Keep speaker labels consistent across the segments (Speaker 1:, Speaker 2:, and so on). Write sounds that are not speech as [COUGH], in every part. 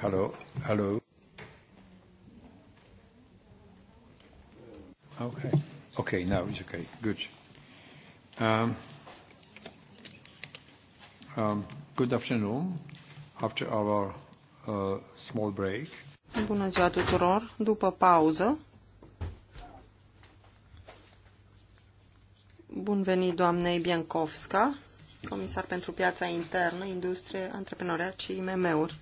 Speaker 1: Hello, hello. Okay, okay, now it's okay. Good. Um, um, good afternoon. After our uh, small break.
Speaker 2: Bună ziua tuturor. După pauză. Bun venit doamnei Biancovska, comisar pentru piața internă, industrie, antreprenoriat și IMM-uri.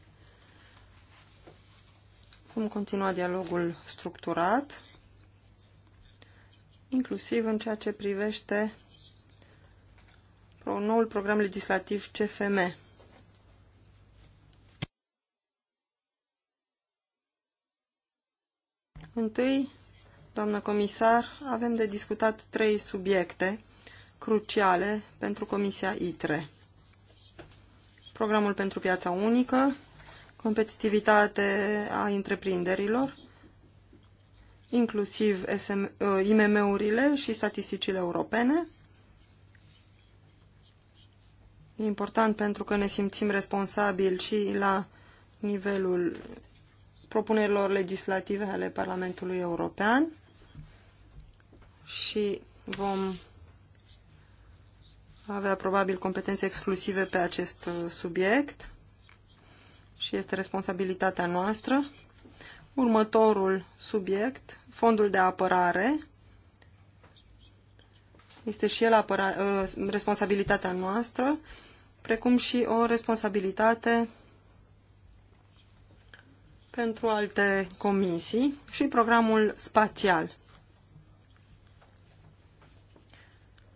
Speaker 2: Vom continua dialogul structurat, inclusiv în ceea ce privește noul program legislativ CFM. Întâi, doamnă comisar, avem de discutat trei subiecte cruciale pentru Comisia ITRE. Programul pentru piața unică, competitivitate a întreprinderilor, inclusiv uh, IMM-urile și statisticile europene. E important pentru că ne simțim responsabili și la nivelul propunerilor legislative ale Parlamentului European și vom avea probabil competențe exclusive pe acest uh, subiect și este responsabilitatea noastră. Următorul subiect, fondul de apărare, este și el apăra, uh, responsabilitatea noastră, precum și o responsabilitate pentru alte comisii și programul spațial.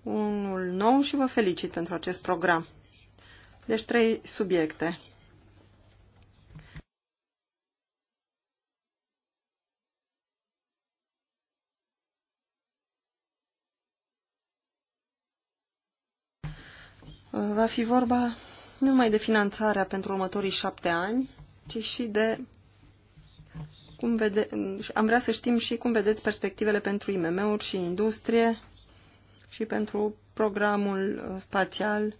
Speaker 2: Unul nou și vă felicit pentru acest program. Deci trei subiecte. va fi vorba nu numai de finanțarea pentru următorii șapte ani, ci și de cum vede, am vrea să știm și cum vedeți perspectivele pentru IMM-uri și industrie și pentru programul uh, spațial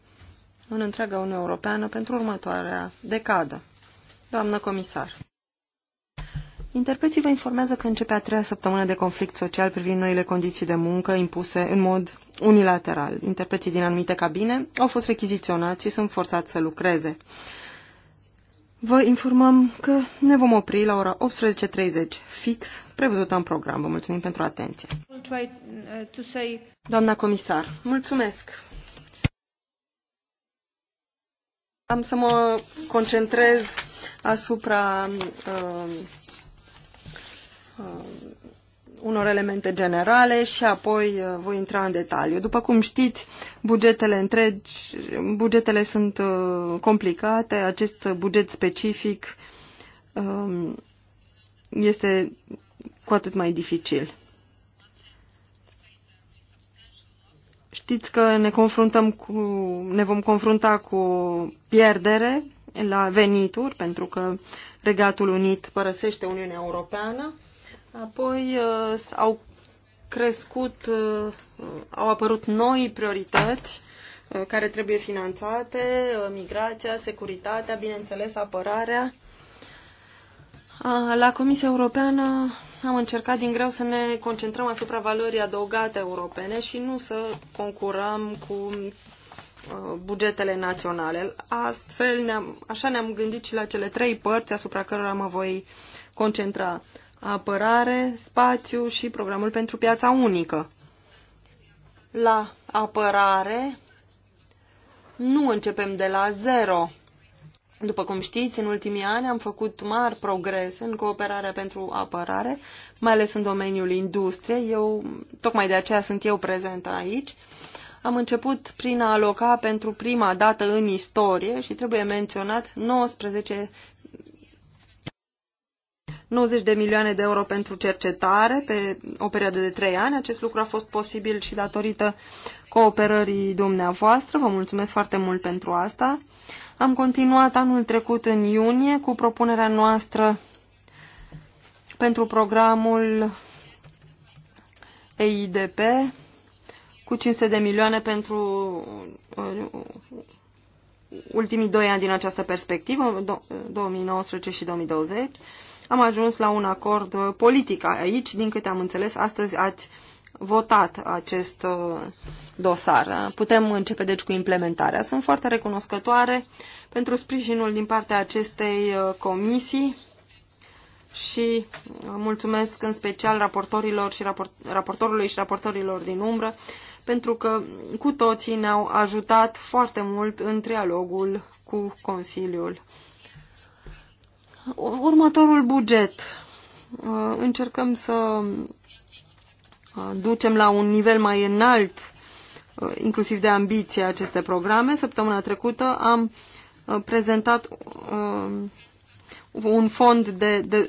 Speaker 2: în întreaga Uniune Europeană pentru următoarea decadă. Doamnă comisar. Interpreții vă informează că începe a treia săptămână de conflict social privind noile condiții de muncă impuse în mod unilateral. Interpreții din anumite cabine au fost rechiziționați și sunt forțați să lucreze. Vă informăm că ne vom opri la ora 18.30, fix, prevăzută în program. Vă mulțumim pentru atenție.
Speaker 1: Uh,
Speaker 2: Doamna comisar, mulțumesc. Am să mă concentrez asupra uh, Uh, unor elemente generale și apoi uh, voi intra în detaliu. După cum știți, bugetele întregi, bugetele sunt uh, complicate, acest buget specific um, este cu atât mai dificil. Știți că ne confruntăm cu, ne vom confrunta cu pierdere la venituri, pentru că Regatul Unit părăsește Uniunea Europeană Apoi uh, au crescut, uh, au apărut noi priorități uh, care trebuie finanțate, migrația, securitatea, bineînțeles, apărarea. La Comisia Europeană am încercat din greu să ne concentrăm asupra valorii adăugate europene și nu să concurăm cu bugetele naționale. Astfel, ne-am, așa ne-am gândit și la cele trei părți asupra cărora mă voi concentra apărare, spațiu și programul pentru piața unică. La apărare nu începem de la zero. După cum știți, în ultimii ani am făcut mari progrese în cooperarea pentru apărare, mai ales în domeniul industriei. Eu, tocmai de aceea sunt eu prezent aici. Am început prin a aloca pentru prima dată în istorie și trebuie menționat 19 90 de milioane de euro pentru cercetare pe o perioadă de 3 ani. Acest lucru a fost posibil și datorită cooperării dumneavoastră. Vă mulțumesc foarte mult pentru asta. Am continuat anul trecut în iunie cu propunerea noastră pentru programul EIDP cu 500 de milioane pentru uh, ultimii doi ani din această perspectivă, 2019 uh, și 2020 am ajuns la un acord uh, politic aici. Din câte am înțeles, astăzi ați votat acest uh, dosar. Putem începe deci cu implementarea. Sunt foarte recunoscătoare pentru sprijinul din partea acestei uh, comisii și mulțumesc în special raportorilor și raport, raportorului și raportorilor din umbră pentru că cu toții ne-au ajutat foarte mult în trialogul cu Consiliul Următorul buget. Uh, încercăm să uh, ducem la un nivel mai înalt, uh, inclusiv de ambiție, aceste programe. Săptămâna trecută am prezentat un fond de, de,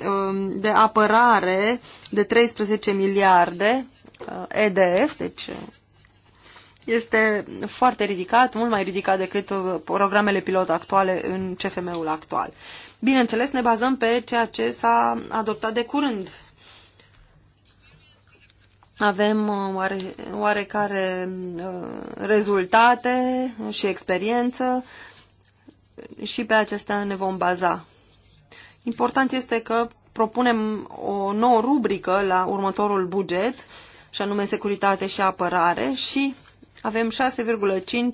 Speaker 2: de apărare de 13 miliarde EDF, deci este foarte ridicat, mult mai ridicat decât programele pilot actuale în CFM-ul actual. Bineînțeles, ne bazăm pe ceea ce s-a adoptat de curând. Avem uh, oare, oarecare uh, rezultate și experiență și pe acestea ne vom baza. Important este că propunem o nouă rubrică la următorul buget, și anume securitate și apărare, și avem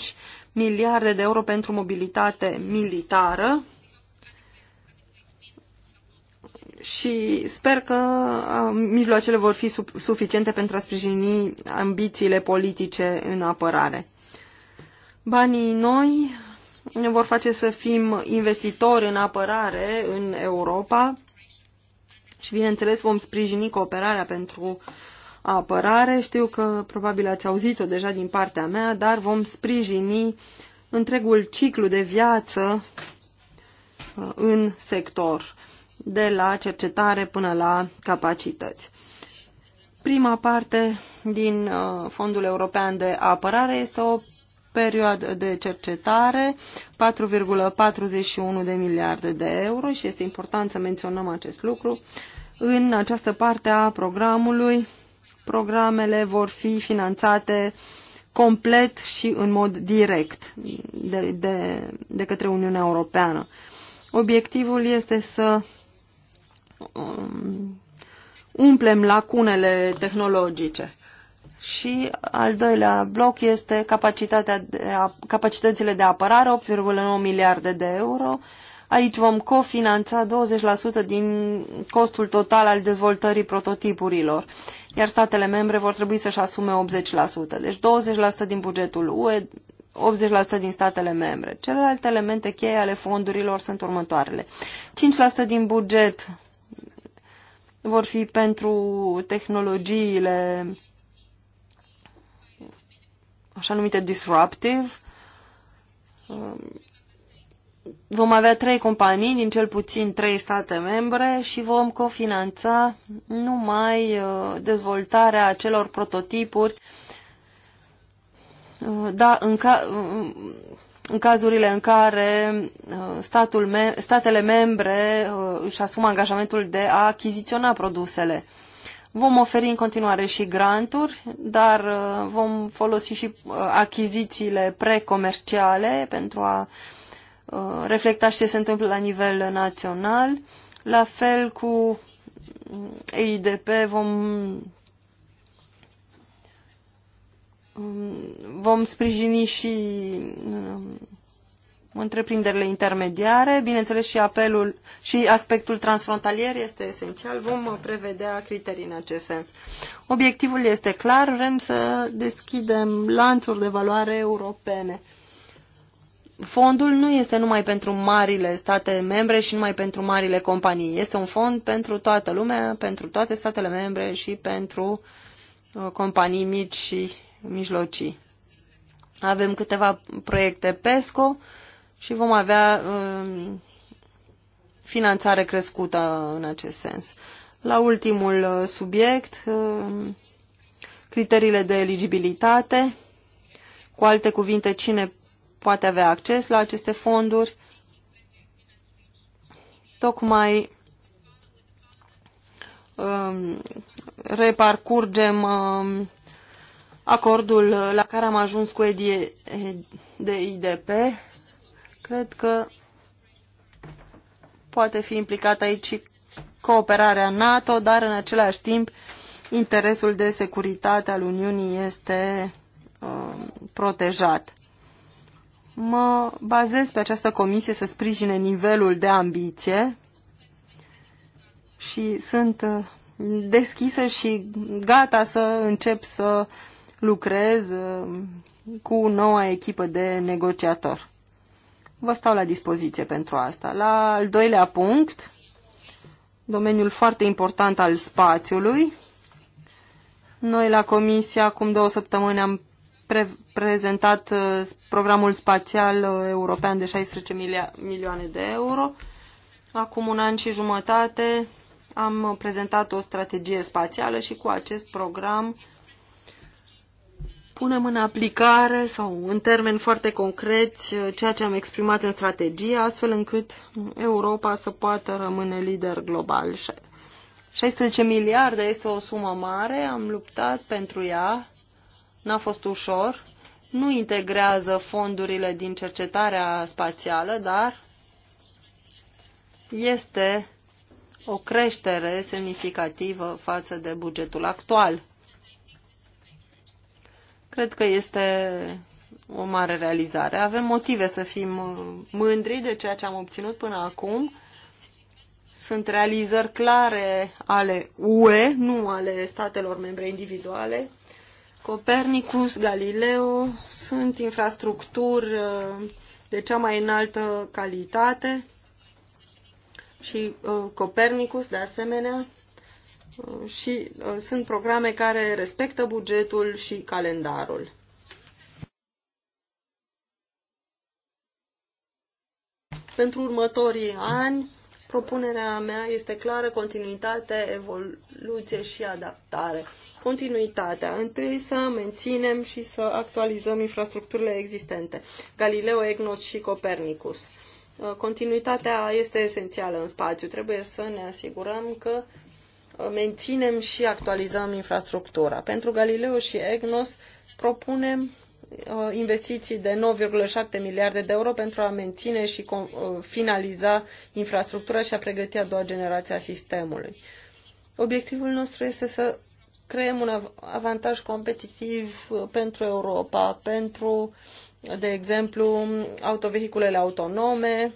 Speaker 2: 6,5 miliarde de euro pentru mobilitate militară, și sper că uh, mijloacele vor fi suficiente pentru a sprijini ambițiile politice în apărare. Banii noi ne vor face să fim investitori în apărare în Europa și, bineînțeles, vom sprijini cooperarea pentru apărare. Știu că probabil ați auzit-o deja din partea mea, dar vom sprijini întregul ciclu de viață uh, în sector de la cercetare până la capacități. Prima parte din uh, Fondul European de Apărare este o perioadă de cercetare, 4,41 de miliarde de euro și este important să menționăm acest lucru. În această parte a programului, programele vor fi finanțate complet și în mod direct de, de, de către Uniunea Europeană. Obiectivul este să Um, umplem lacunele tehnologice. Și al doilea bloc este capacitatea de, capacitățile de apărare, 8,9 miliarde de euro. Aici vom cofinanța 20% din costul total al dezvoltării prototipurilor, iar statele membre vor trebui să-și asume 80%, deci 20% din bugetul UE, 80% din statele membre. Celelalte elemente cheie ale fondurilor sunt următoarele. 5% din buget vor fi pentru tehnologiile așa numite disruptive. Um, vom avea trei companii din cel puțin trei state membre și vom cofinanța numai uh, dezvoltarea acelor prototipuri uh, da, în, ca, uh, în cazurile în care uh, statul me statele membre uh, își asumă angajamentul de a achiziționa produsele. Vom oferi în continuare și granturi, dar uh, vom folosi și achizițiile precomerciale pentru a reflecta ce se întâmplă la nivel național. La fel cu mm, EIDP vom Um, vom sprijini și um, întreprinderile intermediare, bineînțeles și apelul și aspectul transfrontalier este esențial, vom uh, prevedea criterii în acest sens. Obiectivul este clar, vrem să deschidem lanțuri de valoare europene. Fondul nu este numai pentru marile state membre și numai pentru marile companii. Este un fond pentru toată lumea, pentru toate statele membre și pentru uh, companii mici și mijlocii. Avem câteva proiecte PESCO și vom avea um, finanțare crescută în acest sens. La ultimul uh, subiect, um, criteriile de eligibilitate, cu alte cuvinte, cine poate avea acces la aceste fonduri, tocmai um, reparcurgem um, acordul la care am ajuns cu EDI, de IDP, cred că poate fi implicată aici cooperarea NATO, dar în același timp interesul de securitate al Uniunii este uh, protejat. Mă bazez pe această comisie să sprijine nivelul de ambiție și sunt uh, deschisă și gata să încep să uh, lucrez uh, cu noua echipă de negociator. Vă stau la dispoziție pentru asta. La al doilea punct, domeniul foarte important al spațiului. Noi la Comisia, acum două săptămâni, am pre prezentat uh, programul spațial uh, european de 16 milioane de euro. Acum un an și jumătate am prezentat o strategie spațială și cu acest program punem în aplicare sau în termeni foarte concreți uh, ceea ce am exprimat în strategie, astfel încât Europa să poată rămâne lider global. 16 miliarde este o sumă mare, am luptat pentru ea, n-a fost ușor, nu integrează fondurile din cercetarea spațială, dar este o creștere semnificativă față de bugetul actual. Cred că este o mare realizare. Avem motive să fim uh, mândri de ceea ce am obținut până acum. Sunt realizări clare ale UE, nu ale statelor membre individuale. Copernicus, Galileo sunt infrastructuri uh, de cea mai înaltă calitate și uh, Copernicus, de asemenea, și uh, sunt programe care respectă bugetul și calendarul. Pentru următorii ani, propunerea mea este clară, continuitate, evoluție și adaptare. Continuitatea. Întâi să menținem și să actualizăm infrastructurile existente. Galileo, Egnos și Copernicus. Uh, continuitatea este esențială în spațiu. Trebuie să ne asigurăm că uh, menținem și actualizăm infrastructura. Pentru Galileo și EGNOS propunem uh, investiții de 9,7 miliarde de euro pentru a menține și uh, finaliza infrastructura și a pregăti a doua generație a sistemului. Obiectivul nostru este să creăm un avantaj competitiv uh, pentru Europa, pentru, de exemplu, autovehiculele autonome,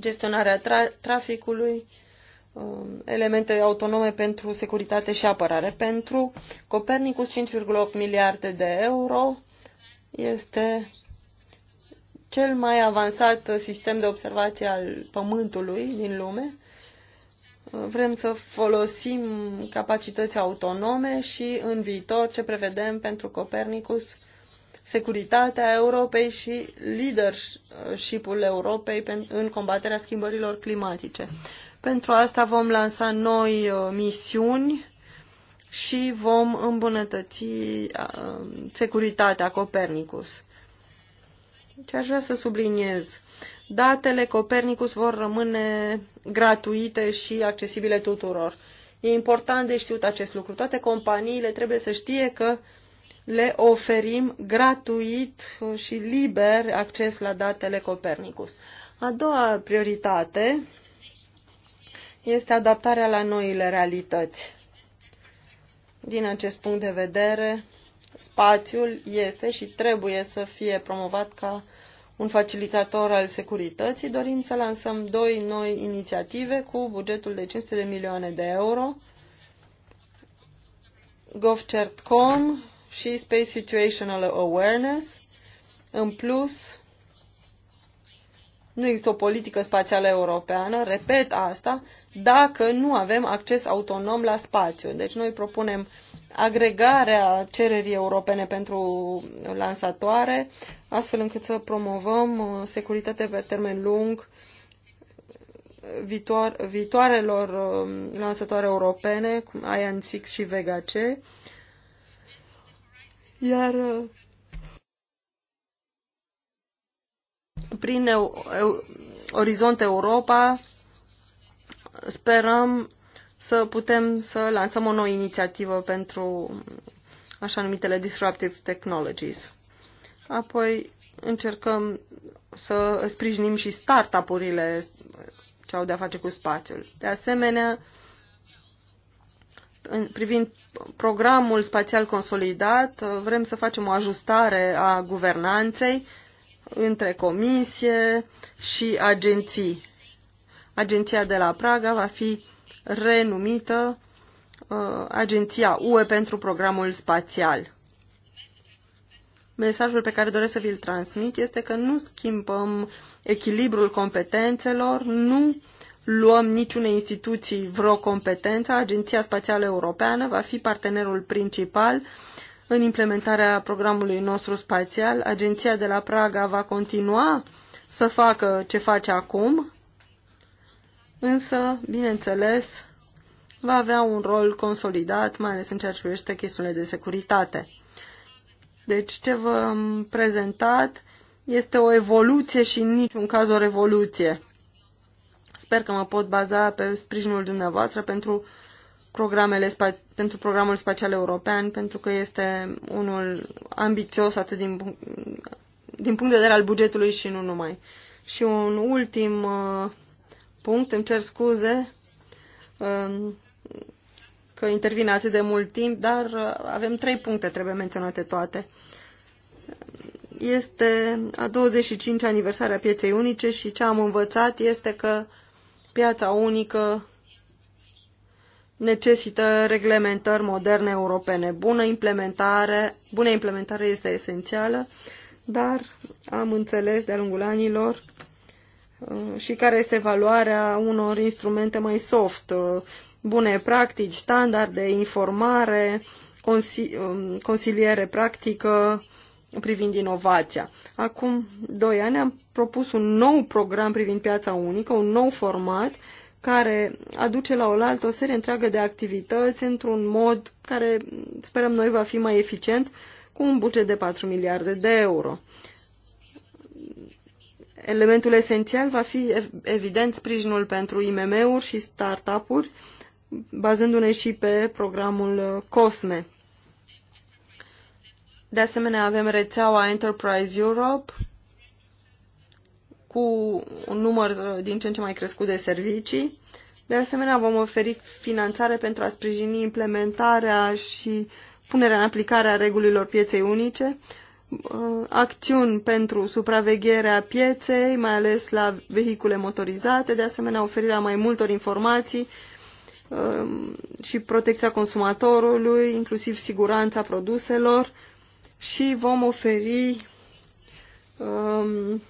Speaker 2: gestionarea tra traficului, Um, elemente autonome pentru securitate și apărare. Pentru Copernicus 5,8 miliarde de euro este cel mai avansat sistem de observație al Pământului din lume. Vrem să folosim capacități autonome și în viitor ce prevedem pentru Copernicus securitatea Europei și leadership-ul Europei în combaterea schimbărilor climatice. Pentru asta vom lansa noi uh, misiuni și vom îmbunătăți uh, securitatea Copernicus. Ce aș vrea să subliniez, datele Copernicus vor rămâne gratuite și accesibile tuturor. E important de știut acest lucru. Toate companiile trebuie să știe că le oferim gratuit uh, și liber acces la datele Copernicus. A doua prioritate este adaptarea la noile realități. Din acest punct de vedere, spațiul este și trebuie să fie promovat ca un facilitator al securității, dorim să lansăm doi noi inițiative cu bugetul de 500 de milioane de euro, GovCertCom și Space Situational Awareness. În plus, nu există o politică spațială europeană, repet asta, dacă nu avem acces autonom la spațiu. Deci noi propunem agregarea cererii europene pentru lansatoare, astfel încât să promovăm uh, securitatea pe termen lung viitoar, viitoarelor um, lansatoare europene, cum Ion 6 și Vega C. Iar uh, prin eu, eu, Orizont Europa sperăm să putem să lansăm o nouă inițiativă pentru așa numitele disruptive technologies. Apoi încercăm să sprijinim și startup-urile ce au de-a face cu spațiul. De asemenea, în, privind programul spațial consolidat, vrem să facem o ajustare a guvernanței între comisie și agenții. Agenția de la Praga va fi renumită uh, Agenția UE pentru programul spațial. Mesajul pe care doresc să vi-l transmit este că nu schimbăm echilibrul competențelor, nu luăm niciunei instituții vreo competență. Agenția Spațială Europeană va fi partenerul principal în implementarea programului nostru spațial. Agenția de la Praga va continua să facă ce face acum, însă, bineînțeles, va avea un rol consolidat, mai ales în ceea ce privește chestiunile de securitate. Deci ce v-am prezentat este o evoluție și în niciun caz o revoluție. Sper că mă pot baza pe sprijinul dumneavoastră pentru, programele pentru programul spațial european, pentru că este unul ambițios atât din, din punct de vedere al bugetului și nu numai. Și un ultim uh, punct. Îmi cer scuze um, că intervine atât de mult timp, dar uh, avem trei puncte, trebuie menționate toate. Este a 25 aniversare a pieței unice și ce am învățat este că piața unică necesită reglementări moderne europene. Bună implementare, bună implementare este esențială, dar am înțeles de-a lungul anilor Uh, și care este valoarea unor instrumente mai soft, uh, bune practici, standarde, informare, um, consiliere practică privind inovația. Acum doi ani am propus un nou program privind piața unică, un nou format care aduce la oaltă o serie întreagă de activități într-un mod care sperăm noi va fi mai eficient cu un buget de 4 miliarde de euro. Elementul esențial va fi, evident, sprijinul pentru IMM-uri și startup-uri, bazându-ne și pe programul uh, COSME. De asemenea, avem rețeaua Enterprise Europe cu un număr uh, din ce în ce mai crescut de servicii. De asemenea, vom oferi finanțare pentru a sprijini implementarea și punerea în aplicare a regulilor pieței unice, Uh, acțiuni pentru supravegherea pieței, mai ales la vehicule motorizate, de asemenea oferirea mai multor informații um, și protecția consumatorului, inclusiv siguranța produselor și vom oferi um,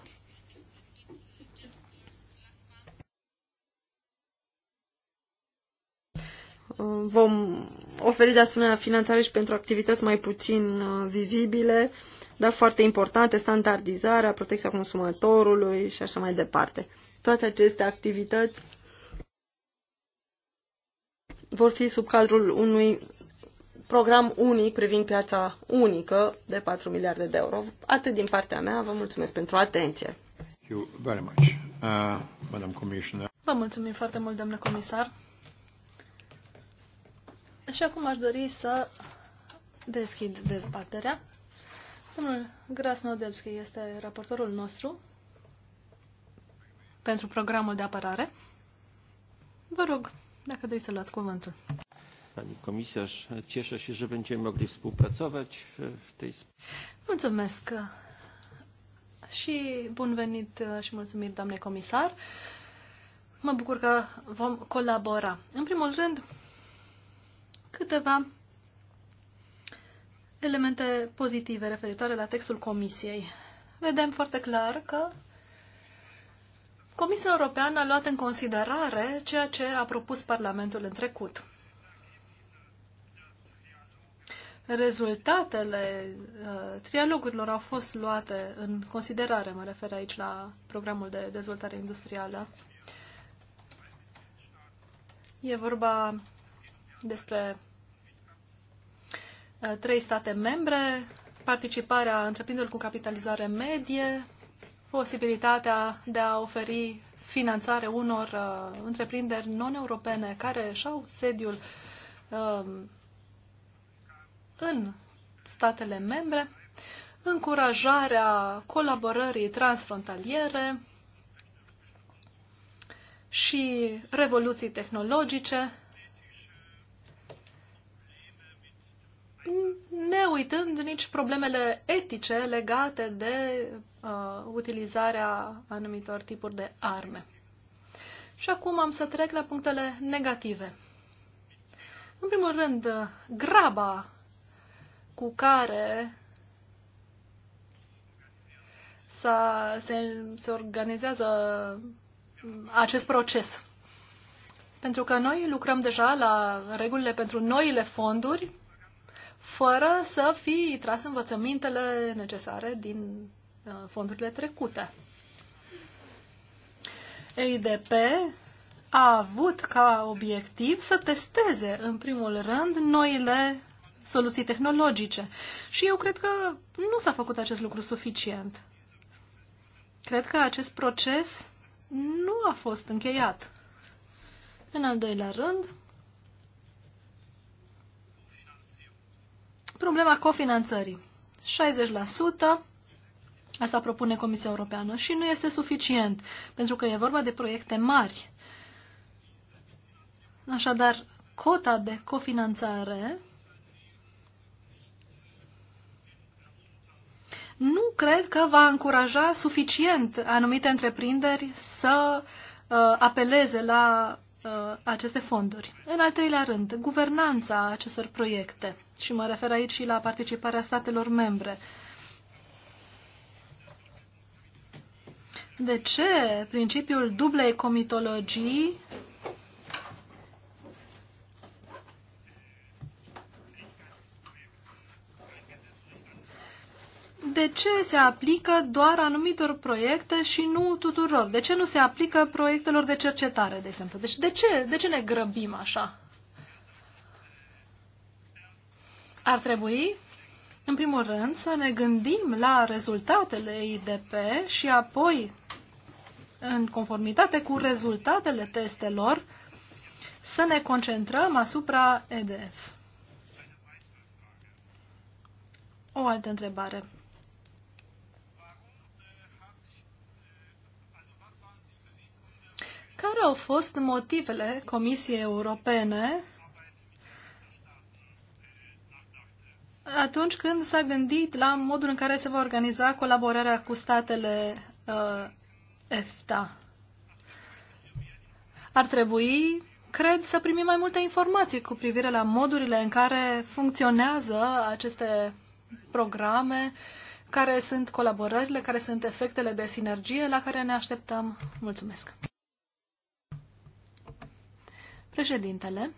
Speaker 2: um, vom oferi de asemenea finanțare și pentru activități mai puțin uh, vizibile, uh, dar foarte importante, standardizarea, protecția consumatorului și așa mai departe. Toate aceste activități vor fi sub cadrul unui program unic privind piața unică de 4 miliarde de euro. Atât din partea mea, vă mulțumesc pentru atenție.
Speaker 3: You very much, uh, Madam Commissioner.
Speaker 1: Vă mulțumim foarte mult, doamnă comisar. Și acum aș dori să deschid dezbaterea. Domnul Nodebski este raportorul nostru pentru programul de apărare. Vă rog, dacă doriți să luați cuvântul.
Speaker 2: Pani Comisar, cieșă și că vom mogli współpracować w tej
Speaker 1: Mulțumesc și bun venit și mulțumim doamne comisar. Mă bucur că vom colabora. În primul rând, câteva elemente pozitive referitoare la textul Comisiei. Vedem foarte clar că Comisia Europeană a luat în considerare ceea ce a propus Parlamentul în trecut. Rezultatele uh, trialogurilor au fost luate în considerare, mă refer aici la programul de dezvoltare industrială. E vorba despre Uh, trei state membre, participarea întreprinderilor cu capitalizare medie, posibilitatea de a oferi finanțare unor uh, întreprinderi non-europene care și-au sediul uh, în statele membre, încurajarea colaborării transfrontaliere și revoluții tehnologice, ne uitând nici problemele etice legate de uh, utilizarea anumitor tipuri de arme. Și acum am să trec la punctele negative. În primul rând, graba cu care s-a, se, se organizează mm, acest proces. Pentru că noi lucrăm deja la regulile pentru noile fonduri fără să fi tras învățămintele necesare din uh, fondurile trecute. EIDP a avut ca obiectiv să testeze, în primul rând, noile soluții tehnologice. Și eu cred că nu s-a făcut acest lucru suficient. Cred că acest proces nu a fost încheiat. În al doilea rând, Problema cofinanțării. 60%, asta propune Comisia Europeană și nu este suficient, pentru că e vorba de proiecte mari. Așadar, cota de cofinanțare nu cred că va încuraja suficient anumite întreprinderi să uh, apeleze la uh, aceste fonduri. În al treilea rând, guvernanța acestor proiecte. Și mă refer aici și la participarea statelor membre. De ce principiul dublei comitologii de ce se aplică doar anumitor proiecte și nu tuturor? De ce nu se aplică proiectelor de cercetare, de exemplu? Deci de ce, de ce ne grăbim așa? Ar trebui, în primul rând, să ne gândim la rezultatele IDP și apoi, în conformitate cu rezultatele testelor, să ne concentrăm asupra EDF. O altă întrebare. Care au fost motivele Comisiei Europene atunci când s-a gândit la modul în care se va organiza colaborarea cu statele uh, EFTA. Ar trebui, cred, să primim mai multe informații cu privire la modurile în care funcționează aceste programe, care sunt colaborările, care sunt efectele de sinergie la care ne așteptăm. Mulțumesc! Președintele,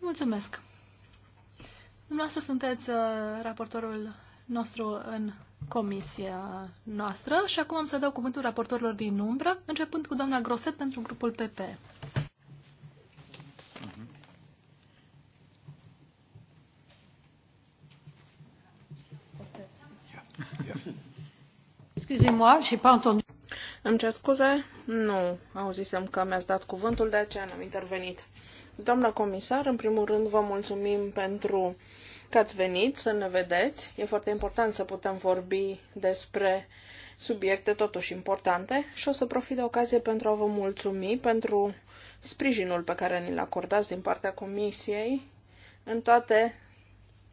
Speaker 1: mulțumesc! Dumneavoastră sunteți uh, raportorul nostru în comisia noastră și acum am să dau cuvântul raportorilor din umbră, începând cu doamna Groset pentru grupul PP.
Speaker 3: Excusez-moi, Îmi cer scuze? Nu. Auzisem că mi-ați dat cuvântul, de aceea n-am intervenit. Doamna comisar, în primul rând vă mulțumim pentru că ați venit să ne vedeți. E foarte important să putem vorbi despre subiecte totuși importante și o să profit de ocazie pentru a vă mulțumi pentru sprijinul pe care ni-l acordați din partea comisiei în toate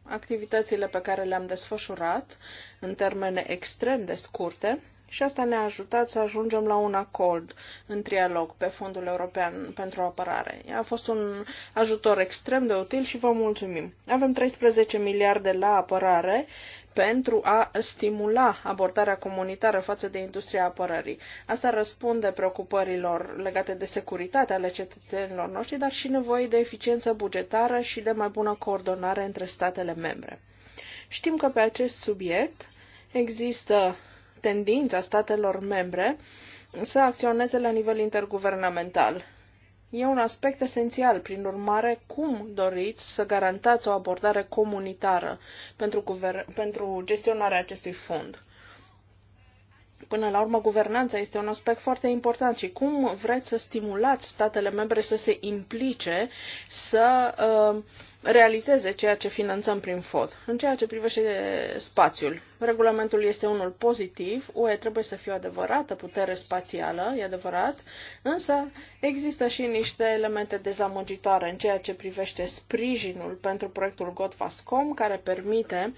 Speaker 3: activitățile pe care le-am desfășurat în termene extrem de scurte și asta ne-a ajutat să ajungem la un acord în trialog pe Fondul European pentru Apărare. A fost un ajutor extrem de util și vă mulțumim. Avem 13 miliarde la apărare pentru a stimula abordarea comunitară față de industria apărării. Asta răspunde preocupărilor legate de securitate ale cetățenilor noștri, dar și nevoii de eficiență bugetară și de mai bună coordonare între statele membre. Știm că pe acest subiect există tendința statelor membre să acționeze la nivel interguvernamental. E un aspect esențial, prin urmare, cum doriți să garantați o abordare comunitară pentru, guver- pentru gestionarea acestui fond. Până la urmă, guvernanța este un aspect foarte important și cum vreți să stimulați statele membre să se implice, să uh, realizeze ceea ce finanțăm prin FOD. În ceea ce privește spațiul, regulamentul este unul pozitiv, UE trebuie să fie o adevărată putere spațială, e adevărat, însă există și niște elemente dezamăgitoare în ceea ce privește sprijinul pentru proiectul GOTFASCOM, care permite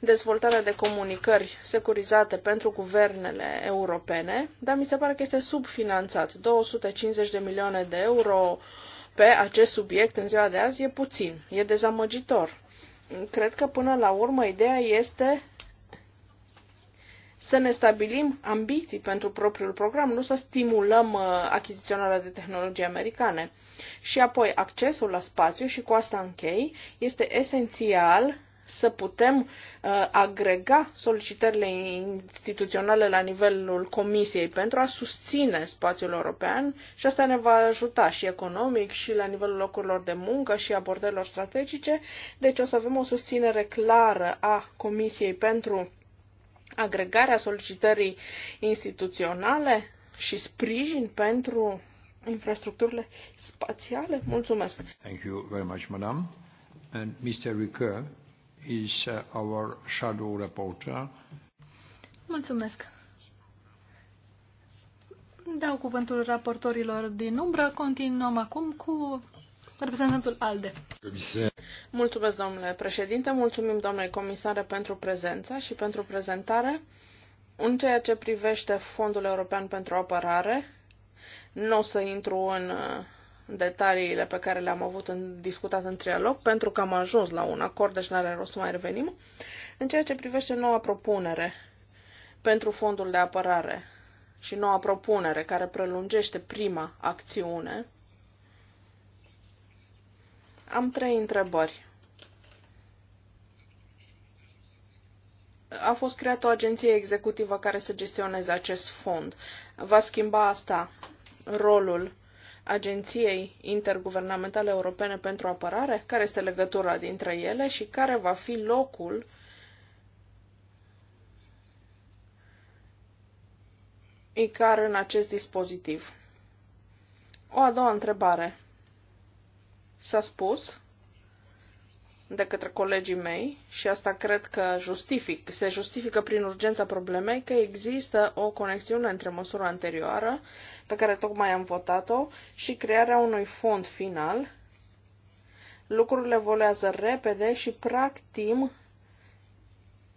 Speaker 3: dezvoltarea de comunicări securizate pentru guvernele europene, dar mi se pare că este subfinanțat. 250 de milioane de euro pe acest subiect în ziua de azi e puțin, e dezamăgitor. Cred că până la urmă ideea este să ne stabilim ambiții pentru propriul program, nu să stimulăm uh, achiziționarea de tehnologii americane. Și apoi accesul la spațiu, și cu asta închei, este esențial să putem uh, agrega solicitările instituționale la nivelul Comisiei pentru a susține spațiul european și asta ne va ajuta și economic și la nivelul locurilor de muncă și abordărilor strategice. Deci o să avem o susținere clară a Comisiei pentru agregarea solicitării instituționale și sprijin pentru infrastructurile
Speaker 1: spațiale. Mulțumesc. Thank you very much, madam. And Mr. Ricœur, is uh, our shadow reporter. Mulțumesc. Dau cuvântul raportorilor din umbră. Continuăm acum cu reprezentantul ALDE. Mulțumesc,
Speaker 3: domnule președinte, mulțumim, domnule comisare, pentru prezența și pentru prezentare. În ceea ce privește Fondul European pentru Apărare, nu o să intru în uh, detaliile pe care le-am avut în, discutat în trialog, pentru că am ajuns la un acord, deci n-are rost să mai revenim. În ceea ce privește noua propunere pentru fondul de apărare și noua propunere care prelungește prima acțiune, am trei întrebări. A fost creată o agenție executivă care să gestioneze acest fond. Va schimba asta rolul Agenției Interguvernamentale Europene pentru Apărare, care este legătura dintre ele și care va fi locul ICAR în acest dispozitiv. O a doua întrebare. S-a spus de către colegii mei și asta cred că justific, se justifică prin urgența problemei că există o conexiune între măsura anterioară pe care tocmai am votat-o și crearea unui fond final. Lucrurile volează repede și practic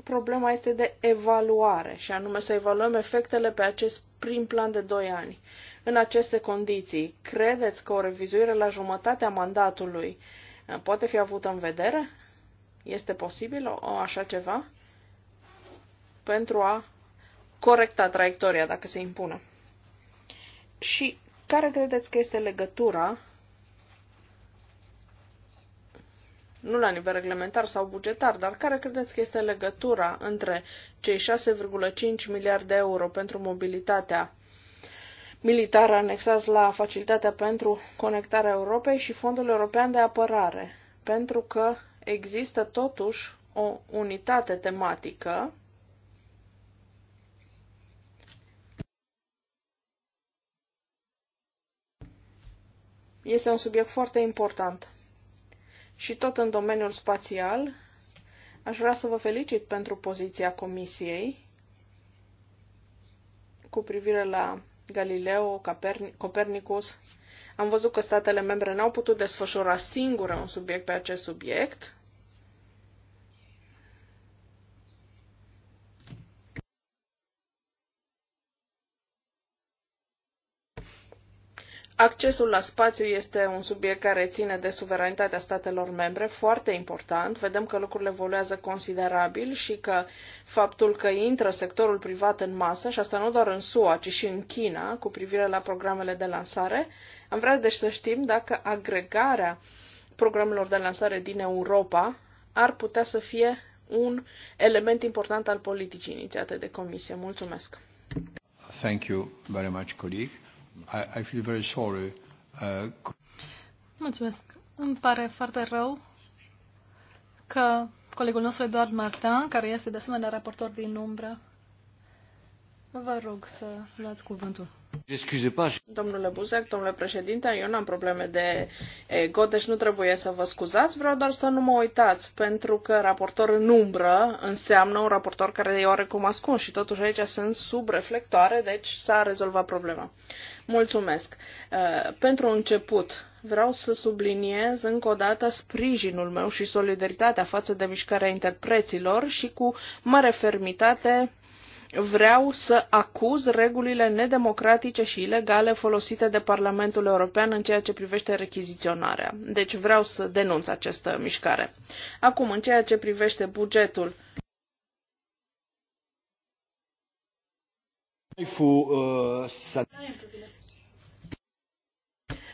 Speaker 3: problema este de evaluare și anume să evaluăm efectele pe acest prim plan de 2 ani. În aceste condiții, credeți că o revizuire la jumătatea mandatului poate fi avută în vedere? Este posibil o, așa ceva? Pentru a corecta traiectoria dacă se impune. Și care credeți că este legătura nu la nivel reglementar sau bugetar, dar care credeți că este legătura între cei 6,5 miliarde de euro pentru mobilitatea militar anexați la Facilitatea pentru Conectarea Europei și Fondul European de Apărare, pentru că există totuși o unitate tematică Este un subiect foarte important. Și tot în domeniul spațial, aș vrea să vă felicit pentru poziția Comisiei cu privire la Galileo, Copernicus. Am văzut că statele membre n-au putut desfășura singure un subiect pe acest subiect, Accesul la spațiu este un subiect care ține de suveranitatea statelor membre, foarte important. Vedem că lucrurile evoluează considerabil și că faptul că intră sectorul privat în masă, și asta nu doar în SUA, ci și în China, cu privire la programele de lansare, am vrea deci să știm dacă agregarea programelor de lansare din Europa ar putea să fie un element important al politicii inițiate de Comisie. Mulțumesc!
Speaker 1: Thank you very much, colleague. I, I feel very sorry. Uh... Mulțumesc. Îmi pare foarte rău că colegul nostru Eduard Martin, care este de asemenea raportor din umbră, vă rog să luați cuvântul.
Speaker 3: Domnule Buzec, domnule președinte, eu n-am probleme de ego, deci nu trebuie să vă scuzați, vreau doar să nu mă uitați, pentru că raportor în umbră înseamnă un raportor care e oarecum ascuns și totuși aici sunt sub reflectoare, deci s-a rezolvat problema. Mulțumesc. Pentru început, vreau să subliniez încă o dată sprijinul meu și solidaritatea față de mișcarea interpreților și cu mare fermitate vreau să acuz regulile nedemocratice și ilegale folosite de Parlamentul European în ceea ce privește rechiziționarea. Deci vreau să denunț această mișcare. Acum, în ceea ce privește bugetul.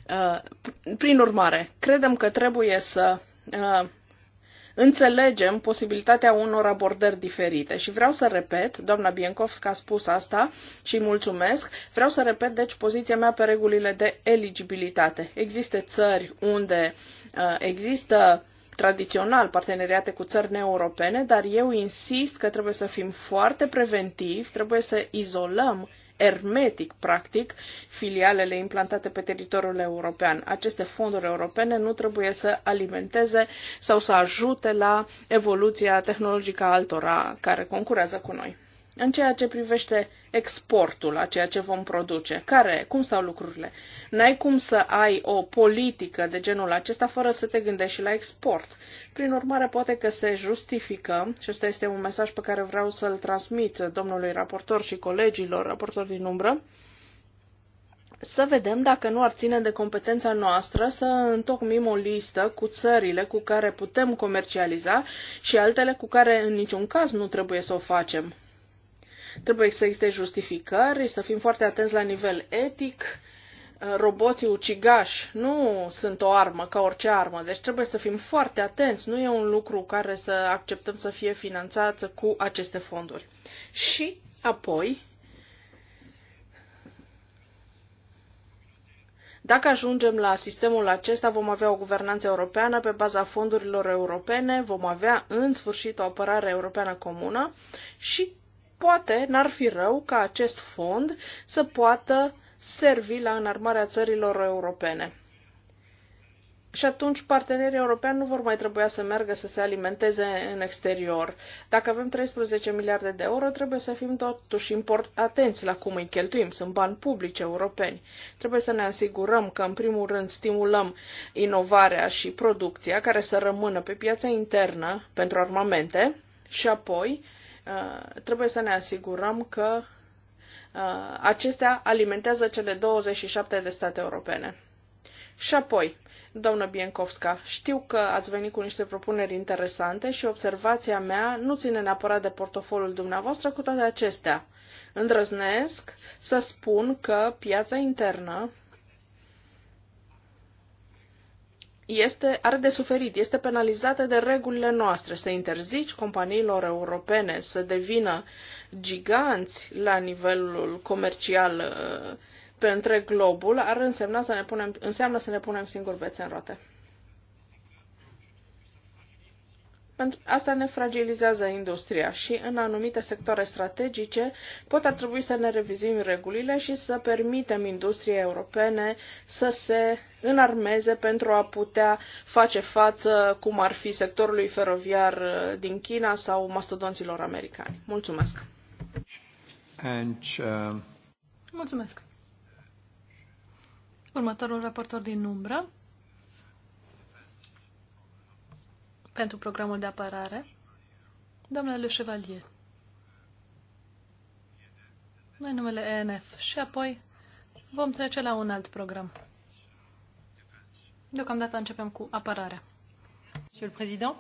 Speaker 3: Uh, prin urmare, credem că trebuie să uh, înțelegem posibilitatea unor abordări diferite. Și vreau să repet, doamna Biencovska a spus asta și mulțumesc, vreau să repet deci poziția mea pe regulile de eligibilitate. Există țări unde uh, există tradițional parteneriate cu țări neeuropene, dar eu insist că trebuie să fim foarte preventivi, trebuie să izolăm ermetic, practic, filialele implantate pe teritoriul european. Aceste fonduri europene nu trebuie să alimenteze sau să ajute la evoluția tehnologică a altora care concurează cu noi în ceea ce privește exportul a ceea ce vom produce. Care, cum stau lucrurile? N-ai cum să ai o politică de genul acesta fără să te gândești și la export. Prin urmare, poate că se justifică, și ăsta este un mesaj pe care vreau să-l transmit domnului raportor și colegilor raportori din umbră, să vedem dacă nu ar ține de competența noastră să întocmim o listă cu țările cu care putem comercializa și altele cu care în niciun caz nu trebuie să o facem. Trebuie să existe justificări, să fim foarte atenți la nivel etic. Uh, roboții ucigași nu sunt o armă ca orice armă, deci trebuie să fim foarte atenți. Nu e un lucru care să acceptăm să fie finanțat cu aceste fonduri. Și apoi, Dacă ajungem la sistemul acesta, vom avea o guvernanță europeană pe baza fondurilor europene, vom avea în sfârșit o apărare europeană comună și poate n-ar fi rău ca acest fond să poată servi la înarmarea țărilor europene. Și atunci partenerii europeni nu vor mai trebui să meargă să se alimenteze în exterior. Dacă avem 13 miliarde de euro, trebuie să fim totuși import- atenți la cum îi cheltuim. Sunt bani publici europeni. Trebuie să ne asigurăm că, în primul rând, stimulăm inovarea și producția care să rămână pe piața internă pentru armamente și apoi Uh, trebuie să ne asigurăm că uh, acestea alimentează cele 27 de state europene. Și apoi, doamnă Biencovska, știu că ați venit cu niște propuneri interesante și observația mea nu ține neapărat de portofoliul dumneavoastră, cu toate acestea. Îndrăznesc să spun că piața internă este, are de suferit, este penalizată de regulile noastre. Să interzici companiilor europene să devină giganți la nivelul comercial uh, pe întreg globul ar însemna să ne punem, înseamnă să ne punem singuri bețe în roate. Pentru asta ne fragilizează industria și în anumite sectoare strategice pot ar trebui să ne revizuim regulile și să permitem industriei europene să se înarmeze pentru a putea face față, cum ar fi sectorului feroviar uh, din China sau mastodonților americani. Mulțumesc!
Speaker 1: And, uh... Mulțumesc! Următorul raportor din umbră pentru programul de apărare, doamna Le Chevalier, în numele ENF și apoi vom trece la un alt program. Deocamdată începem cu apărarea. Monsieur le Président,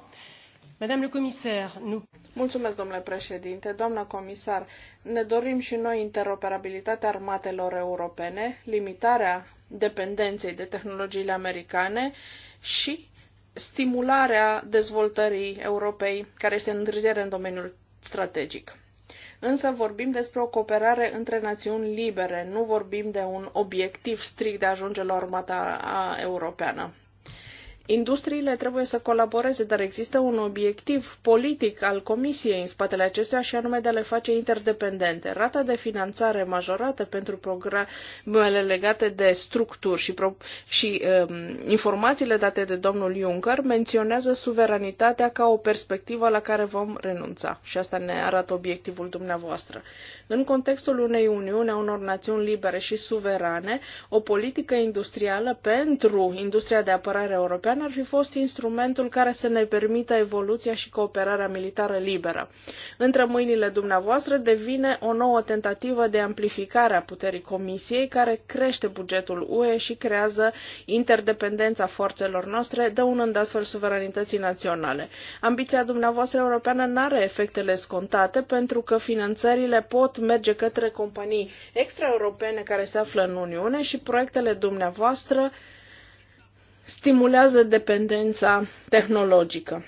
Speaker 1: Madame le Commissaire, nous...
Speaker 3: Mulțumesc, domnule președinte. Doamna comisar, ne dorim și noi interoperabilitatea armatelor europene, limitarea dependenței de tehnologiile americane și stimularea dezvoltării Europei, care este în întârziere în domeniul strategic. Însă vorbim despre o cooperare între națiuni libere, nu vorbim de un obiectiv strict de a ajunge la armata europeană. Industriile trebuie să colaboreze, dar există un obiectiv politic al Comisiei în spatele acestuia și anume de a le face interdependente. Rata de finanțare majorată pentru programele legate de structuri și, pro- și um, informațiile date de domnul Juncker menționează suveranitatea ca o perspectivă la care vom renunța. Și asta ne arată obiectivul dumneavoastră. În contextul unei uniuni a unor națiuni libere și suverane, o politică industrială pentru industria de apărare europeană European ar fi fost instrumentul care să ne permită evoluția și cooperarea militară liberă. Între mâinile dumneavoastră devine o nouă tentativă de amplificare a puterii Comisiei, care crește bugetul UE și creează interdependența forțelor noastre, dăunând astfel suveranității naționale. Ambiția dumneavoastră europeană nu are efectele scontate, pentru că finanțările pot merge către companii extraeuropene care se află în Uniune și proiectele dumneavoastră stimulează dependența tehnologică.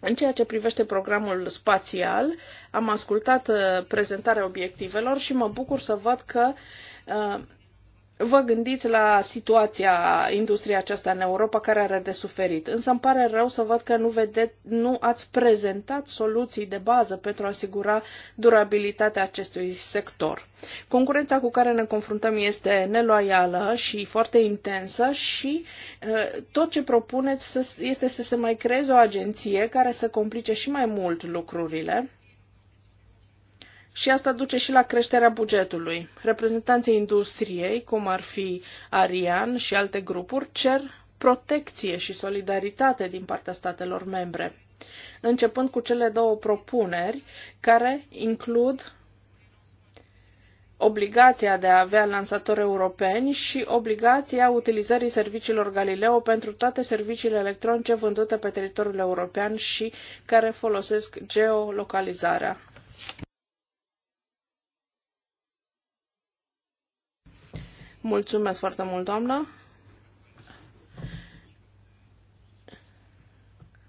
Speaker 3: În ceea ce privește programul spațial, am ascultat uh, prezentarea obiectivelor și mă bucur să văd că uh, vă gândiți la situația industriei aceasta în Europa care are de suferit. Însă îmi pare rău să văd că nu, vede, nu ați prezentat soluții de bază pentru a asigura durabilitatea acestui sector. Concurența cu care ne confruntăm este neloială și foarte intensă și uh, tot ce propuneți este să se mai creeze o agenție care să complice și mai mult lucrurile și asta duce și la creșterea bugetului. Reprezentanții industriei, cum ar fi Arian și alte grupuri, cer protecție și solidaritate din partea statelor membre, începând cu cele două propuneri care includ obligația de a avea lansatori europeni și obligația utilizării serviciilor Galileo pentru toate serviciile electronice vândute pe teritoriul european și care folosesc geolocalizarea. Mulțumesc foarte mult, doamnă.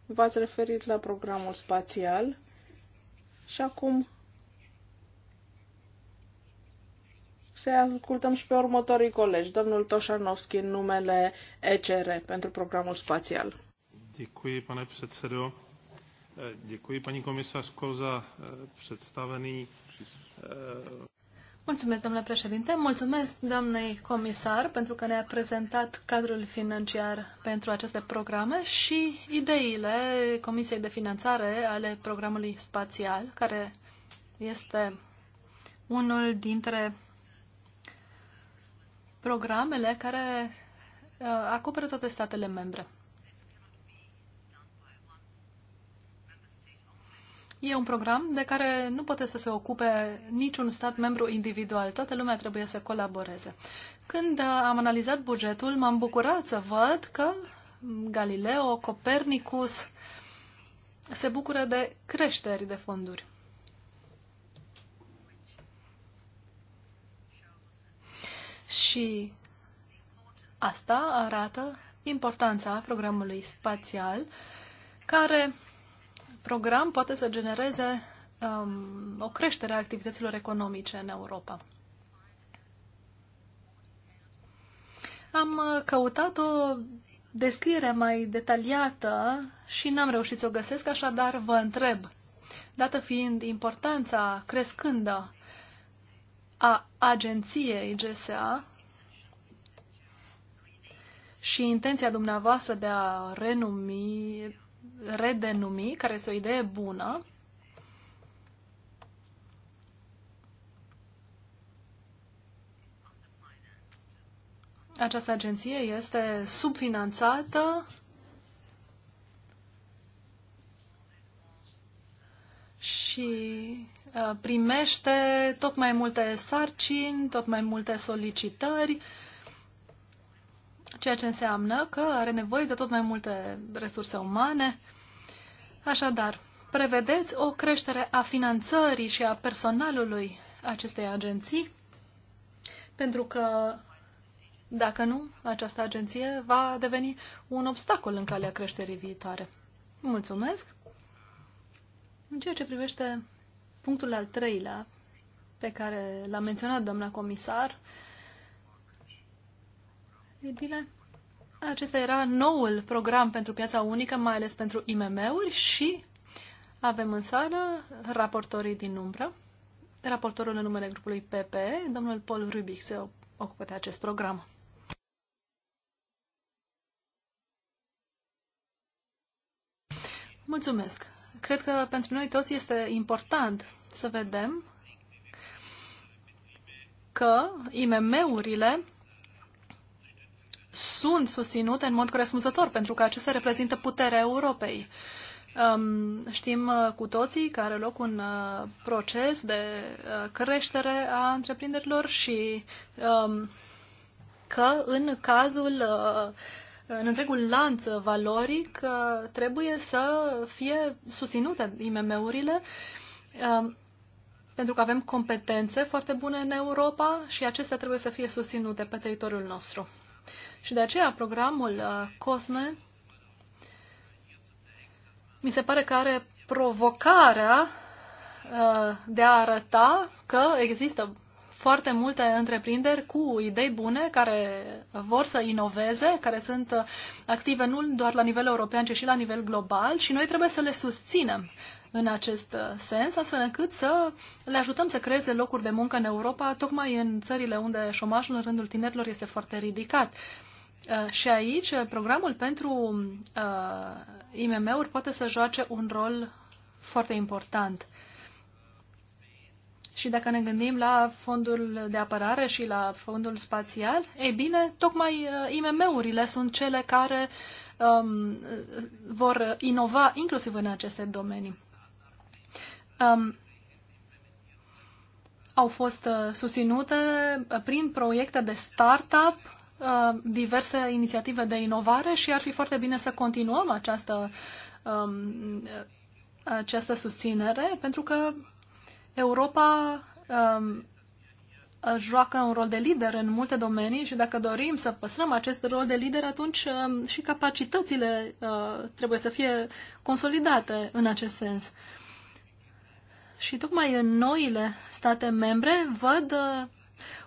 Speaker 3: V-ați referit la programul spațial și acum să ascultăm și pe următorii colegi, domnul Toșanovski în numele ECR pentru programul spațial.
Speaker 2: Děkuji, pane předsedo. Děkuji, paní komisařko, za eh, představený eh,
Speaker 1: Mulțumesc, domnule președinte. Mulțumesc, doamnei comisar, pentru că ne-a prezentat cadrul financiar pentru aceste programe și ideile Comisiei de Finanțare ale programului spațial, care este unul dintre programele care uh, acoperă toate statele membre. E un program de care nu poate să se ocupe niciun stat membru individual. Toată lumea trebuie să colaboreze. Când am analizat bugetul, m-am bucurat să văd că Galileo, Copernicus se bucură de creșteri de fonduri. Și asta arată importanța programului spațial, care program poate să genereze um, o creștere a activităților economice în Europa. Am uh, căutat o descriere mai detaliată și n-am reușit să o găsesc, așadar vă întreb, dată fiind importanța crescândă a agenției GSA și intenția dumneavoastră de a renumi, redenumi, care este o idee bună. Această agenție este subfinanțată și uh, primește tot mai multe sarcini, tot mai multe solicitări ceea ce înseamnă că are nevoie de tot mai multe resurse umane. Așadar, prevedeți o creștere a finanțării și a personalului acestei agenții? Pentru că, dacă nu, această agenție va deveni un obstacol în calea creșterii viitoare. Mulțumesc! În ceea ce privește punctul al treilea pe care l-a menționat doamna comisar, uh, E bine, acesta era noul program pentru piața unică, mai ales pentru IMM-uri și avem în sală raportorii din umbră. Raportorul în numele grupului PP, domnul Paul Rubic, se ocupă de acest program. Mulțumesc! Cred că pentru noi toți este important să vedem că IMM-urile sunt susținute în mod corespunzător, pentru că acestea reprezintă puterea Europei. Um, știm uh, cu toții că are loc un uh, proces de uh, creștere a întreprinderilor și um, că în cazul uh, în întregul lanț valoric uh, trebuie să fie susținute IMM-urile um, pentru că avem competențe foarte bune în Europa și acestea trebuie să fie susținute pe teritoriul nostru. Și de aceea programul uh, COSME mi se pare că are provocarea uh, de a arăta că există foarte multe întreprinderi cu idei bune care vor să inoveze, care sunt active nu doar la nivel european, ci și la nivel global și noi trebuie să le susținem în acest sens, astfel încât să le ajutăm să creeze locuri de muncă în Europa, tocmai în țările unde șomajul în rândul tinerilor este foarte ridicat. Uh, și aici, uh, programul pentru uh, IMM-uri poate să joace un rol foarte important. Și dacă ne gândim la fondul de apărare și la fondul spațial, e bine, tocmai uh, IMM-urile sunt cele care um, vor inova inclusiv în aceste domenii. Um, au fost uh, susținute uh, prin proiecte de startup diverse inițiative de inovare și ar fi foarte bine să continuăm această, um, această susținere pentru că Europa um, joacă un rol de lider în multe domenii și dacă dorim să păstrăm acest rol de lider, atunci um, și capacitățile uh, trebuie să fie consolidate în acest sens. Și tocmai în noile state membre văd uh,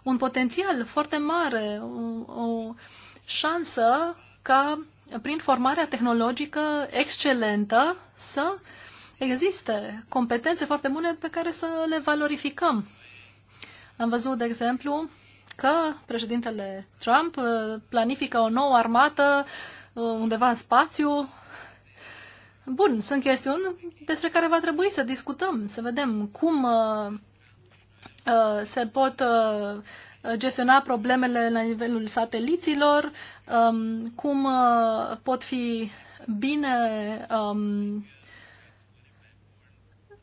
Speaker 1: un potențial foarte mare, o, o șansă ca prin formarea tehnologică excelentă să Există competențe foarte bune pe care să le valorificăm. Am văzut, de exemplu, că președintele Trump uh, planifică o nouă armată uh, undeva în spațiu. Bun, sunt chestiuni despre care va trebui să discutăm, să vedem cum uh, se pot gestiona problemele la nivelul sateliților, um, cum pot fi bine um,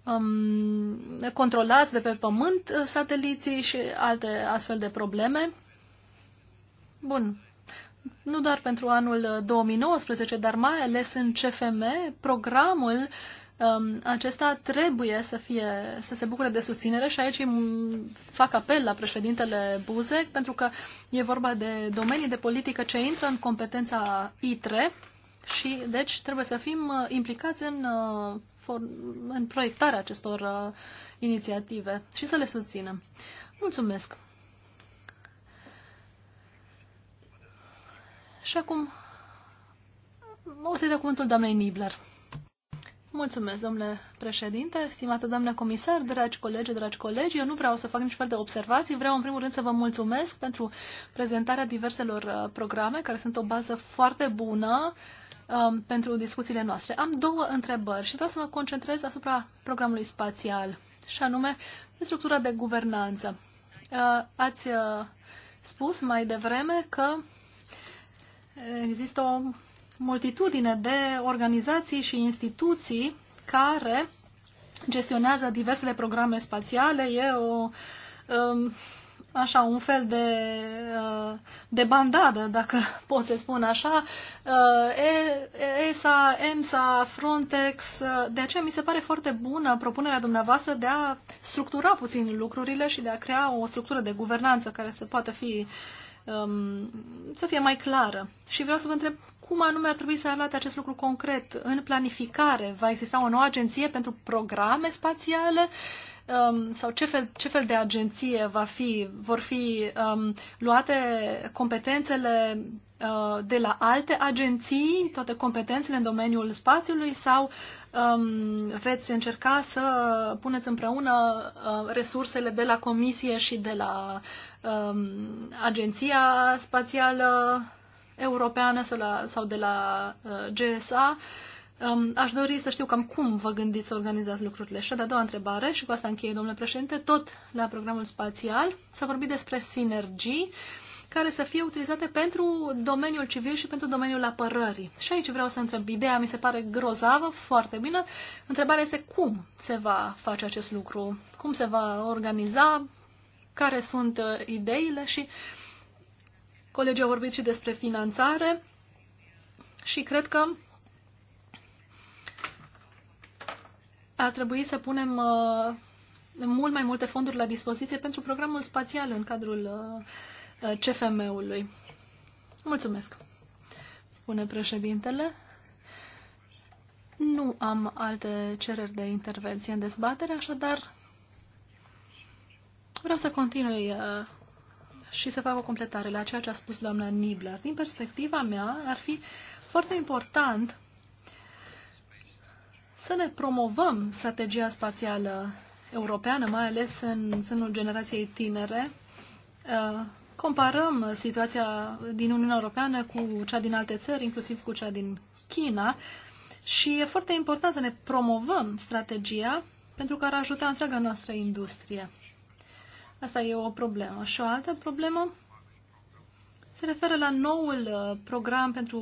Speaker 1: um, controlați de pe pământ uh, sateliții și alte astfel de probleme. Bun. Nu doar pentru anul 2019, uh, dar mai ales în CFM, programul um, acesta trebuie să, fie, să se bucure de susținere și aici fac apel la președintele Buzek pentru că e vorba de domenii de politică ce intră în competența ITRE și deci trebuie să fim uh, implicați în în proiectarea acestor uh, inițiative și să le susținem. Mulțumesc! Și acum o să-i dau cuvântul doamnei Nibler. Mulțumesc, domnule președinte, stimată doamnă comisar, dragi colegi, dragi colegi. Eu nu vreau să fac nici fel de observații, vreau în primul rând să vă mulțumesc pentru prezentarea diverselor uh, programe, care sunt o bază foarte bună um, pentru discuțiile noastre. Am două întrebări și vreau să mă concentrez asupra programului spațial, și anume structura de guvernanță. Uh, ați uh, spus mai devreme că există o multitudine de organizații și instituții care gestionează diversele programe spațiale. E o, um, așa, un fel de, uh, de bandadă, dacă [LAUGHS] pot să spun așa. Uh, ESA, EMSA, Frontex. Uh, de aceea mi se pare foarte bună propunerea dumneavoastră de a structura puțin lucrurile și de a crea o structură de guvernanță care să poată fi uh, um, să fie mai clară. Și vreau să vă întreb cum anume ar trebui să arate acest lucru concret în planificare. Va exista o nouă agenție pentru programe spațiale? Um, sau ce fel, ce fel de agenție va fi, vor fi um, luate competențele Uh, de la alte agenții, toate competențele în domeniul spațiului sau um, veți încerca să puneți împreună uh, resursele de la Comisie și de la um, Agenția Spațială Europeană sau, la, sau de la uh, GSA? Um, aș dori să știu cam cum vă gândiți să organizați lucrurile. Și de-a doua întrebare, și cu asta încheie, domnule președinte, tot la programul spațial, s-a vorbit despre sinergii. Uh, care să fie utilizate pentru domeniul civil și pentru domeniul apărării. Și aici vreau să întreb. Ideea mi se pare grozavă, foarte bine. Întrebarea este cum se va face acest lucru, cum se va organiza, care sunt uh, ideile și colegii au vorbit și despre finanțare și cred că ar trebui să punem uh, mult mai multe fonduri la dispoziție pentru programul spațial în cadrul uh, Uh, CFM-ului. Mulțumesc, spune președintele. Nu am alte cereri de intervenție în dezbatere, așadar vreau să continui uh, și să fac o completare la ceea ce a spus doamna Nibler. Din perspectiva mea, ar fi foarte important să ne promovăm strategia spațială europeană, mai ales în sânul generației tinere, uh, comparăm situația din Uniunea Europeană cu cea din alte țări, inclusiv cu cea din China, și e foarte important să ne promovăm strategia pentru că ar ajuta întreaga noastră industrie. Asta e o problemă. Și o altă problemă se referă la noul uh, program pentru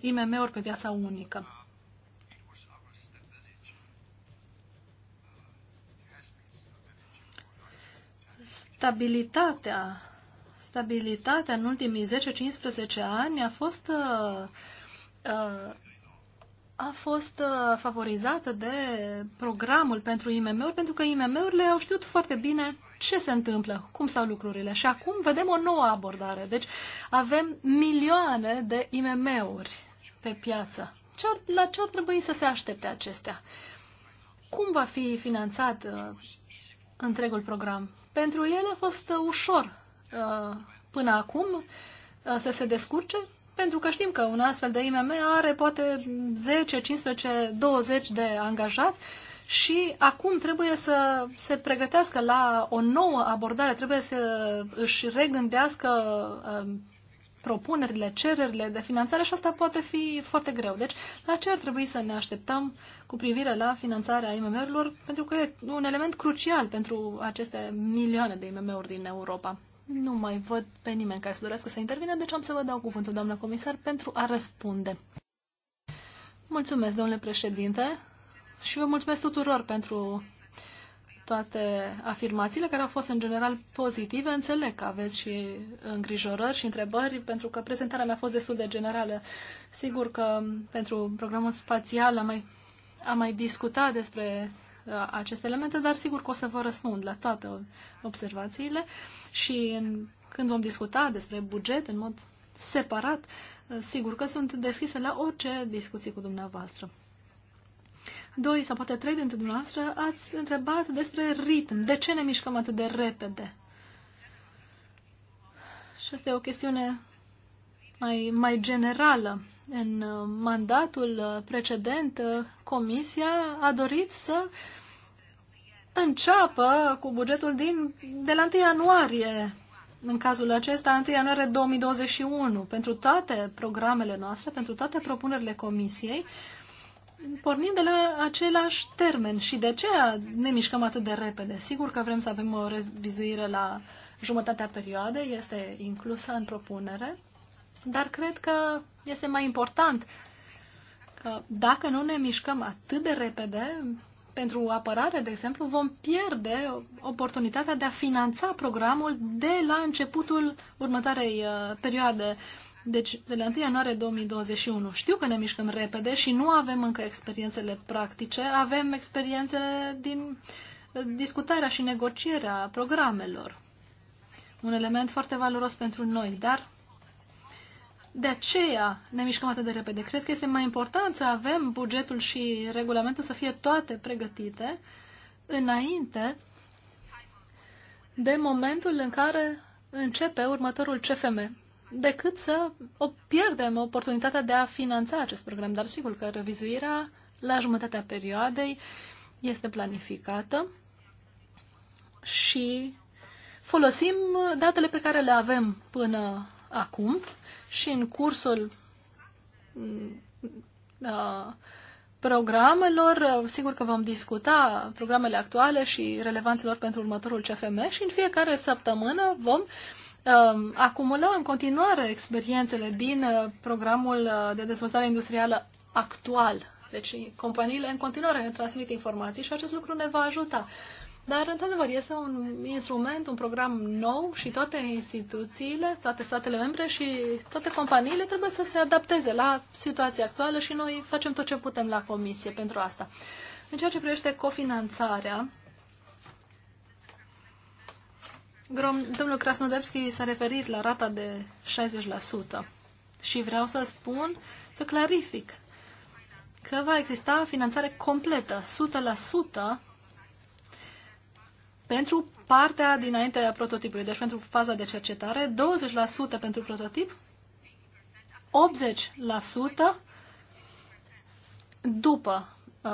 Speaker 1: IMM-uri pe piața unică. Stabilitatea stabilitatea în ultimii 10-15 ani a fost, uh, uh, a fost uh, favorizată de programul pentru IMM-uri, pentru că IMM-urile au știut foarte bine ce se întâmplă, cum stau lucrurile. Și acum vedem o nouă abordare. Deci avem milioane de IMM-uri pe piață. Ce ar, la ce ar trebui să se aștepte acestea? Cum va fi finanțat întregul program? Pentru el a fost ușor Uh, până acum uh, să se descurce? Pentru că știm că un astfel de IMM are poate 10, 15, 20 de angajați și acum trebuie să se pregătească la o nouă abordare, trebuie să își regândească uh, propunerile, cererile de finanțare și asta poate fi foarte greu. Deci, la ce ar trebui să ne așteptăm cu privire la finanțarea IMM-urilor? Pentru că e un element crucial pentru aceste milioane de IMM-uri din Europa. Nu mai văd pe nimeni care să dorească să intervină, deci am să vă dau cuvântul, doamna comisar, pentru a răspunde. Mulțumesc, domnule președinte, și vă mulțumesc tuturor pentru toate afirmațiile care au fost în general pozitive. Înțeleg că aveți și îngrijorări și întrebări, pentru că prezentarea mea a fost destul de generală. Sigur că pentru programul spațial am mai, am mai discutat despre Uh, aceste elemente, dar sigur că o să vă răspund la toate observațiile și în, când vom discuta despre buget în mod separat, uh, sigur că sunt deschise la orice discuții cu dumneavoastră. Doi sau poate trei dintre dumneavoastră ați întrebat despre ritm. De ce ne mișcăm atât de repede? Și asta e o chestiune mai, mai generală. În uh, mandatul uh, precedent, uh, Comisia a dorit să înceapă cu bugetul din, de la 1 ianuarie, în cazul acesta, 1 ianuarie 2021, pentru toate programele noastre, pentru toate propunerile Comisiei, Pornim de la același termen și de ce ne mișcăm atât de repede. Sigur că vrem să avem o revizuire la jumătatea perioadei, este inclusă în propunere, dar cred că este mai important că dacă nu ne mișcăm atât de repede pentru apărare, de exemplu, vom pierde oportunitatea de a finanța programul de la începutul următoarei uh, perioade deci, de la 1 ianuarie 2021, știu că ne mișcăm repede și nu avem încă experiențele practice, avem experiențe din uh, discutarea și negocierea programelor. Un element foarte valoros pentru noi, dar de aceea ne mișcăm atât de repede. Cred că este mai important să avem bugetul și regulamentul să fie toate pregătite înainte de momentul în care începe următorul CFM, decât să o pierdem oportunitatea de a finanța acest program. Dar sigur că revizuirea la jumătatea perioadei este planificată și folosim datele pe care le avem până acum și în cursul mm, programelor, sigur că vom discuta programele actuale și relevanților pentru următorul CFM și în fiecare săptămână vom acumula în continuare experiențele din programul de dezvoltare industrială actual. Deci companiile în continuare ne transmit informații și acest lucru ne va ajuta. Dar, într-adevăr, este un instrument, un program nou și toate instituțiile, toate statele membre și toate companiile trebuie să se adapteze la situația actuală și noi facem tot ce putem la comisie pentru asta. În ceea ce privește cofinanțarea, domnul Krasnodevski s-a referit la rata de 60% și vreau să spun, să clarific, că va exista finanțare completă, pentru partea dinainte a prototipului, deci pentru faza de cercetare, 20% pentru prototip, 80% după, uh,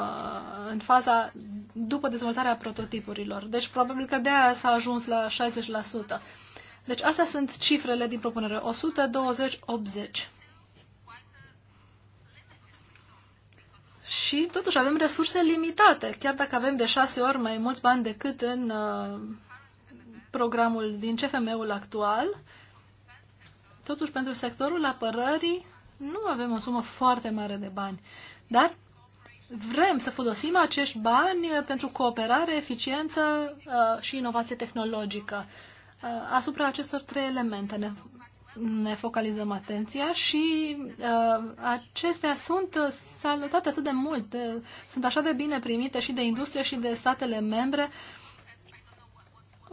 Speaker 1: în faza după dezvoltarea prototipurilor. Deci probabil că de aia s-a ajuns la 60%. Deci astea sunt cifrele din propunere, 120-80. și totuși avem resurse limitate, chiar dacă avem de șase ori mai mulți bani decât în uh, programul din CFM-ul actual. Totuși, pentru sectorul apărării nu avem o sumă foarte mare de bani, dar vrem să folosim acești bani pentru cooperare, eficiență uh, și inovație tehnologică. Uh, asupra acestor trei elemente ne ne focalizăm atenția și uh, acestea sunt uh, salutate atât de mult, de, uh, sunt așa de bine primite și de industrie și de statele membre.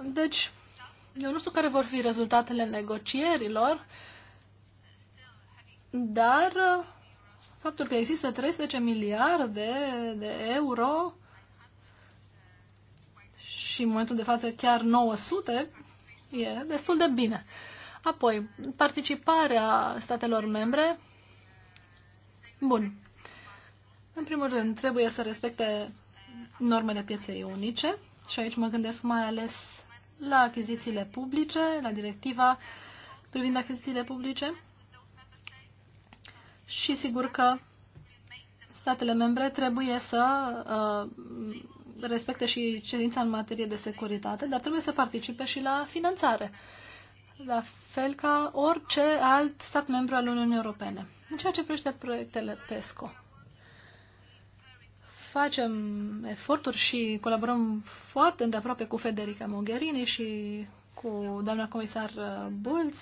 Speaker 1: Deci, eu nu știu care vor fi rezultatele negocierilor, dar uh, faptul că există 13 miliarde de euro și în momentul de față chiar 900 e destul de bine. Uh, Apoi, participarea statelor membre. Bun. În primul rând, trebuie să respecte normele pieței unice și aici mă gândesc mai ales la achizițiile publice, la directiva privind achizițiile publice și sigur că statele membre trebuie să uh, respecte și cerința în materie de securitate, dar trebuie să participe și la finanțare. Uh, la fel ca orice alt stat membru al Uniunii Europene. În ceea ce privește proiectele PESCO, facem eforturi și colaborăm foarte îndeaproape cu Federica Mogherini și cu doamna comisar uh, Bulț.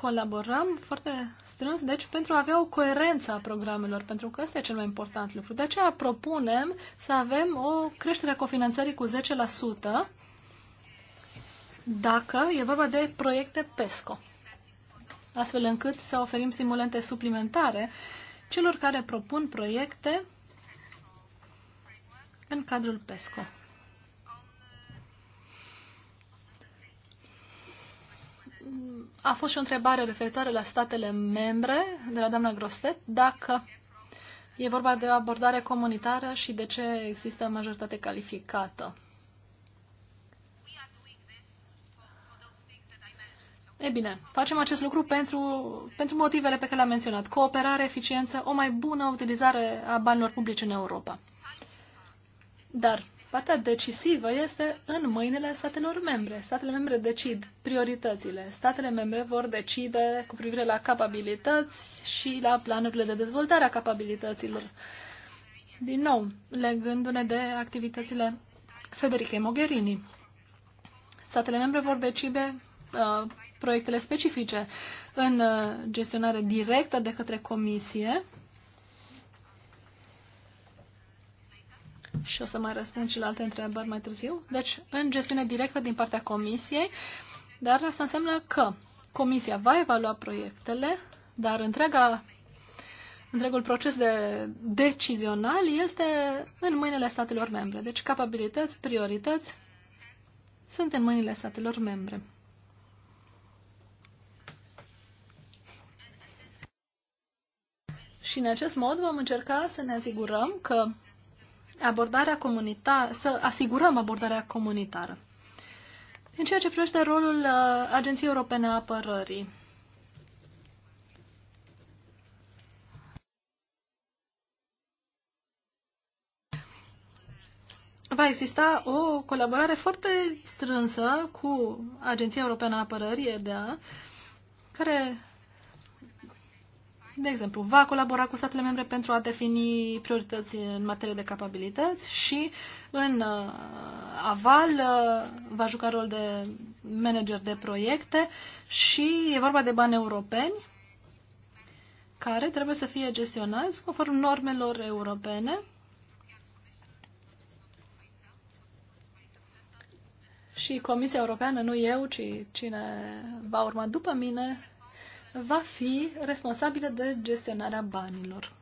Speaker 1: Colaborăm foarte strâns, deci, pentru a avea o coerență a programelor, pentru că ăsta e cel mai important lucru. De aceea propunem să avem o creștere a cofinanțării cu dacă e vorba de proiecte PESCO, astfel încât să oferim stimulente suplimentare celor care propun proiecte în cadrul PESCO. A fost și o întrebare referitoare la statele membre de la doamna Grostet, dacă e vorba de o abordare comunitară și de ce există majoritate calificată. E bine, facem acest lucru pentru, pentru motivele pe care le-am menționat. Cooperare, eficiență, o mai bună utilizare a banilor publici în Europa. Dar partea decisivă este în mâinile statelor membre. Statele membre decid prioritățile. Statele membre vor decide cu privire la capabilități și la planurile de dezvoltare a capabilităților. Din nou, legându-ne de activitățile Federicei Mogherini. Statele membre vor decide uh, proiectele specifice în uh, gestionare directă de către comisie. Și o să mai răspund și la alte întrebări mai târziu. Deci, în gestiune directă din partea comisiei, dar asta înseamnă că comisia va evalua proiectele, dar întreaga întregul proces de decizional este în mâinile statelor membre. Deci capabilități, priorități sunt în mâinile statelor membre. Și în acest mod vom încerca să ne asigurăm că abordarea comunitară, să asigurăm abordarea comunitară. În ceea ce privește rolul uh, Agenției Europene a Apărării, va exista o colaborare foarte strânsă cu Agenția Europeană a Apărării, EDA, care de exemplu, va colabora cu statele membre pentru a defini priorități în materie de capabilități și în uh, aval uh, va juca rol de manager de proiecte și e vorba de bani europeni care trebuie să fie gestionați conform normelor europene Și Comisia Europeană, nu eu, ci cine va urma după mine, va fi responsabilă de gestionarea banilor.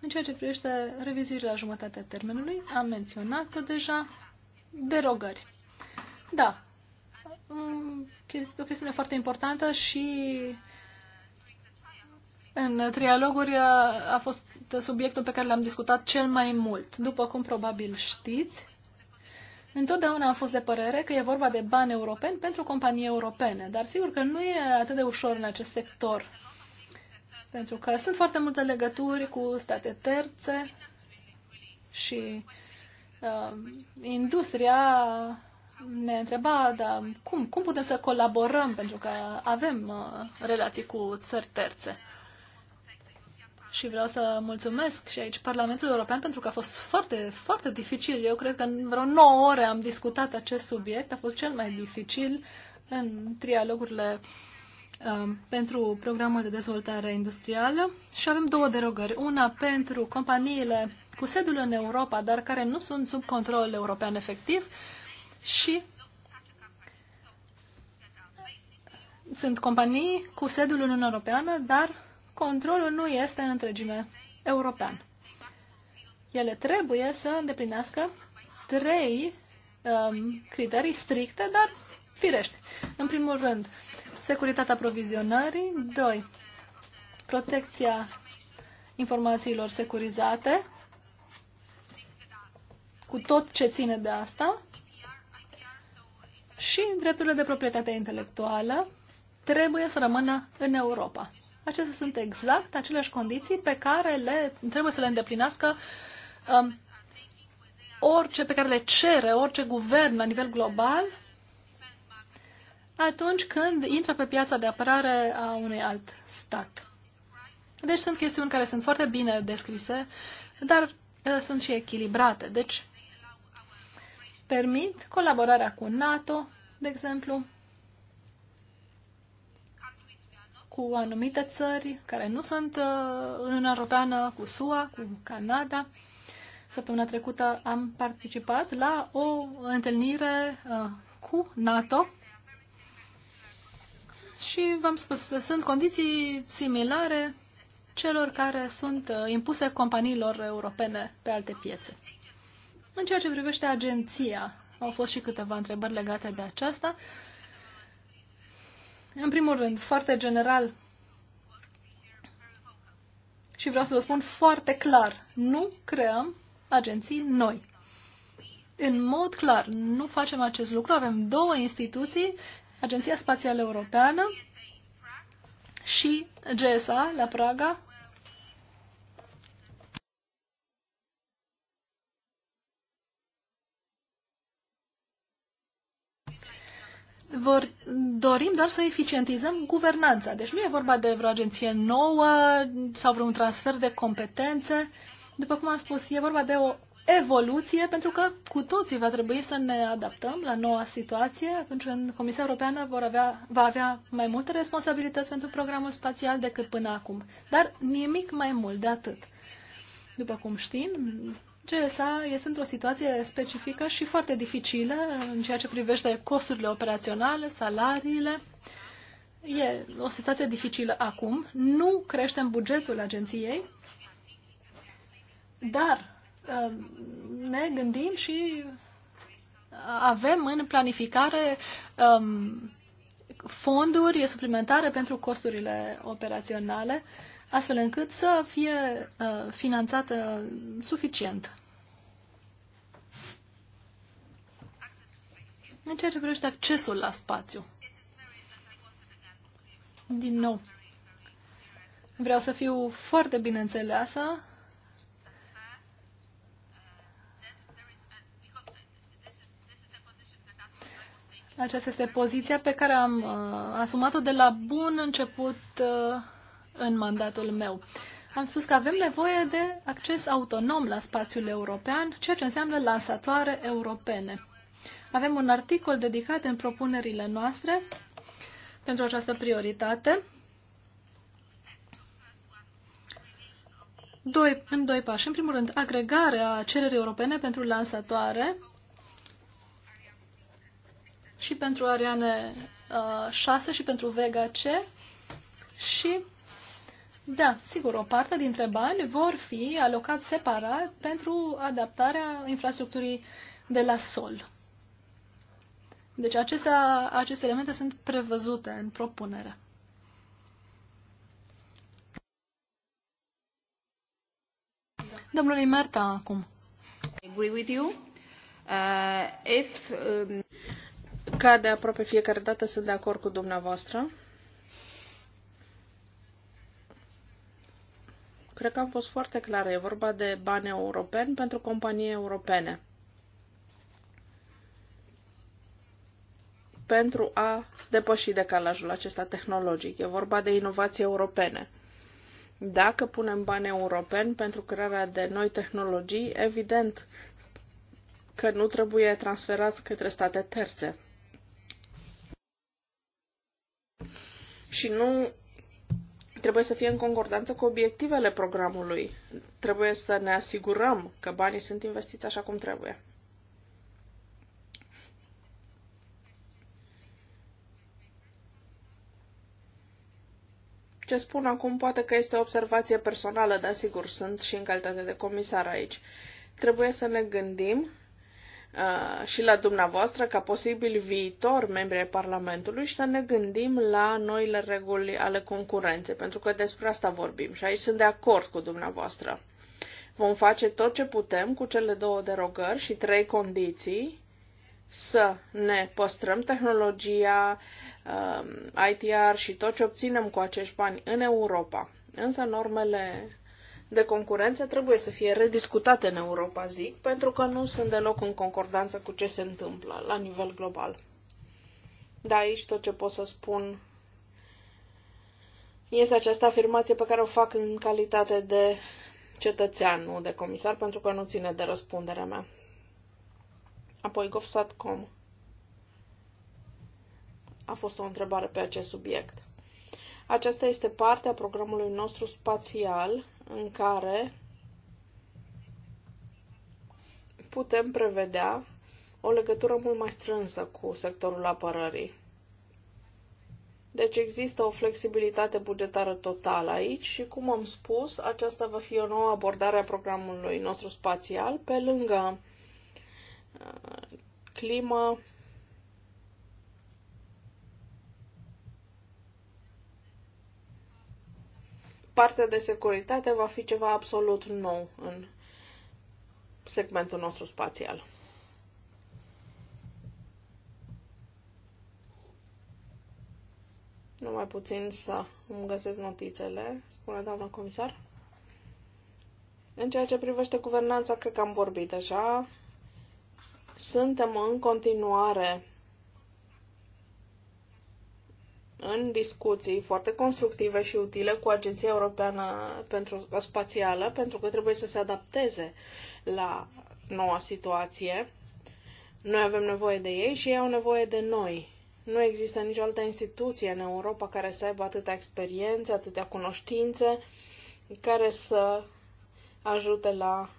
Speaker 1: În ceea ce privește revizuirea la jumătatea termenului, am menționat-o deja, derogări. Da, o chestiune foarte importantă și în trialoguri a fost subiectul pe care l-am discutat cel mai mult. După cum probabil știți, Întotdeauna am fost de părere că e vorba de bani europeni pentru companii europene, dar sigur că nu e atât de ușor în acest sector, pentru că sunt foarte multe legături cu state terțe și uh, industria ne întreba, dar cum, cum putem să colaborăm, pentru că avem uh, relații cu țări terțe și vreau să mulțumesc și aici Parlamentul European pentru că a fost foarte, foarte dificil. Eu cred că în vreo 9 ore am discutat acest subiect. A fost cel mai dificil în trialogurile um, pentru programul de dezvoltare industrială și avem două derogări. Una pentru companiile cu sediul în Europa, dar care nu sunt sub control european efectiv și sunt companii cu sediul în Uniunea Europeană, dar controlul nu este în întregime european. Ele trebuie să îndeplinească trei um, criterii stricte, dar firești. În primul rând, securitatea provizionării, doi, protecția informațiilor securizate, cu tot ce ține de asta, și drepturile de proprietate intelectuală trebuie să rămână în Europa acestea sunt exact aceleași condiții pe care le, trebuie să le îndeplinească um, orice pe care le cere, orice guvern la nivel global atunci când intră pe piața de apărare a unui alt stat. Deci sunt chestiuni care sunt foarte bine descrise, dar uh, sunt și echilibrate. Deci permit colaborarea cu NATO, de exemplu, cu anumite țări care nu sunt uh, în Uniunea Europeană, cu SUA, cu Canada. Săptămâna trecută am participat la o întâlnire uh, cu NATO și v-am spus că sunt condiții similare celor care sunt uh, impuse companiilor europene pe alte piețe. În ceea ce privește agenția, au fost și câteva întrebări legate de aceasta. Uh, în primul rând, foarte general, și vreau să vă spun foarte clar, nu creăm agenții noi. În mod clar, nu facem acest lucru. Avem două instituții, Agenția Spațială Europeană și GSA la Praga, vor, dorim doar să eficientizăm guvernanța. Deci nu e vorba de vreo agenție nouă sau vreun transfer de competențe. După cum am spus, e vorba de o evoluție, pentru că cu toții va trebui să ne adaptăm la noua situație. Atunci când Comisia Europeană vor avea, va avea mai multe responsabilități pentru programul spațial decât până acum. Dar nimic mai mult de atât. După cum știm, GSA este într-o situație specifică și foarte dificilă în ceea ce privește costurile operaționale, salariile. E o situație dificilă acum. Nu creștem bugetul agenției, dar um, ne gândim și avem în planificare um, fonduri suplimentare pentru costurile operaționale astfel încât să fie uh, finanțată suficient. În ceea ce privește accesul la spațiu. Din nou, vreau să fiu foarte bine înțeleasă. Aceasta este poziția pe care am uh, asumat-o de la bun început uh, în mandatul meu. Am spus că avem nevoie de acces autonom la spațiul european, ceea ce înseamnă lansatoare europene. Avem un articol dedicat în propunerile noastre pentru această prioritate. Doi, în doi pași. În primul rând, agregarea cererii europene pentru lansatoare și pentru Ariane uh, 6 și pentru Vega C și da, sigur, o parte dintre bani vor fi alocați separat pentru adaptarea infrastructurii de la sol. Deci acestea, aceste elemente sunt prevăzute în propunere. Domnului Marta, acum. I agree with you. Uh, if, um... Ca de aproape
Speaker 3: fiecare dată sunt de acord cu dumneavoastră. cred că am fost foarte clară. E vorba de bani europeni pentru companii europene. Pentru a depăși decalajul acesta tehnologic. E vorba de inovații europene. Dacă punem bani europeni pentru crearea de noi tehnologii, evident că nu trebuie transferați către state terțe. Și nu trebuie să fie în concordanță cu obiectivele programului. Trebuie să ne asigurăm că banii sunt investiți așa cum trebuie. Ce spun acum poate că este o observație personală, dar sigur sunt și în calitate de comisar aici. Trebuie să ne gândim Uh, și la dumneavoastră ca posibil viitor membri ai Parlamentului și să ne gândim la noile reguli ale concurenței, pentru că despre asta vorbim și aici sunt de acord cu dumneavoastră. Vom face tot ce putem cu cele două derogări și trei condiții să ne păstrăm tehnologia, um, ITR și tot ce obținem cu acești bani în Europa. Însă normele de concurență trebuie să fie rediscutate în Europa, zic, pentru că nu sunt deloc în concordanță cu ce se întâmplă la nivel global. De aici tot ce pot să spun este această afirmație pe care o fac în calitate de cetățean, nu de comisar, pentru că nu ține de răspunderea mea. Apoi, Gofsat.com A fost o întrebare pe acest subiect. Aceasta este parte a programului nostru spațial în care putem prevedea o legătură mult mai strânsă cu sectorul apărării. Deci există o flexibilitate bugetară totală aici și, cum am spus, aceasta va fi o nouă abordare a programului nostru spațial, pe lângă uh, climă, Partea de securitate va fi ceva absolut nou în segmentul nostru spațial. Nu mai puțin să îmi găsesc notițele, spune doamna comisar. În ceea ce privește guvernanța, cred că am vorbit deja. Suntem în continuare în discuții foarte constructive și utile cu Agenția Europeană pentru Spațială, pentru că trebuie să se adapteze la noua situație. Noi avem nevoie de ei și ei au nevoie de noi. Nu există nicio altă instituție în Europa care să aibă atâtea experiențe, atâtea cunoștințe, care să ajute la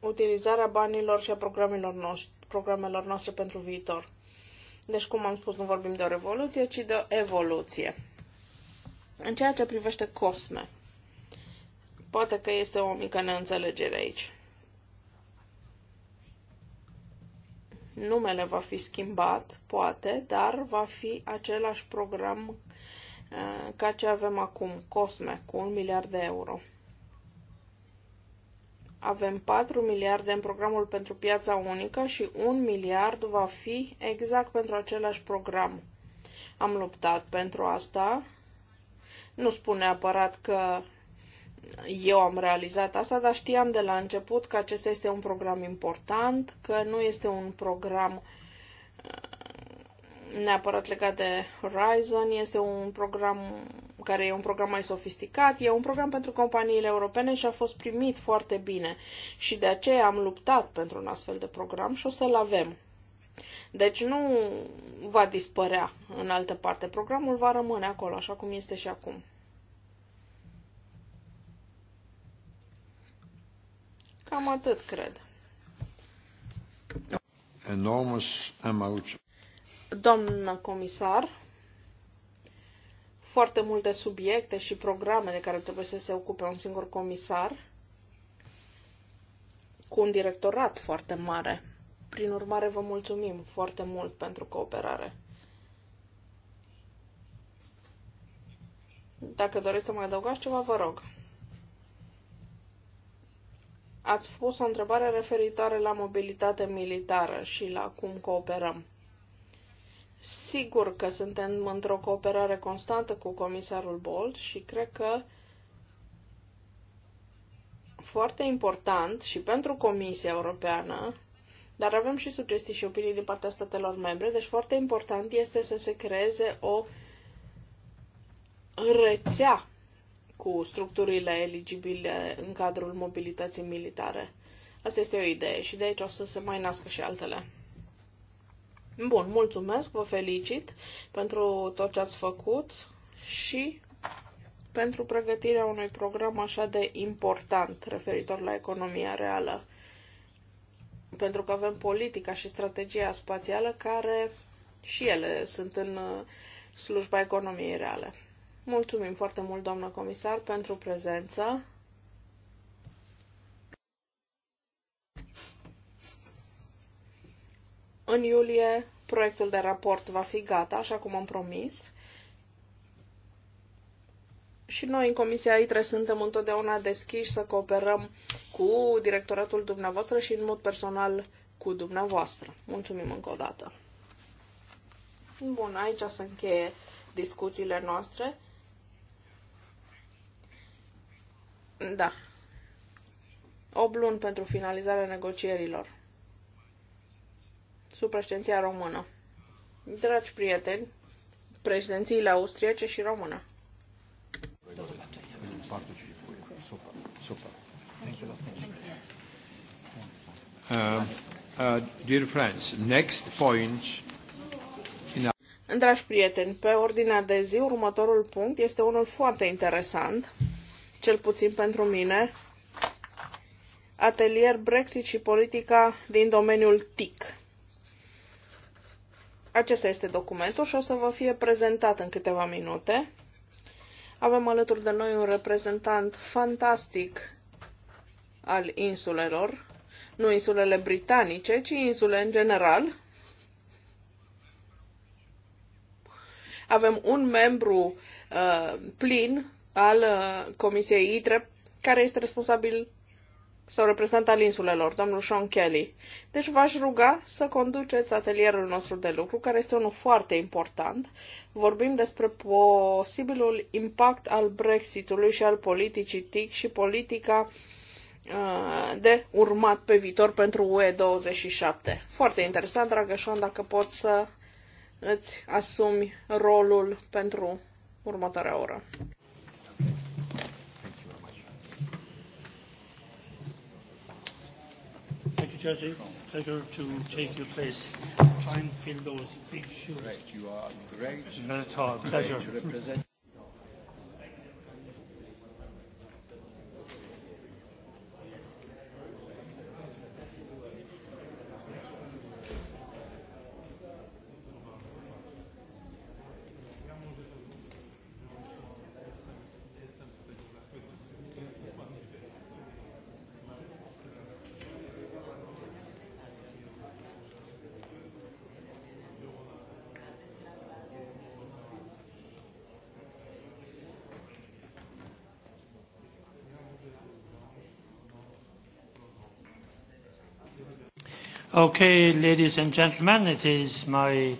Speaker 3: utilizarea banilor și a programelor noastre, programelor noastre pentru viitor. Deci, cum am spus, nu vorbim de o revoluție, ci de o evoluție. În ceea ce privește Cosme, poate că este o mică neînțelegere aici. Numele va fi schimbat, poate, dar va fi același program uh, ca ce avem acum, Cosme, cu un miliard de euro. Avem 4 miliarde în programul pentru piața unică și 1 miliard va fi exact pentru același program. Am luptat pentru asta. Nu spun neapărat că eu am realizat asta, dar știam de la început că acesta este un program important, că nu este un program uh, neapărat legat de Horizon, este un program care e un program mai sofisticat, e un program pentru companiile europene și a fost primit foarte bine și de aceea am luptat pentru un astfel de program și o să-l avem. Deci nu va dispărea în altă parte. Programul va rămâne acolo, așa cum este și acum. Cam atât, cred.
Speaker 1: Enormous amount
Speaker 3: Doamnă comisar, foarte multe subiecte și programe de care trebuie să se ocupe un singur comisar cu un directorat foarte mare. Prin urmare, vă mulțumim foarte mult pentru cooperare. Dacă doriți să mai adăugați ceva, vă rog. Ați pus o întrebare referitoare la mobilitate militară și la cum cooperăm. Sigur că suntem într-o cooperare constantă cu comisarul Bolt și cred că foarte important și pentru Comisia Europeană, dar avem și sugestii și opinii din partea statelor membre, deci foarte important este să se creeze o rețea cu structurile eligibile în cadrul mobilității militare. Asta este o idee și de aici o să se mai nască și altele. Bun, mulțumesc, vă felicit pentru tot ce ați făcut și pentru pregătirea unui program așa de important referitor la economia reală. Pentru că avem politica și strategia spațială care și ele sunt în uh, slujba economiei reale. Mulțumim foarte mult, doamnă comisar, pentru prezență. În iulie proiectul de raport va fi gata, așa cum am promis. Și noi în Comisia ITRE suntem întotdeauna deschiși să cooperăm cu directoratul dumneavoastră și în mod personal cu dumneavoastră. Mulțumim încă o dată. Bun, aici se încheie discuțiile noastre. Da. 8 luni pentru finalizarea negocierilor sub președinția română. Dragi prieteni, președințiile austriece și română.
Speaker 1: Uh, uh, dear friends, next point
Speaker 3: Dragi prieteni, pe ordinea de zi, următorul punct este unul foarte interesant, cel puțin pentru mine, atelier Brexit și politica din domeniul TIC. Acesta este documentul și o să vă fie prezentat în câteva minute. Avem alături de noi un reprezentant fantastic al insulelor, nu insulele britanice, ci insule în general. Avem un membru uh, plin al uh, Comisiei ITRE care este responsabil sau reprezentant al insulelor, domnul Sean Kelly. Deci v-aș ruga să conduceți atelierul nostru de lucru, care este unul foarte important. Vorbim despre posibilul impact al Brexitului și al politicii TIC și politica uh, de urmat pe viitor pentru UE27. Foarte interesant, dragă Sean, dacă poți să îți asumi rolul pentru următoarea oră.
Speaker 2: Jesse, pleasure to take your place. Try and fill those big shoes. Great, you are great. Not at all, pleasure.
Speaker 3: Okay, ladies and gentlemen, it is my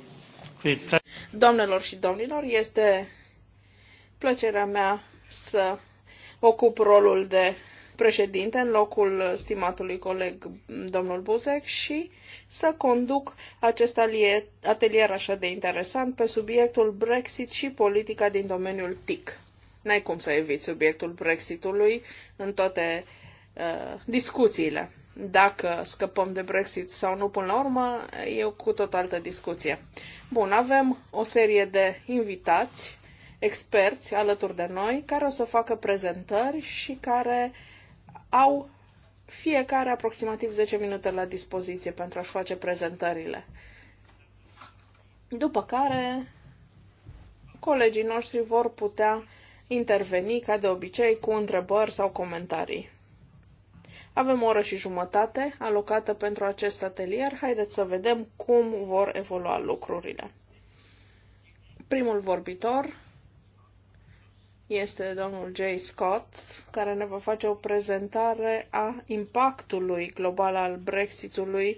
Speaker 3: great pleasure. Doamnelor și domnilor, este plăcerea mea să ocup rolul de președinte în locul stimatului coleg domnul Buzek și să conduc acest atelier așa de interesant pe subiectul Brexit și politica din domeniul TIC. N-ai cum să eviți subiectul Brexitului în toate uh, discuțiile dacă scăpăm de Brexit sau nu până la urmă, e cu tot altă discuție. Bun, avem o serie de invitați, experți alături de noi, care o să facă prezentări și care au fiecare aproximativ 10 minute la dispoziție pentru a-și face prezentările. După care, colegii noștri vor putea interveni, ca de obicei, cu întrebări sau comentarii. Avem o oră și jumătate alocată pentru acest atelier. Haideți să vedem cum vor evolua lucrurile. Primul vorbitor este domnul Jay Scott, care ne va face o prezentare a impactului global al Brexitului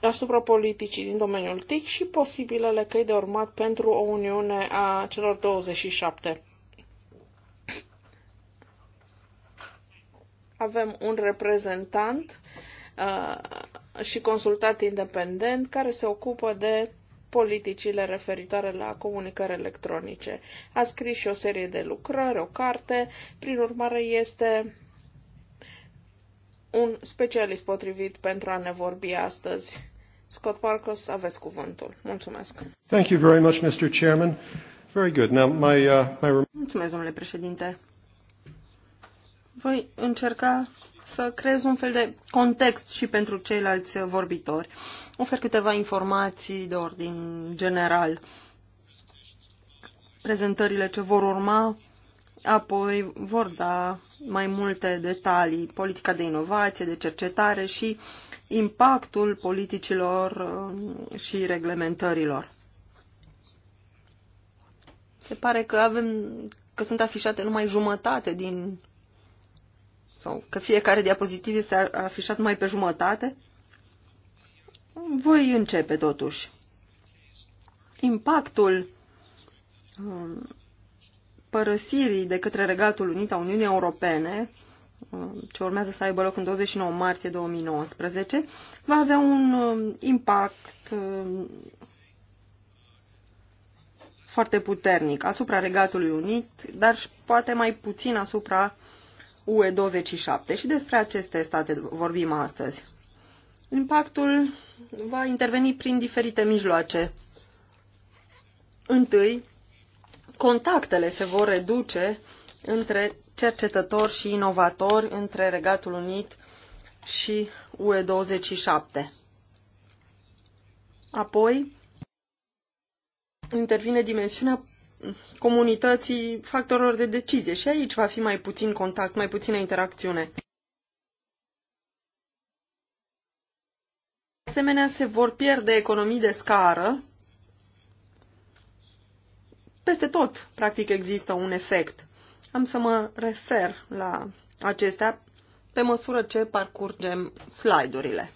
Speaker 3: asupra politicii din domeniul TIC și posibilele căi de urmat pentru o uniune a celor 27. Avem un reprezentant uh, și consultat independent care se ocupă de politicile referitoare la comunicări electronice. A scris și o serie de lucrări, o carte, prin urmare este un specialist potrivit pentru a ne vorbi astăzi. Scott Parkos, aveți cuvântul. Mulțumesc. Thank you very much, Mr. Chairman. Very good. Now, my, uh, my...
Speaker 2: Mulțumesc, domnule președinte. Voi încerca să creez un fel de context și pentru ceilalți vorbitori. Ofer câteva informații de ordin general. Prezentările ce vor urma apoi vor da mai multe detalii, politica de inovație, de cercetare și impactul politicilor uh, și reglementărilor. Se pare că avem că sunt afișate numai jumătate din sau că fiecare diapozitiv este afișat mai pe jumătate. Voi începe totuși. Impactul um, părăsirii de către Regatul Unit a Uniunii Europene, um, ce urmează să aibă loc în 29 martie 2019, va avea un um, impact foarte puternic asupra Regatului Unit, dar și poate mai puțin asupra uh, UE27 și despre aceste state vorbim astăzi. Impactul va interveni prin diferite mijloace. Întâi, contactele se vor reduce între cercetători și inovatori între Regatul Unit și UE27. Apoi, intervine dimensiunea comunității factorilor de decizie și aici va fi mai puțin contact, mai puțină interacțiune. De asemenea, se vor pierde economii de scară. Peste tot, practic, există un efect. Am să mă refer la acestea pe măsură ce parcurgem slide-urile.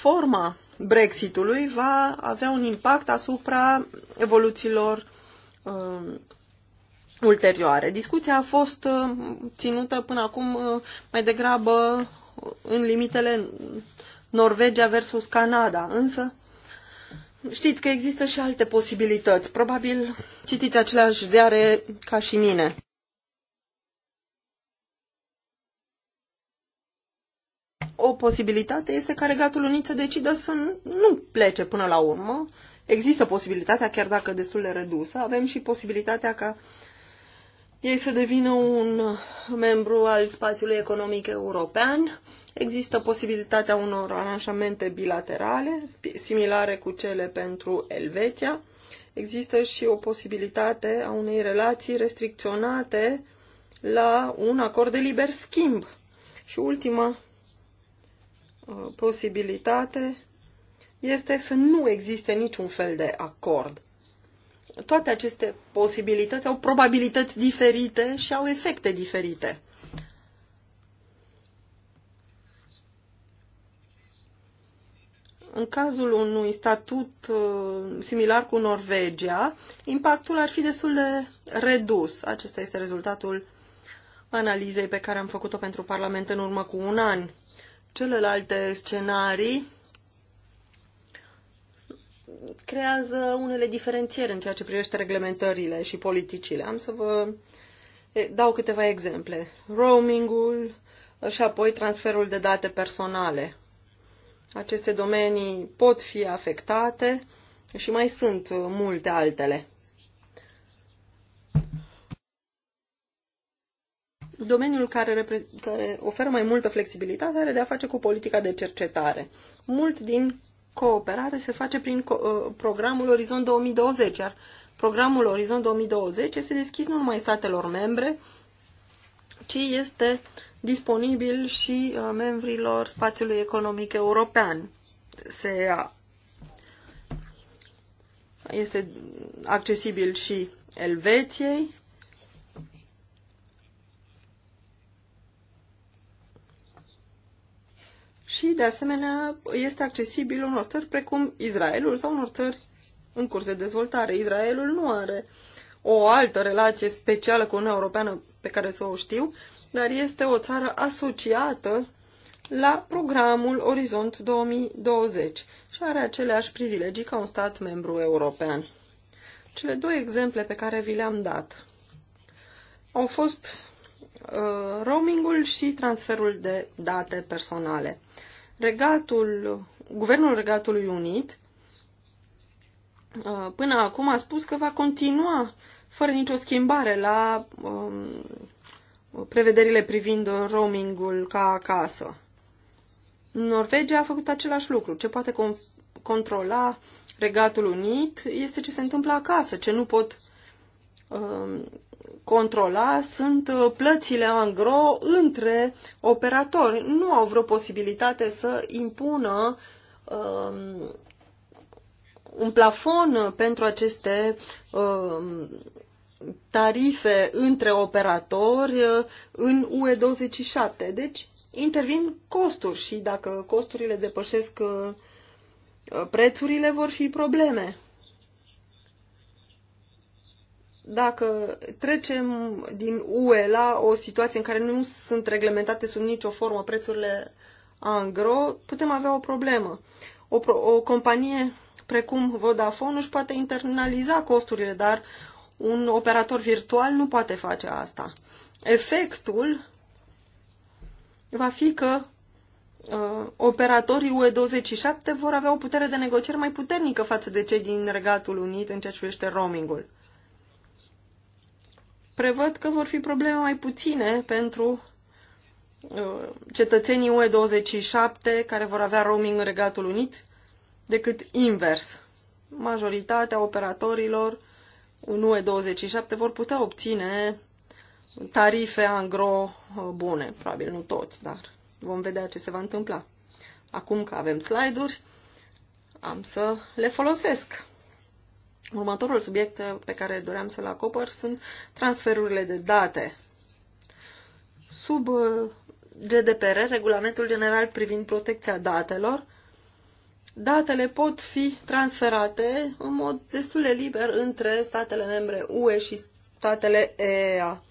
Speaker 2: forma Brexitului va avea un impact asupra evoluțiilor uh, ulterioare. Discuția a fost uh, ținută până acum uh, mai degrabă uh, în limitele Norvegia versus Canada, însă știți că există și alte posibilități. Probabil citiți aceleași ziare ca și mine. o posibilitate este ca Regatul Unit să decidă să nu plece până la urmă. Există posibilitatea, chiar dacă destul de redusă, avem și posibilitatea ca ei să devină un membru al spațiului economic european. Există posibilitatea unor aranjamente bilaterale, similare cu cele pentru Elveția. Există și o posibilitate a unei relații restricționate la un acord de liber schimb. Și ultima Uh, posibilitate este să nu existe niciun fel de acord. Toate aceste posibilități au probabilități diferite și au efecte diferite. În cazul unui statut uh, similar cu Norvegia, impactul ar fi destul de redus. Acesta este rezultatul analizei pe care am făcut-o pentru Parlament în urmă cu un an celelalte scenarii creează unele diferențieri în ceea ce privește reglementările și politicile. Am să vă dau câteva exemple. Roamingul și apoi transferul de date personale. Aceste domenii pot fi afectate și mai sunt multe altele. domeniul care, care oferă mai multă flexibilitate are de a face cu politica de cercetare. Mult din cooperare se face prin co- uh, programul Orizont 2020, iar programul Orizont 2020 este deschis nu numai statelor membre, ci este disponibil și uh, membrilor spațiului economic european. Se este accesibil și Elveției, și, de asemenea, este accesibil unor țări precum Israelul sau unor țări în curs de dezvoltare. Israelul nu are o altă relație specială cu Uniunea Europeană pe care să o știu, dar este o țară asociată la programul Orizont 2020 și are aceleași privilegii ca un stat membru european. Cele două exemple pe care vi le-am dat au fost Uh, roamingul și transferul de date personale. Regatul, Guvernul Regatului Unit uh, până acum a spus că va continua fără nicio schimbare la um, prevederile privind roamingul ca acasă. Norvegia a făcut același lucru. Ce poate controla Regatul Unit este ce se întâmplă acasă, ce nu pot um, controla sunt uh, plățile angro între operatori. Nu au vreo posibilitate să impună um, un plafon pentru aceste um, tarife între operatori uh, în UE27. Deci intervin costuri și dacă costurile depășesc uh, prețurile, vor fi probleme dacă trecem din UE la o situație în care nu sunt reglementate sub nicio formă prețurile angro, putem avea o problemă. O, pro- o companie precum Vodafone își poate internaliza costurile, dar un operator virtual nu poate face asta. Efectul va fi că uh, operatorii UE27 vor avea o putere de negociere mai puternică față de cei din Regatul Unit în ceea ce privește roamingul prevăd că vor fi probleme mai puține pentru uh, cetățenii UE27 care vor avea roaming în Regatul Unit decât invers. Majoritatea operatorilor în UE27 vor putea obține tarife angro bune. Probabil nu toți, dar vom vedea ce se va întâmpla. Acum că avem slide-uri, am să le folosesc. Următorul subiect pe care doream să-l acopăr sunt transferurile de date. Sub uh, GDPR, Regulamentul General privind protecția datelor, datele pot fi transferate în mod destul de liber între statele membre UE și statele EA,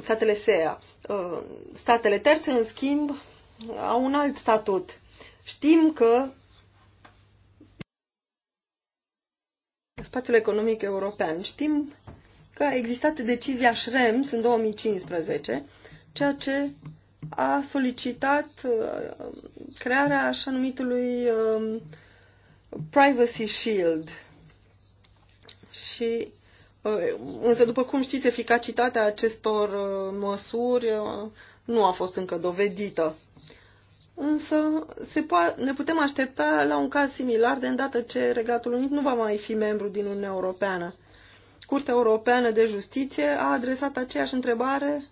Speaker 2: statele SEA. Uh, statele terțe, în schimb, au un alt statut. Știm că spațiul economic european. Știm că a existat decizia Schrems în 2015, ceea ce a solicitat uh, crearea așa numitului um, Privacy Shield. Și uh, Însă, după cum știți, eficacitatea acestor uh, măsuri nu a fost încă dovedită însă se po- ne putem aștepta la un caz similar de îndată ce Regatul Unit nu va mai fi membru din Uniunea Europeană. Curtea Europeană de Justiție a adresat aceeași întrebare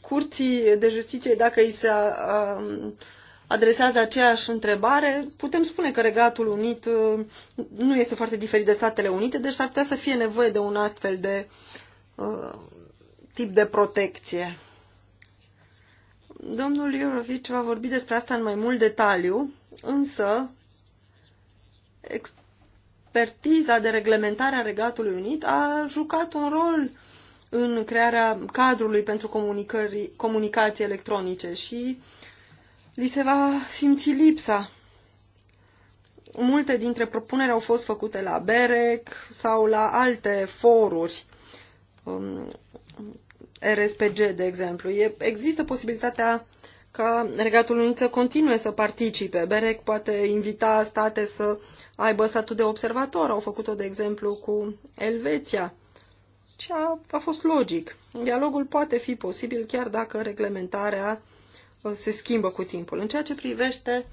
Speaker 2: Curții de Justiție, dacă îi se a, a, adresează aceeași întrebare, putem spune că Regatul Unit uh, nu este foarte diferit de Statele Unite, deci s-ar putea să fie nevoie de un astfel de a, uh, tip de protecție. Domnul Iorovici va vorbi despre asta în mai mult detaliu, însă expertiza de reglementare a Regatului Unit a jucat un rol în crearea cadrului pentru comunicații electronice și li se va simți lipsa. Multe dintre propuneri au fost făcute la BEREC sau la alte foruri um, RSPG, de exemplu. E, există posibilitatea ca Regatul Unit să continue să participe. BEREC poate invita state să aibă statul de observator. Au făcut-o, de exemplu, cu Elveția. Și a, a fost logic. Dialogul poate fi posibil chiar dacă reglementarea uh, se schimbă cu timpul. În ceea ce privește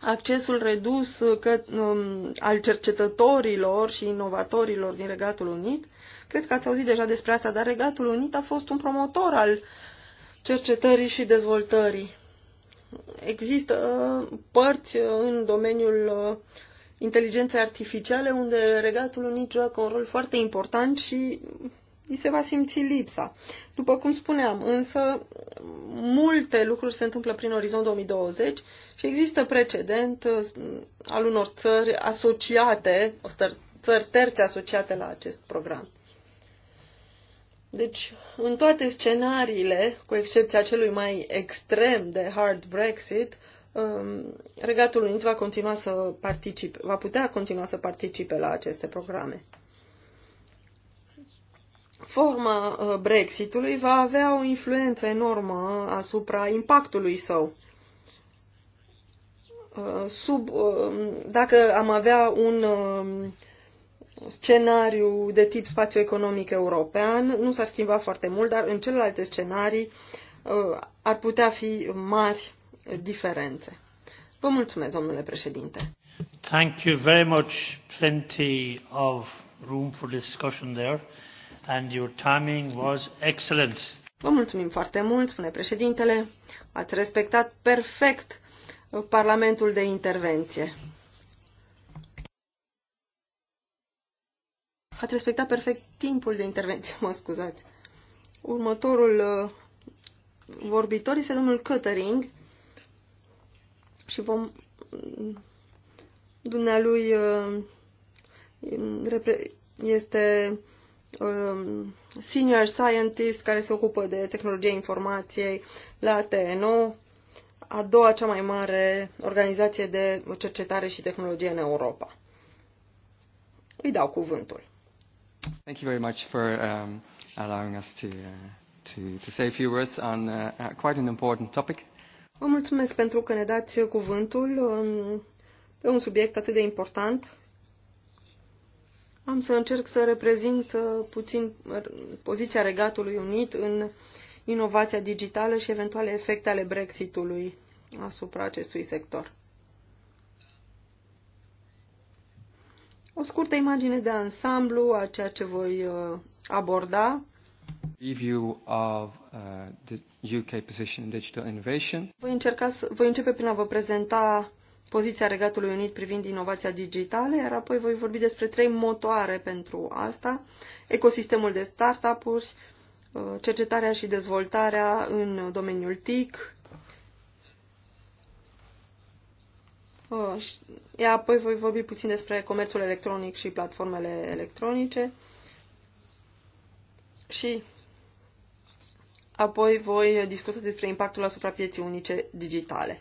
Speaker 2: accesul redus uh, că, um, al cercetătorilor și inovatorilor din Regatul Unit, uh, Cred că ați auzit deja despre asta, dar Regatul Unit a fost un promotor al cercetării și dezvoltării. Există uh, părți uh, în domeniul uh, inteligenței artificiale unde Regatul Unit joacă un rol foarte important și îi se va simți lipsa. După cum spuneam, însă, multe lucruri se întâmplă prin orizont 2020 și există precedent al unor țări asociate, țări terțe asociate la acest program. Deci, în toate scenariile, cu excepția celui mai extrem de hard Brexit, um, Regatul Unit va continua să participe, va putea continua să participe la aceste programe. Forma uh, Brexitului va avea o influență enormă asupra impactului său. Uh, sub, um, dacă am avea un um, scenariu de tip spațioeconomic european nu s-ar schimba foarte mult, dar în celelalte scenarii uh, ar putea fi mari diferențe. Vă mulțumesc, domnule președinte.
Speaker 3: Thank you very much. Plenty of room for discussion there and your timing was excellent.
Speaker 2: Vă mulțumim foarte mult, spune președintele. Ați respectat perfect uh, Parlamentul de intervenție. Ați respectat perfect timpul de intervenție, mă scuzați. Următorul uh, vorbitor este domnul Cătăring și vom... Dumnealui uh, este um, senior scientist care se ocupă de tehnologia informației la TNO, a doua cea mai mare organizație de cercetare și tehnologie în Europa. Îi dau cuvântul. Thank you very much for um, allowing us to, uh, to, to say a few words on uh, uh quite an important topic. Vă mulțumesc pentru că ne dați uh, cuvântul um, pe un subiect atât de important. Am să încerc să reprezint uh, puțin uh, poziția Regatului Unit în inovația digitală și eventuale efecte ale Brexitului asupra acestui sector. O scurtă imagine de ansamblu a ceea ce voi uh, aborda. Review of uh, the UK position in digital innovation. Voi, încerca să, voi începe prin a vă prezenta poziția Regatului Unit privind inovația digitală, iar apoi voi vorbi despre trei motoare pentru asta, ecosistemul de startup-uri, uh, cercetarea și dezvoltarea în domeniul TIC Oh, Ia apoi voi vorbi puțin despre comerțul electronic și platformele electronice. Și apoi voi discuta despre impactul asupra pieții unice digitale.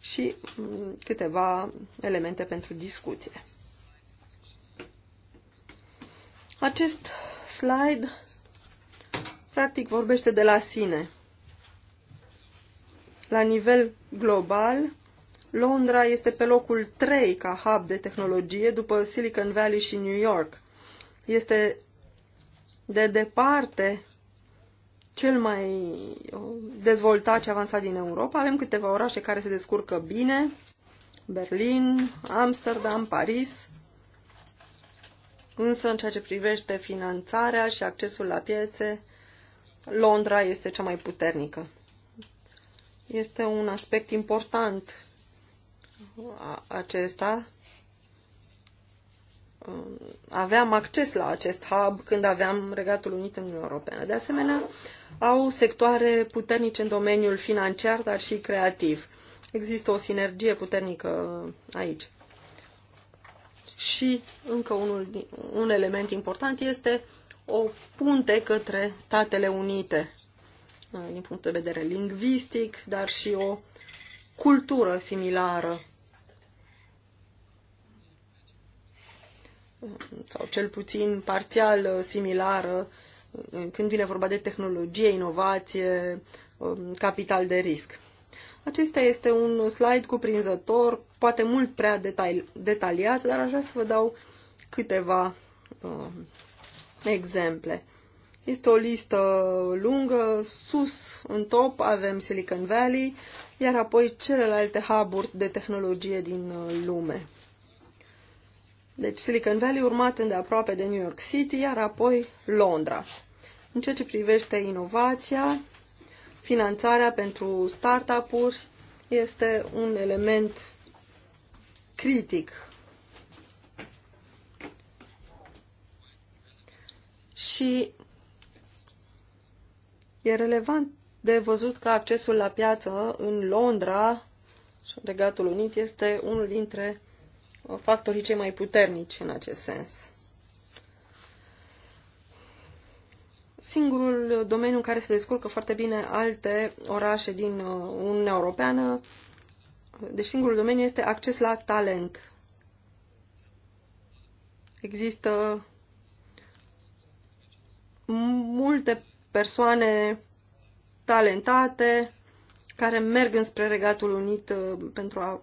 Speaker 2: Și mm, câteva elemente pentru discuție. Acest slide practic vorbește de la sine. La nivel global, Londra este pe locul 3 ca hub de tehnologie după Silicon Valley și New York. Este de departe cel mai dezvoltat și avansat din Europa. Avem câteva orașe care se descurcă bine. Berlin, Amsterdam, Paris. Însă, în ceea ce privește finanțarea și accesul la piețe, Londra este cea mai puternică. Este un aspect important acesta um, aveam acces la acest hub când aveam Regatul Unit în Uniunea Europeană. De asemenea, au sectoare puternice în domeniul financiar, dar și creativ. Există o sinergie puternică aici. Și încă unul, un element important este o punte către Statele Unite, uh, din punct de vedere lingvistic, dar și o cultură similară sau cel puțin parțial uh, similară uh, când vine vorba de tehnologie, inovație, um, capital de risc. Acesta este un slide cuprinzător, poate mult prea detali- detaliat, dar aș vrea să vă dau câteva uh, exemple. Este o listă lungă, sus în top avem Silicon Valley, iar apoi celelalte hub de tehnologie din uh, lume. Deci Silicon Valley urmat aproape de New York City, iar apoi Londra. În ceea ce privește inovația, finanțarea pentru startup-uri este un element critic. Și e relevant de văzut că accesul la piață în Londra, Regatul Unit, este unul dintre factorii cei mai puternici în acest sens. Singurul domeniu în care se descurcă foarte bine alte orașe din uh, Uniunea Europeană, deci singurul domeniu este acces la talent. Există multe persoane talentate care merg înspre Regatul Unit uh, pentru a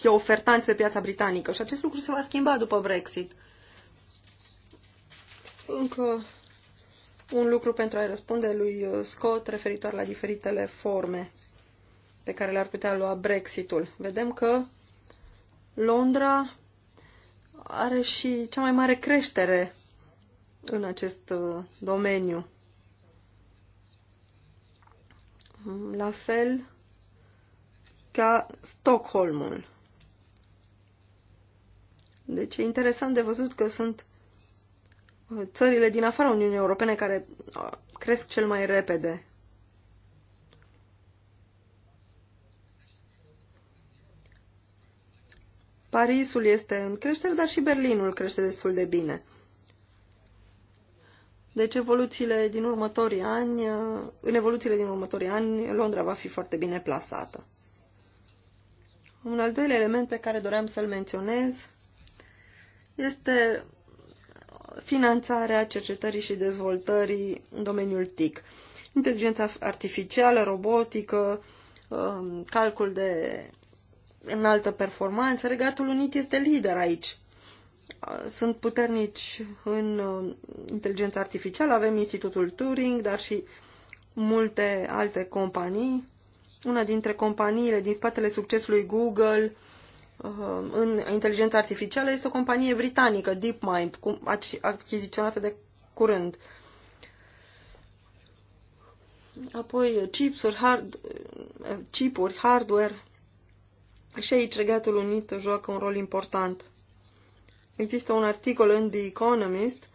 Speaker 2: fie ofertanți pe piața britanică și acest lucru se va schimba după Brexit. Încă un lucru pentru a-i răspunde lui uh, Scott referitor la diferitele forme pe care le-ar putea lua Brexitul. Vedem că Londra are și cea mai mare creștere în acest uh, domeniu. Mm, la fel ca Stockholmul. Deci e interesant de văzut că sunt uh, țările din afara Uniunii Europene care uh, cresc cel mai repede. Parisul este în creștere, dar și Berlinul crește destul de bine. Deci evoluțiile din următorii ani, uh, în evoluțiile din următorii ani, Londra va fi foarte bine plasată. Un al doilea element pe care doream să-l menționez este finanțarea cercetării și dezvoltării în domeniul TIC. Inteligența artificială, robotică, um, calcul de înaltă performanță, Regatul Unit este lider aici. Sunt puternici în um, inteligența artificială, avem Institutul Turing, dar și multe alte companii. Una dintre companiile din spatele succesului Google Uh, în inteligența artificială este o companie britanică, DeepMind, achiziționată de curând. Apoi chipsuri, hard, uh, chipuri, hardware. Și aici Regatul Unit joacă un rol important. Există un articol în The Economist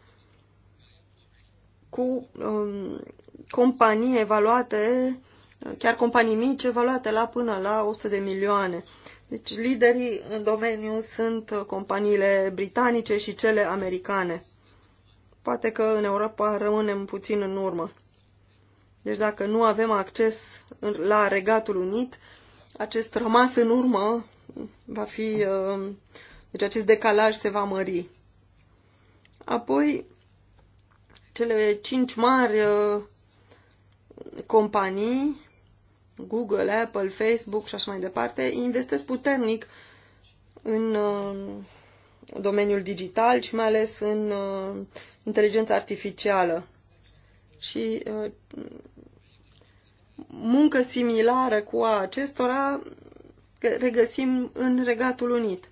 Speaker 2: cu um, companii evaluate, chiar companii mici evaluate la până la 100 de milioane. Deci liderii în domeniu sunt companiile britanice și cele americane. Poate că în Europa rămânem puțin în urmă. Deci dacă nu avem acces la Regatul Unit, acest rămas în urmă va fi, uh, deci acest decalaj se va mări. Apoi, cele cinci mari uh, companii Google, Apple, Facebook și așa mai departe, investesc puternic în uh, domeniul digital și mai ales în uh, inteligența artificială. Și uh, muncă similară cu a acestora regăsim în Regatul Unit.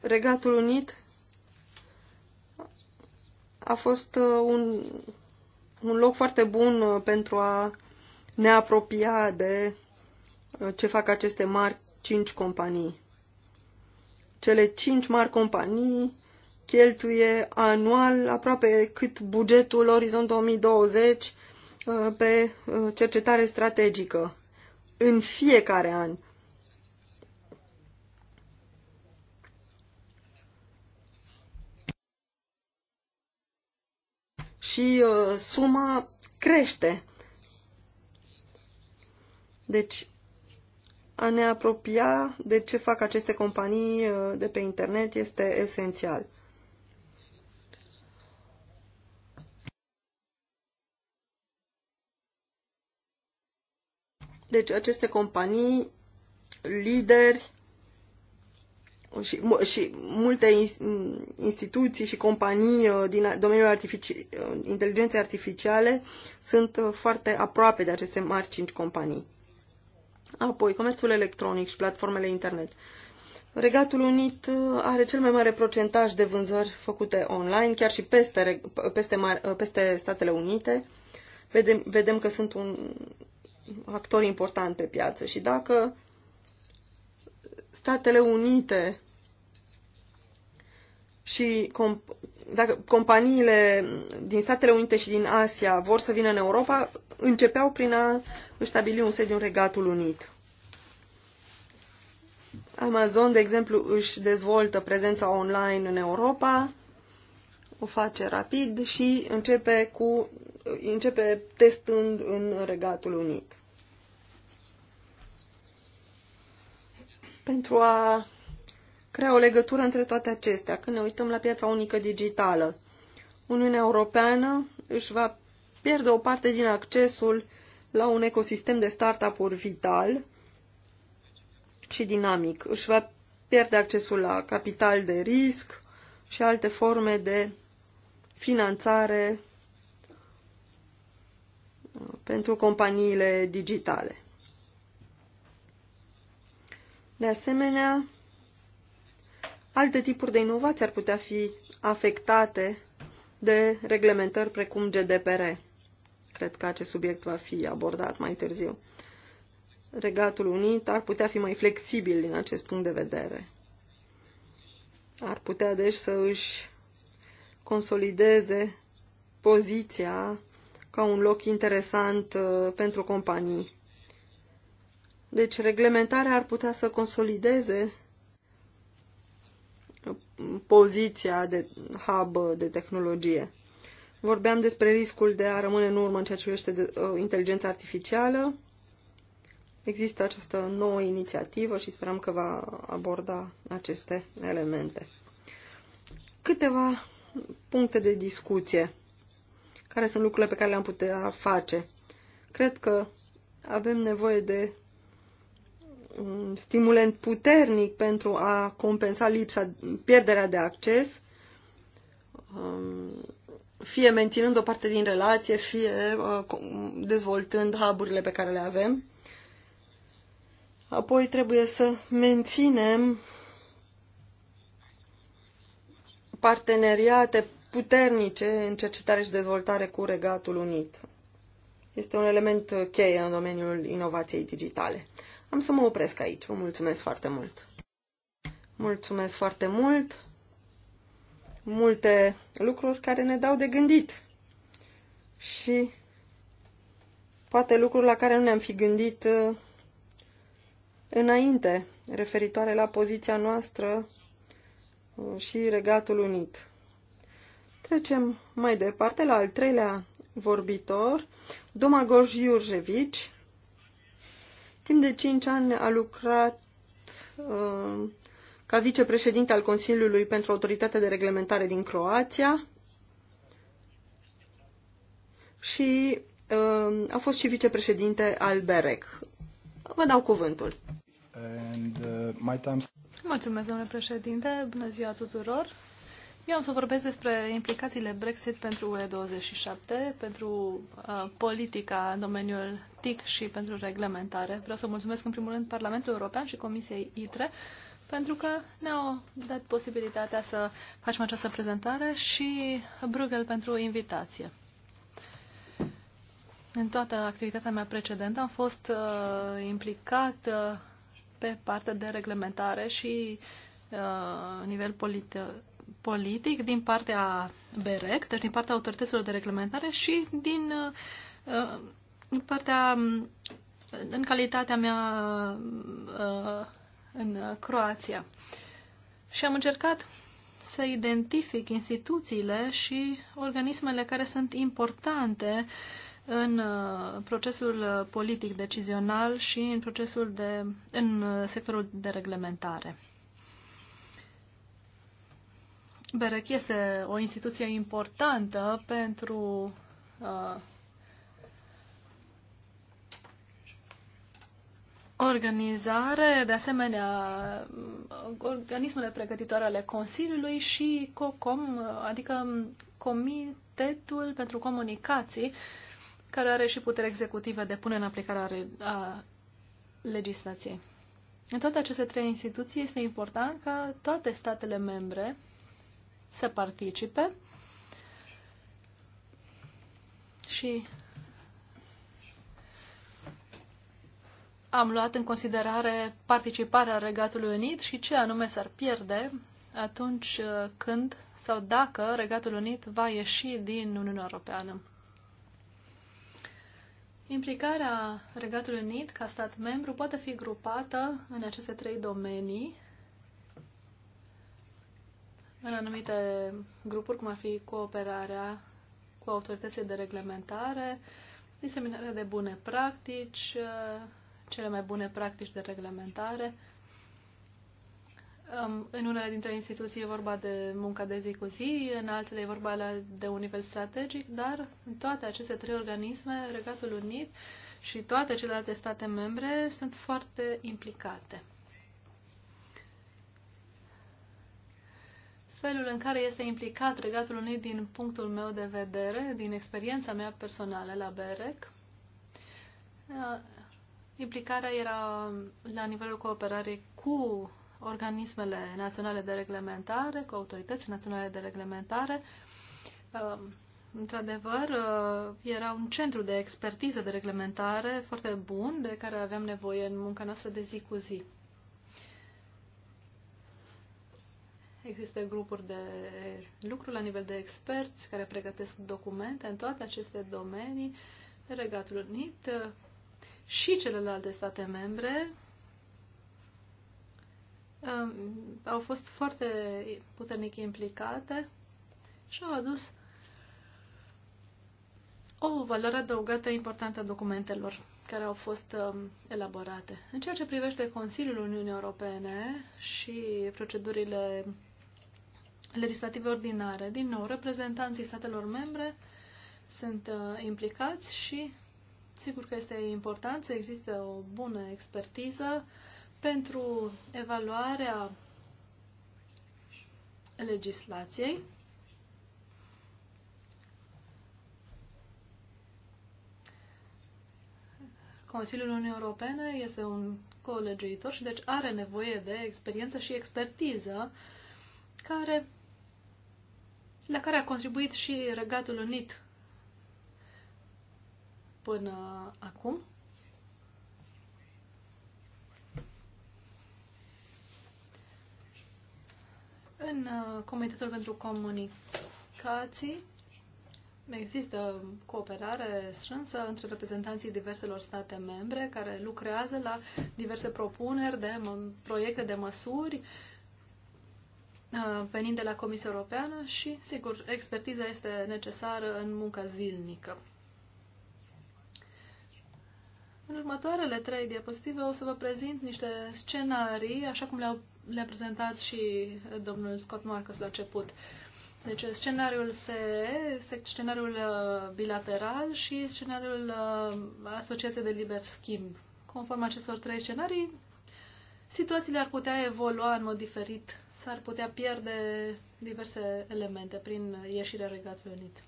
Speaker 2: Regatul Unit a fost un un loc foarte bun uh, pentru a ne apropia de uh, ce fac aceste mari cinci companii. Cele cinci mari companii cheltuie anual aproape cât bugetul Orizont 2020 uh, pe cercetare strategică în fiecare an. și uh, suma crește. Deci, a ne apropia de ce fac aceste companii uh, de pe internet este esențial. Deci aceste companii, lideri, și, și multe instituții și companii uh, din domeniul artifici, uh, inteligenței artificiale sunt uh, foarte aproape de aceste mari cinci companii. Apoi, comerțul electronic și platformele internet. Regatul Unit are cel mai mare procentaj de vânzări făcute online, chiar și peste, peste, peste Statele Unite. Vedem, vedem că sunt un actor important pe piață și dacă Statele Unite și com- dacă companiile din Statele Unite și din Asia vor să vină în Europa, începeau prin a își stabili un sediu în Regatul Unit. Amazon, de exemplu, își dezvoltă prezența online în Europa, o face rapid și începe, cu, începe testând în Regatul Unit. pentru a crea o legătură între toate acestea. Când ne uităm la piața unică digitală, Uniunea Europeană își va pierde o parte din accesul la un ecosistem de startup-uri vital și dinamic. Își va pierde accesul la capital de risc și alte forme de finanțare uh, pentru companiile digitale. De asemenea, alte tipuri de inovații ar putea fi afectate de reglementări precum GDPR. Cred că acest subiect va fi abordat mai târziu. Regatul Unit ar putea fi mai flexibil din acest punct de vedere. Ar putea, deci, să își consolideze poziția ca un loc interesant uh, pentru companii. Deci reglementarea ar putea să consolideze poziția de hub de tehnologie. Vorbeam despre riscul de a rămâne în urmă în ceea ce privește uh, inteligența artificială. Există această nouă inițiativă și sperăm că va aborda aceste elemente. Câteva puncte de discuție. Care sunt lucrurile pe care le-am putea face? Cred că avem nevoie de un stimulent puternic pentru a compensa lipsa, pierderea de acces, um, fie menținând o parte din relație, fie uh, dezvoltând haburile pe care le avem. Apoi trebuie să menținem parteneriate puternice în cercetare și dezvoltare cu Regatul Unit. Este un element cheie în domeniul inovației digitale. Am să mă opresc aici. Vă mulțumesc foarte mult. Mulțumesc foarte mult. Multe lucruri care ne dau de gândit. Și poate lucruri la care nu ne-am fi gândit uh, înainte, referitoare la poziția noastră uh, și Regatul Unit. Trecem mai departe la al treilea vorbitor, Domagoj Iurjevici, Timp de 5 ani a lucrat uh, ca vicepreședinte al Consiliului pentru Autoritatea de Reglementare din Croația și uh, a fost și vicepreședinte al BEREC. Vă dau cuvântul.
Speaker 3: And, uh, my time...
Speaker 1: Mulțumesc, domnule președinte. Bună ziua tuturor. Eu am să vorbesc despre implicațiile Brexit pentru UE27, pentru uh, politica în domeniul TIC și pentru reglementare. Vreau să mulțumesc în primul rând Parlamentul European și Comisiei ITRE pentru că ne-au dat posibilitatea să facem această prezentare și Bruegel pentru invitație. În toată activitatea mea precedentă am fost uh, implicat uh, pe partea de reglementare și uh, nivel politic politic din partea BEREC, deci din partea autorităților de reglementare și din, uh, din partea, mm, în calitatea mea uh, în Croația. Și am încercat să identific instituțiile și organismele care sunt importante în uh, procesul politic decizional și în procesul de, în sectorul de reglementare. BEREC este o instituție importantă pentru uh, organizare, de asemenea, organismele pregătitoare ale Consiliului și COCOM, adică Comitetul pentru Comunicații, care are și putere executivă de pune în aplicare a legislației. În toate aceste trei instituții este important ca toate statele membre să participe și am luat în considerare participarea Regatului Unit și ce anume s-ar pierde atunci uh, când sau dacă Regatul Unit va ieși din Uniunea Europeană. Implicarea Regatului Unit ca stat membru poate fi grupată în aceste trei domenii în anumite grupuri, cum ar fi cooperarea cu autoritățile de reglementare, diseminarea de bune practici, uh, cele mai bune practici de reglementare. Um, în unele dintre instituții e vorba de munca de zi cu zi, în altele e vorba de un nivel strategic, dar în toate aceste trei organisme, Regatul Unit și toate celelalte state membre sunt foarte implicate. felul în care este implicat Regatul Unit din punctul meu de vedere, din experiența mea personală la BEREC. Implicarea era la nivelul cooperării cu organismele naționale de reglementare, cu autorități naționale de reglementare. Într-adevăr, era un centru de expertiză de reglementare foarte bun, de care aveam nevoie în munca noastră de zi cu zi. Există grupuri de lucru la nivel de experți care pregătesc documente în toate aceste domenii, Regatul Unit și celelalte state membre au fost foarte puternic implicate și au adus o valoare adăugată importantă a documentelor care au fost um, elaborate. În ceea ce privește Consiliul Uniunii Europene și procedurile legislative ordinare. Din nou, reprezentanții statelor membre sunt uh, implicați și sigur că este important să existe o bună expertiză pentru evaluarea legislației. Consiliul Uniunii Europene este un colegiuitor și deci are nevoie de experiență și expertiză care la care a contribuit și Regatul Unit până acum. În uh, Comitetul pentru Comunicații există cooperare strânsă între reprezentanții diverselor state membre care lucrează la diverse propuneri de proiecte de măsuri uh, venind de la Comisia Europeană și, sigur, expertiza este necesară în munca zilnică. În următoarele trei diapozitive o să vă prezint niște scenarii, așa cum le-a le prezentat și domnul Scott Marcus la început. Deci scenariul SE, scenariul uh, bilateral și scenariul uh, Asociației de Liber Schimb. Conform acestor trei scenarii, situațiile ar putea evolua în mod diferit, s-ar putea pierde diverse elemente prin ieșirea Regatului Unit.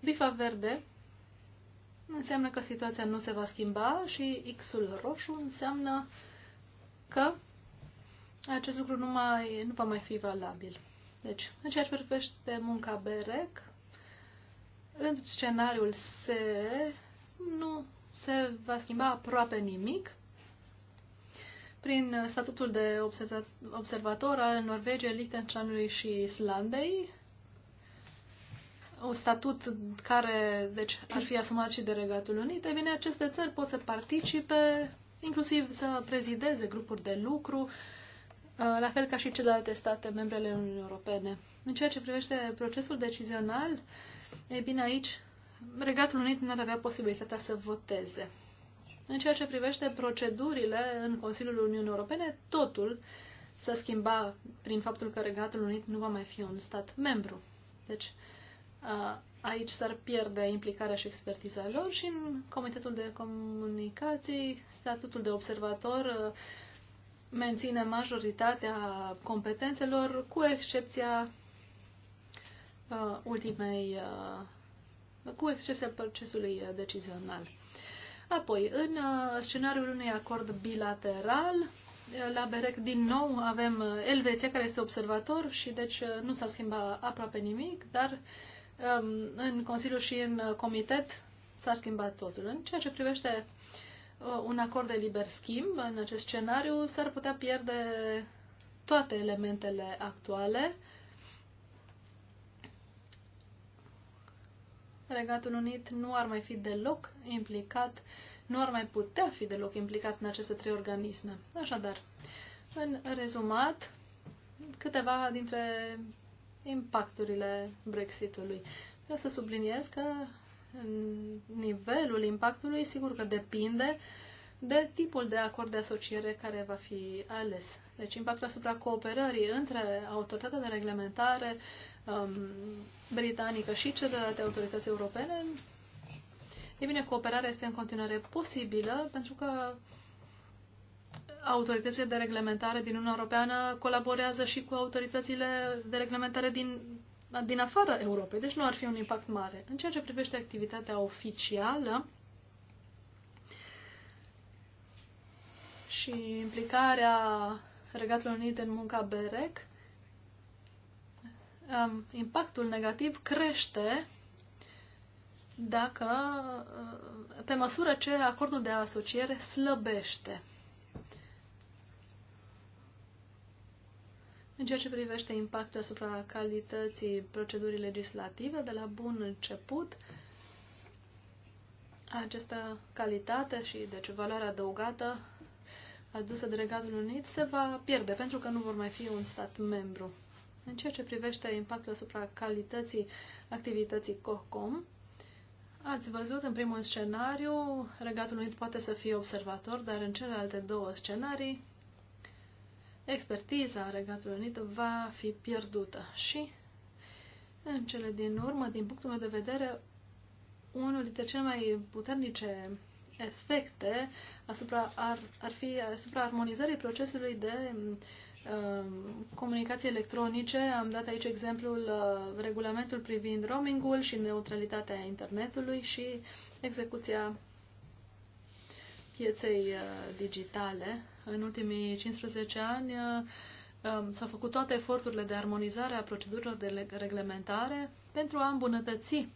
Speaker 1: Bifa verde înseamnă că situația nu se va schimba și X-ul roșu înseamnă că acest lucru nu, mai, nu va mai fi valabil. Deci, în ceea ce privește munca BEREC, în scenariul se nu se va schimba aproape nimic, prin uh, statutul de observator al Norvegiei, Liechtensteinului și Islandei, un statut care deci, ar fi asumat și de Regatul Unit, e bine, aceste țări pot să participe, inclusiv să prezideze grupuri de lucru, uh, la fel ca și celelalte state membre ale Uniunii Europene. În ceea ce privește procesul decizional, e bine, aici Regatul Unit nu ar avea posibilitatea să voteze. În ceea ce privește procedurile în Consiliul Uniunii Europene, totul s-a schimba prin faptul că Regatul Unit nu va mai fi un stat membru. Deci, aici s-ar pierde implicarea și expertiza lor și în Comitetul de Comunicații, statutul de observator menține majoritatea competențelor, cu excepția ultimei, cu excepția procesului decizional. Apoi, în uh, scenariul unui acord bilateral, uh, la BEREC din nou avem uh, Elveția care este observator și deci nu s-ar schimba aproape nimic, dar um, în Consiliu și în Comitet s-a schimbat totul. În ceea ce privește un acord de liber schimb, în acest scenariu s-ar putea pierde toate elementele actuale Regatul Unit nu ar mai fi deloc implicat, nu ar mai putea fi deloc implicat în aceste trei organisme. Așadar, în rezumat, câteva dintre impacturile Brexitului. Vreau să subliniez că nivelul impactului sigur că depinde de tipul de acord de asociere care va fi ales. Deci impactul asupra cooperării între autoritatea de reglementare, um, britanică și celelalte autorități europene, e bine, cooperarea este în continuare posibilă pentru că autoritățile de reglementare din Uniunea Europeană colaborează și cu autoritățile de reglementare din, din afara Europei, deci nu ar fi un impact mare. În ceea ce privește activitatea oficială și implicarea Regatului Unit în munca BEREC, um, impactul negativ crește dacă, uh, pe măsură ce acordul de asociere slăbește. În ceea ce privește impactul asupra calității procedurii legislative, de la bun început, această calitate și, deci, valoarea adăugată adusă de Regatul Unit se va pierde pentru că nu vor mai fi un stat membru. În ceea ce privește impactul asupra calității activității CoCom, ați văzut în primul scenariu, Regatul Unit poate să fie observator, dar în celelalte două scenarii, expertiza Regatului Unit va fi pierdută și, în cele din urmă, din punctul meu de vedere, unul dintre cele mai puternice efecte asupra ar, ar fi asupra armonizării procesului de Ehm, comunicații electronice, am dat aici exemplul uh, regulamentul privind roamingul și neutralitatea internetului și execuția pieței uh, digitale. În ultimii 15 ani uh, ehm, s-au făcut toate eforturile de armonizare a procedurilor de reglementare pentru a îmbunătăți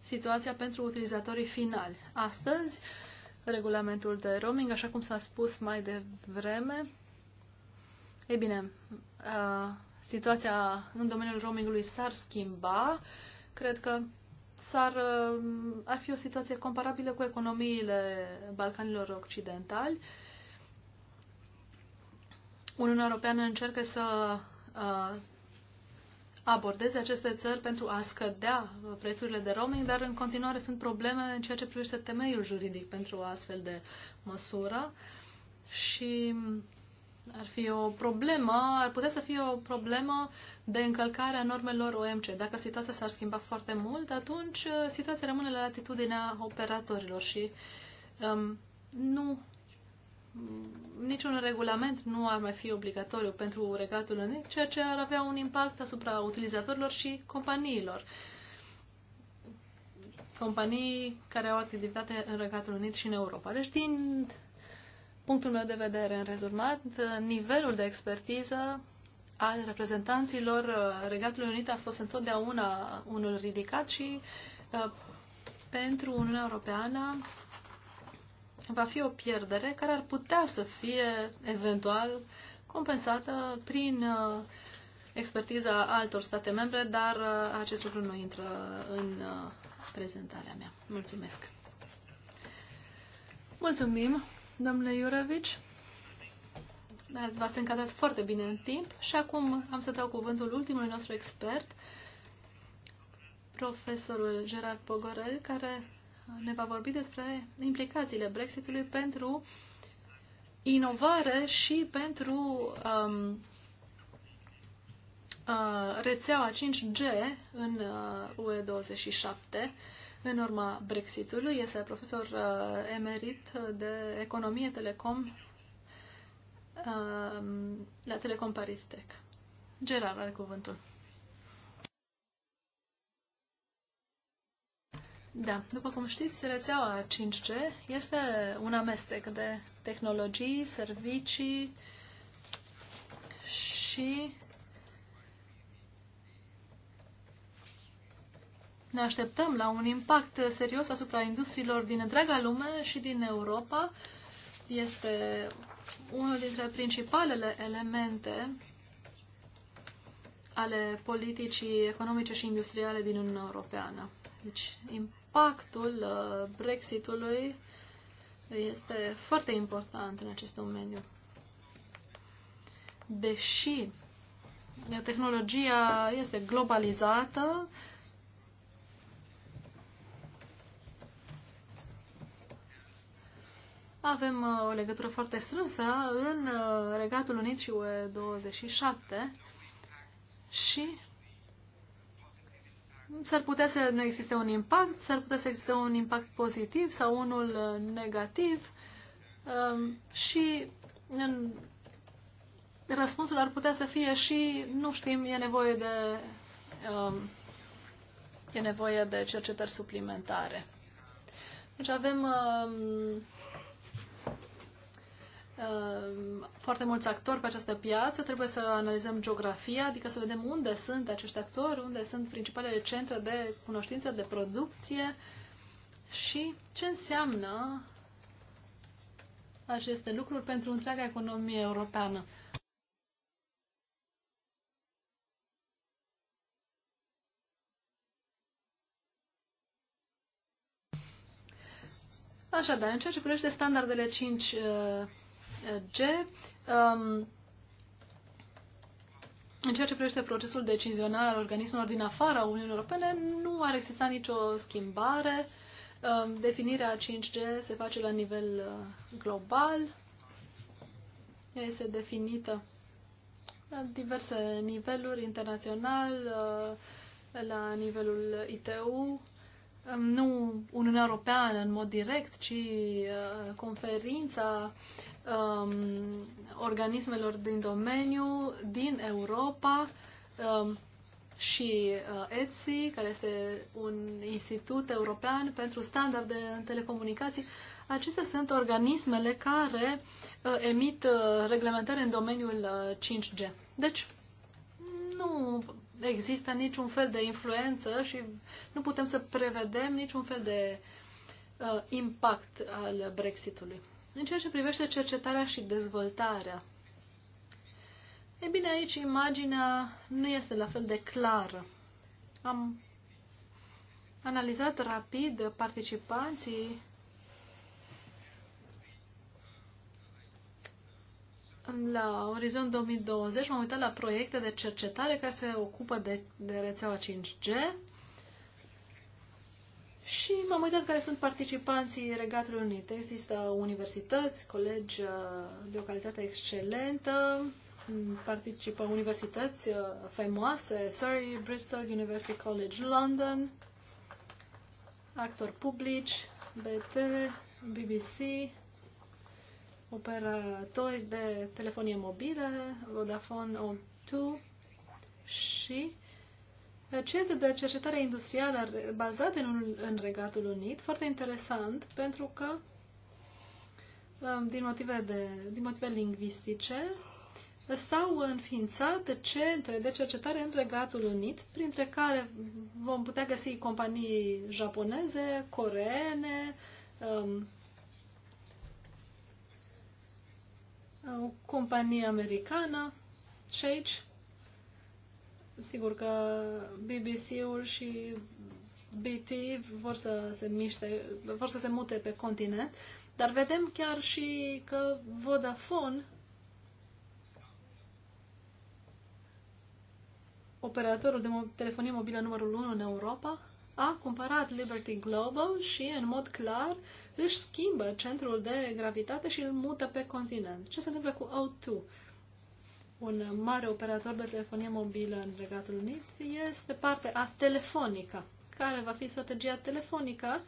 Speaker 1: situația pentru utilizatorii finali. Astăzi, regulamentul de roaming, așa cum s-a spus mai devreme, E bine, uh, situația în domeniul roamingului s-ar schimba. Cred că s-ar, uh, ar fi o situație comparabilă cu economiile Balcanilor Occidentali. Uniunea Europeană încearcă să uh, abordeze aceste țări pentru a scădea prețurile de roaming, dar în continuare sunt probleme în ceea ce privește temeiul juridic pentru o astfel de măsură și ar fi o problemă, ar putea să fie o problemă de încălcare a normelor OMC. Dacă situația s-ar schimba foarte mult, atunci uh, situația rămâne la latitudinea operatorilor și um, nu niciun regulament nu ar mai fi obligatoriu pentru regatul unic, ceea ce ar avea un impact asupra utilizatorilor și companiilor. Companii care au activitate în Regatul Unit și în Europa. Deci, din punctul meu de vedere în rezumat, nivelul de expertiză al reprezentanților uh, Regatului Unit a fost întotdeauna unul ridicat și uh, pentru Uniunea Europeană va fi o pierdere care ar putea să fie eventual compensată prin uh, expertiza altor state membre, dar acest lucru nu intră în prezentarea mea. Mulțumesc! Mulțumim! domnule Iurevici. V-ați încadrat foarte bine în timp și acum am să dau cuvântul ultimului nostru expert, profesorul Gerard Pogorel, care ne va vorbi despre implicațiile Brexitului pentru inovare și pentru um, uh, rețeaua 5G în uh, UE27 în urma Brexitului. Este profesor uh, emerit de economie telecom uh, la Telecom Paris Tech. Gerard are cuvântul. Da, după cum știți, rețeaua 5G este un amestec de tehnologii, servicii și Ne așteptăm la un impact serios asupra industriilor din întreaga lume și din Europa. Este unul dintre principalele elemente ale politicii economice și industriale din Uniunea Europeană. Deci, impactul uh, Brexitului este foarte important în acest domeniu. Deși tehnologia este globalizată, Avem uh, o legătură foarte strânsă în uh, Regatul Unit și UE27 și s-ar putea să nu existe un impact, s-ar putea să existe un impact pozitiv sau unul uh, negativ um, și în răspunsul ar putea să fie și nu știm, e nevoie de um, e nevoie de cercetări suplimentare. Deci avem um, Ehm, foarte mulți actori pe această piață, trebuie să analizăm geografia, adică să vedem unde sunt acești actori, unde sunt principalele centre de cunoștință, de producție și ce înseamnă aceste lucruri pentru întreaga economie europeană. Așadar, în ceea ce privește standardele 5 G. Um, în ceea ce privește procesul decizional al organismelor din afara Uniunii Europene, nu ar exista nicio schimbare. Definirea 5G se face la nivel uh, global. Ea este definită la diverse niveluri, internațional, uh, la nivelul ITU, nu Uniunea Europeană în mod direct, ci uh, conferința um, organismelor din domeniu, din Europa um, și uh, ETSI, care este un institut european pentru standarde în telecomunicații. Acestea sunt organismele care uh, emit uh, reglementări în domeniul uh, 5G. Deci, nu există niciun fel de influență și nu putem să prevedem niciun fel de uh, impact al Brexitului. În ceea ce privește cercetarea și dezvoltarea, e bine, aici imaginea nu este la fel de clară. Am analizat rapid participanții la Orizont 2020 m-am uitat la proiecte de cercetare care se ocupă de, de rețeaua 5G și m-am uitat care sunt participanții Regatului Unit. Există universități, colegi uh, de o calitate excelentă, participă universități uh, faimoase, Surrey, Bristol, University College London, actori publici, BT, BBC, operatori de telefonie mobilă, Vodafone O2 și centre de cercetare industrială bazate în, în Regatul Unit, foarte interesant pentru că um, din motive, de, din motive lingvistice s-au înființat centre de cercetare în Regatul Unit, printre care vom putea găsi companii japoneze, coreene, um, o companie americană și aici Sigur că BBC-ul și BT vor să se miște, vor să se mute pe continent, dar vedem chiar și că Vodafone, operatorul de telefonie mobilă numărul 1 în Europa, a cumpărat Liberty Global și, în mod clar, își schimbă centrul de gravitate și îl mută pe continent. Ce se întâmplă cu O2? un mare operator de telefonie mobilă în Regatul Unit este partea a telefonica. Care va fi strategia telefonică?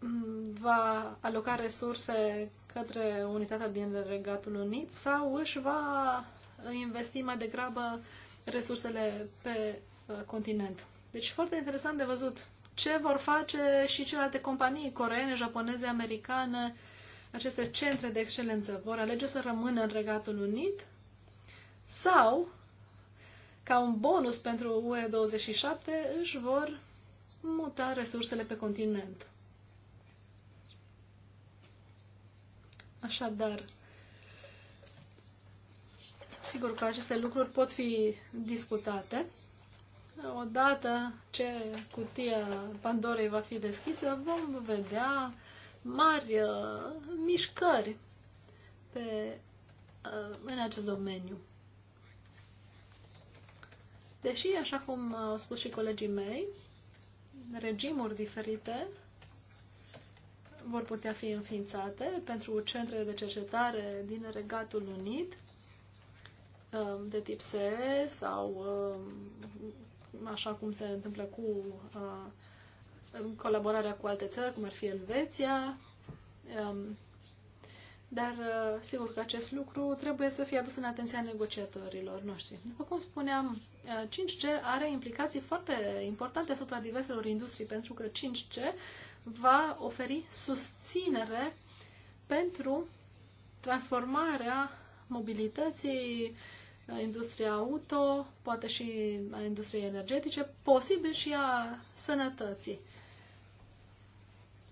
Speaker 1: Mm, va aloca resurse către unitatea din Regatul Unit sau își va investi mai degrabă resursele pe uh, continent? Deci foarte interesant de văzut ce vor face și celelalte companii coreene, japoneze, americane, uh, aceste centre de excelență vor alege să rămână în Regatul Unit sau, ca un bonus pentru UE27, își vor muta resursele pe continent. Așadar, sigur că aceste lucruri pot fi discutate. Odată ce cutia Pandorei va fi deschisă, vom vedea mari uh, mișcări pe, uh, în acest domeniu. Deși, așa cum au spus și colegii mei, regimuri diferite vor putea fi înființate pentru centrele de cercetare din Regatul Unit, uh, de tip SE sau uh, așa cum se întâmplă cu uh, în colaborarea cu alte țări, cum ar fi Elveția. Ehm, dar uh, sigur că acest lucru trebuie să fie adus în atenția negociatorilor noștri. După cum spuneam, 5G uh, are implicații foarte importante asupra diverselor industrii, pentru că 5G va oferi susținere pentru transformarea mobilității, industria auto, poate și a industriei energetice, posibil și a sănătății.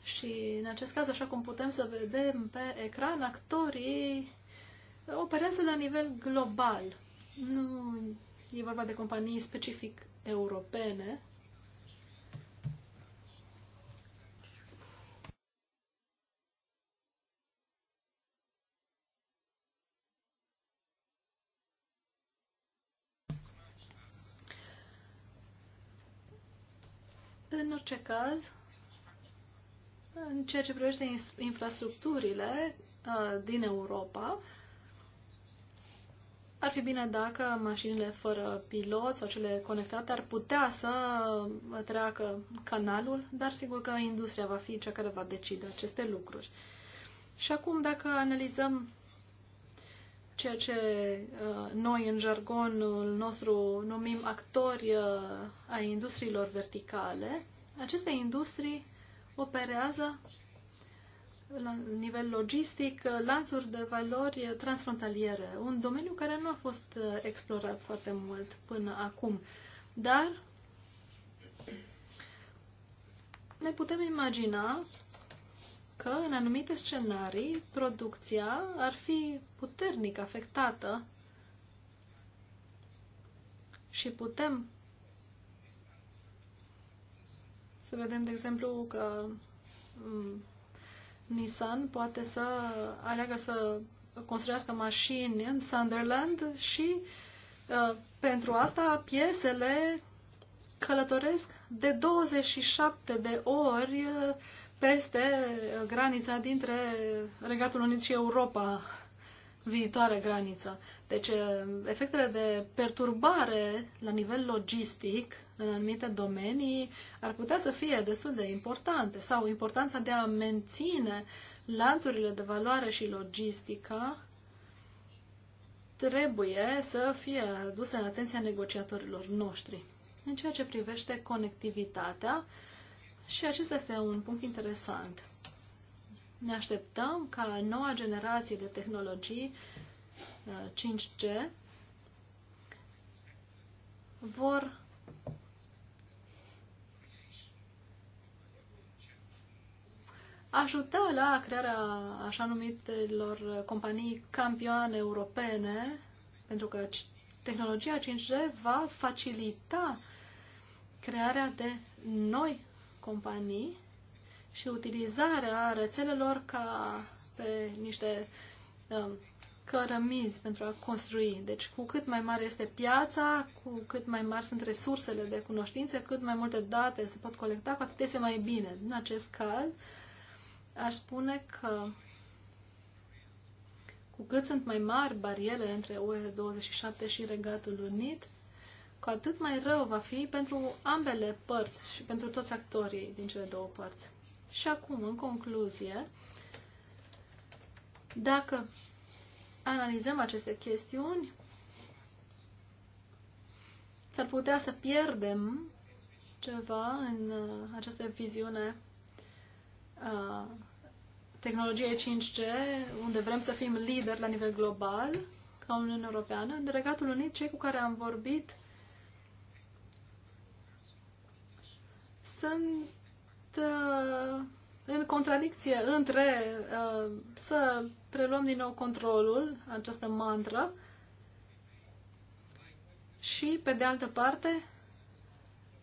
Speaker 1: Și în acest caz, așa cum putem să vedem pe ecran, actorii operează la nivel global. Nu e vorba de companii specific europene. În orice caz, în ceea ce privește infrastructurile uh, din Europa, ar fi bine dacă mașinile fără pilot sau cele conectate ar putea să treacă canalul, dar sigur că industria va fi cea care va decide aceste lucruri. Și acum, dacă analizăm ceea ce uh, noi în jargonul nostru numim actori uh, ai industriilor verticale, aceste industrii operează la nivel logistic lanțuri de valori transfrontaliere, un domeniu care nu a fost uh, explorat foarte mult până acum, dar ne putem imagina că în anumite scenarii producția ar fi puternic afectată și putem Să vedem, de exemplu, că mm, Nissan poate să aleagă să construiască mașini în Sunderland și ă, pentru asta piesele călătoresc de 27 de ori ă, peste granița dintre Regatul Unit și Europa viitoare graniță. Deci, eh, efectele de perturbare la nivel logistic în anumite domenii ar putea să fie destul de importante sau importanța de a menține lanțurile de valoare și logistica trebuie să fie aduse în atenția negociatorilor noștri. În ceea ce privește conectivitatea, și acesta este un punct interesant. Ne așteptăm ca noua generație de tehnologii 5G uh, vor ajuta la crearea așa numitelor companii campioane europene, pentru că tehnologia 5G va facilita crearea de noi companii și utilizarea rețelelor ca pe niște um, cărămizi pentru a construi. Deci cu cât mai mare este piața, cu cât mai mari sunt resursele de cunoștințe, cât mai multe date se pot colecta, cu atât este mai bine. În acest caz, aș spune că cu cât sunt mai mari barierele între UE27 și Regatul Unit, cu atât mai rău va fi pentru ambele părți și pentru toți actorii din cele două părți. Și acum, în concluzie, dacă analizăm aceste chestiuni, s-ar putea să pierdem ceva în uh, această viziune uh, tehnologiei 5G, unde vrem să fim lideri la nivel global, ca Uniunea Europeană. În Regatul Unit, cei cu care am vorbit sunt uh, în contradicție între uh, să preluăm din nou controlul, această mantră, și, pe de altă parte,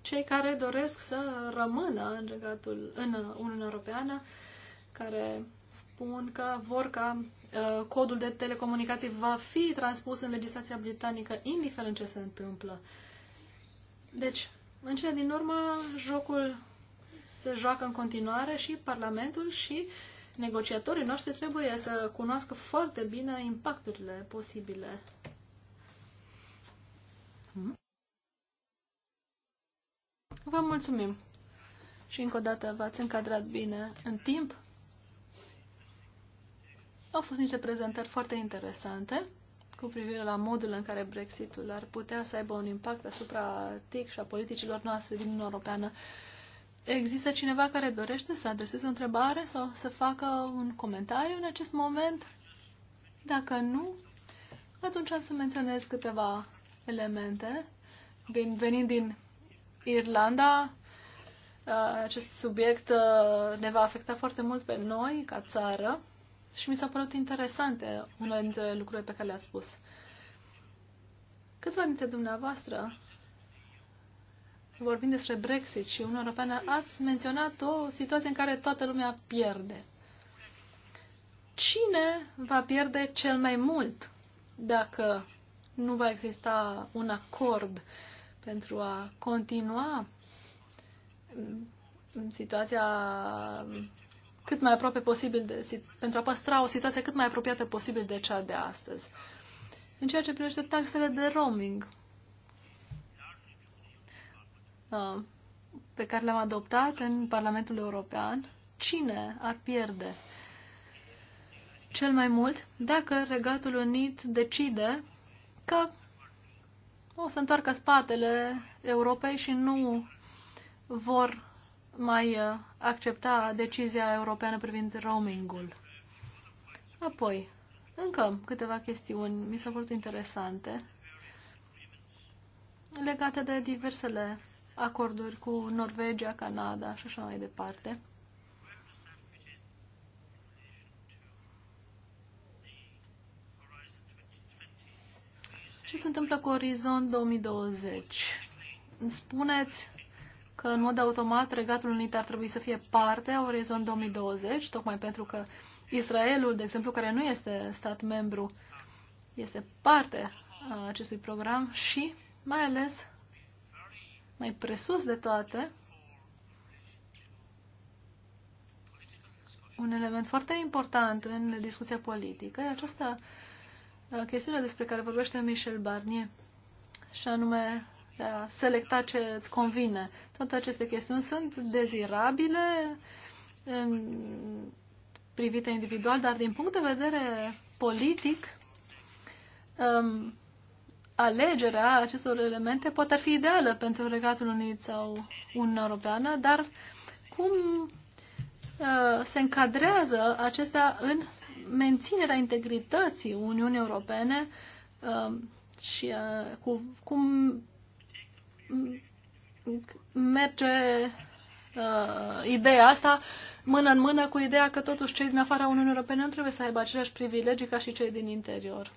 Speaker 1: cei care doresc să rămână în regatul, în Uniunea Europeană, care spun că vor ca uh, codul de telecomunicații va fi transpus în legislația britanică, indiferent ce se întâmplă. Deci, în cele din urmă, jocul se joacă în continuare și Parlamentul și negociatorii noștri trebuie să cunoască foarte bine impacturile posibile. Hmm? Vă mulțumim! Și încă o dată v-ați încadrat bine în timp. Au fost niște prezentări foarte interesante cu privire la modul în care Brexitul ar putea să aibă un impact asupra TIC și a politicilor noastre din Uniunea Europeană. Există cineva care dorește să adreseze o întrebare sau să facă un comentariu în acest moment? Dacă nu, atunci am să menționez câteva elemente. Bine, venind din Irlanda, acest subiect ne va afecta foarte mult pe noi, ca țară, și mi s-au părut interesante unele dintre lucrurile pe care le-ați spus. Câțiva dintre dumneavoastră vorbind despre Brexit și Uniunea Europeană, ați menționat o situație în care toată lumea pierde. Cine va pierde cel mai mult dacă nu va exista un acord pentru a continua mm, situația mm, cât mai aproape posibil, de, pentru a păstra o situație cât mai apropiată posibil de cea de astăzi. În ceea ce privește taxele de roaming, Uh, pe care le-am adoptat în Parlamentul European, cine ar pierde cel mai mult dacă Regatul Unit decide că o să întoarcă spatele Europei și nu vor mai uh, accepta decizia europeană privind roamingul. Apoi, încă câteva chestiuni mi s-au părut interesante legate de diversele acorduri cu Norvegia, Canada și așa mai departe. Ce se întâmplă cu Orizont 2020? Spuneți că în mod automat Regatul Unit ar trebui să fie parte a Orizont 2020, tocmai pentru că Israelul, de exemplu, care nu este stat membru, este parte a acestui program și mai ales mai presus de toate, un element foarte important în discuția politică e această uh, chestiune despre care vorbește Michel Barnier, și anume a uh, selecta ce îți convine. Toate aceste chestiuni sunt dezirabile, în, privite individual, dar din punct de vedere politic, um, alegerea acestor elemente poate ar fi ideală pentru Regatul Unit sau Uniunea Europeană, dar cum uh, se încadrează acestea în menținerea integrității Uniunii Europene uh, și uh, cu, cum merge uh, ideea asta mână în mână cu ideea că totuși cei din afara Uniunii Europene nu trebuie să aibă aceleași privilegii ca și cei din interior.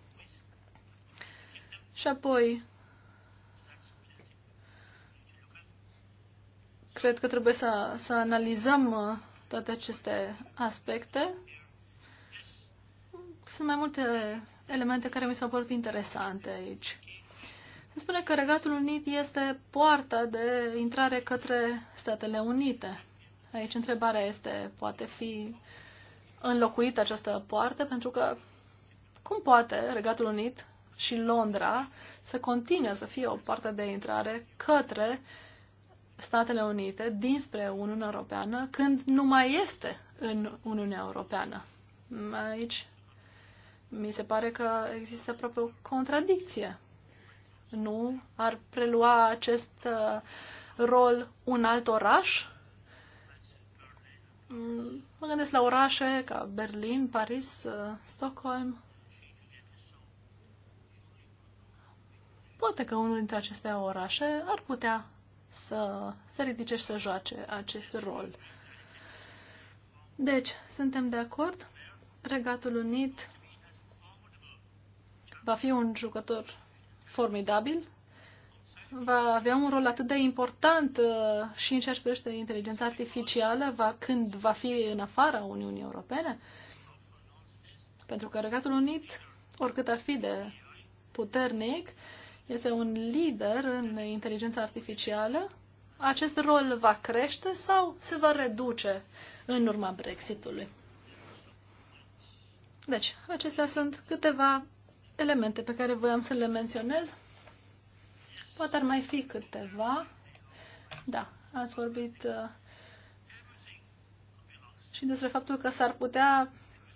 Speaker 1: Și apoi, cred că trebuie să, să analizăm uh, toate aceste aspecte. Sunt mai multe elemente care mi s-au părut interesante aici. Se spune că Regatul Unit este poarta de intrare către Statele Unite. Aici întrebarea este, poate fi înlocuită această poartă? Pentru că cum poate Regatul Unit și Londra să continue să fie o parte de intrare către Statele Unite dinspre Uniunea Europeană când nu mai este în Uniunea Europeană. Aici mi se pare că există proprio o contradicție. Nu ar prelua acest uh, rol un alt oraș? Mm, mă gândesc la orașe ca Berlin, Paris, uh, Stockholm. Poate că unul dintre aceste orașe ar putea să se ridice și să joace acest rol. Deci, suntem de acord? Regatul Unit va fi un jucător formidabil, va avea un rol atât de important uh, și în ceea ce privește inteligența artificială va, când va fi în afara Uniunii Europene? Pentru că Regatul Unit, oricât ar fi de puternic, uh, este un lider în inteligența artificială, acest rol va crește sau se va reduce în urma Brexitului? Deci, acestea sunt câteva elemente pe care voiam să le menționez. Poate ar mai fi câteva. Da, ați vorbit uh, și despre faptul că s-ar putea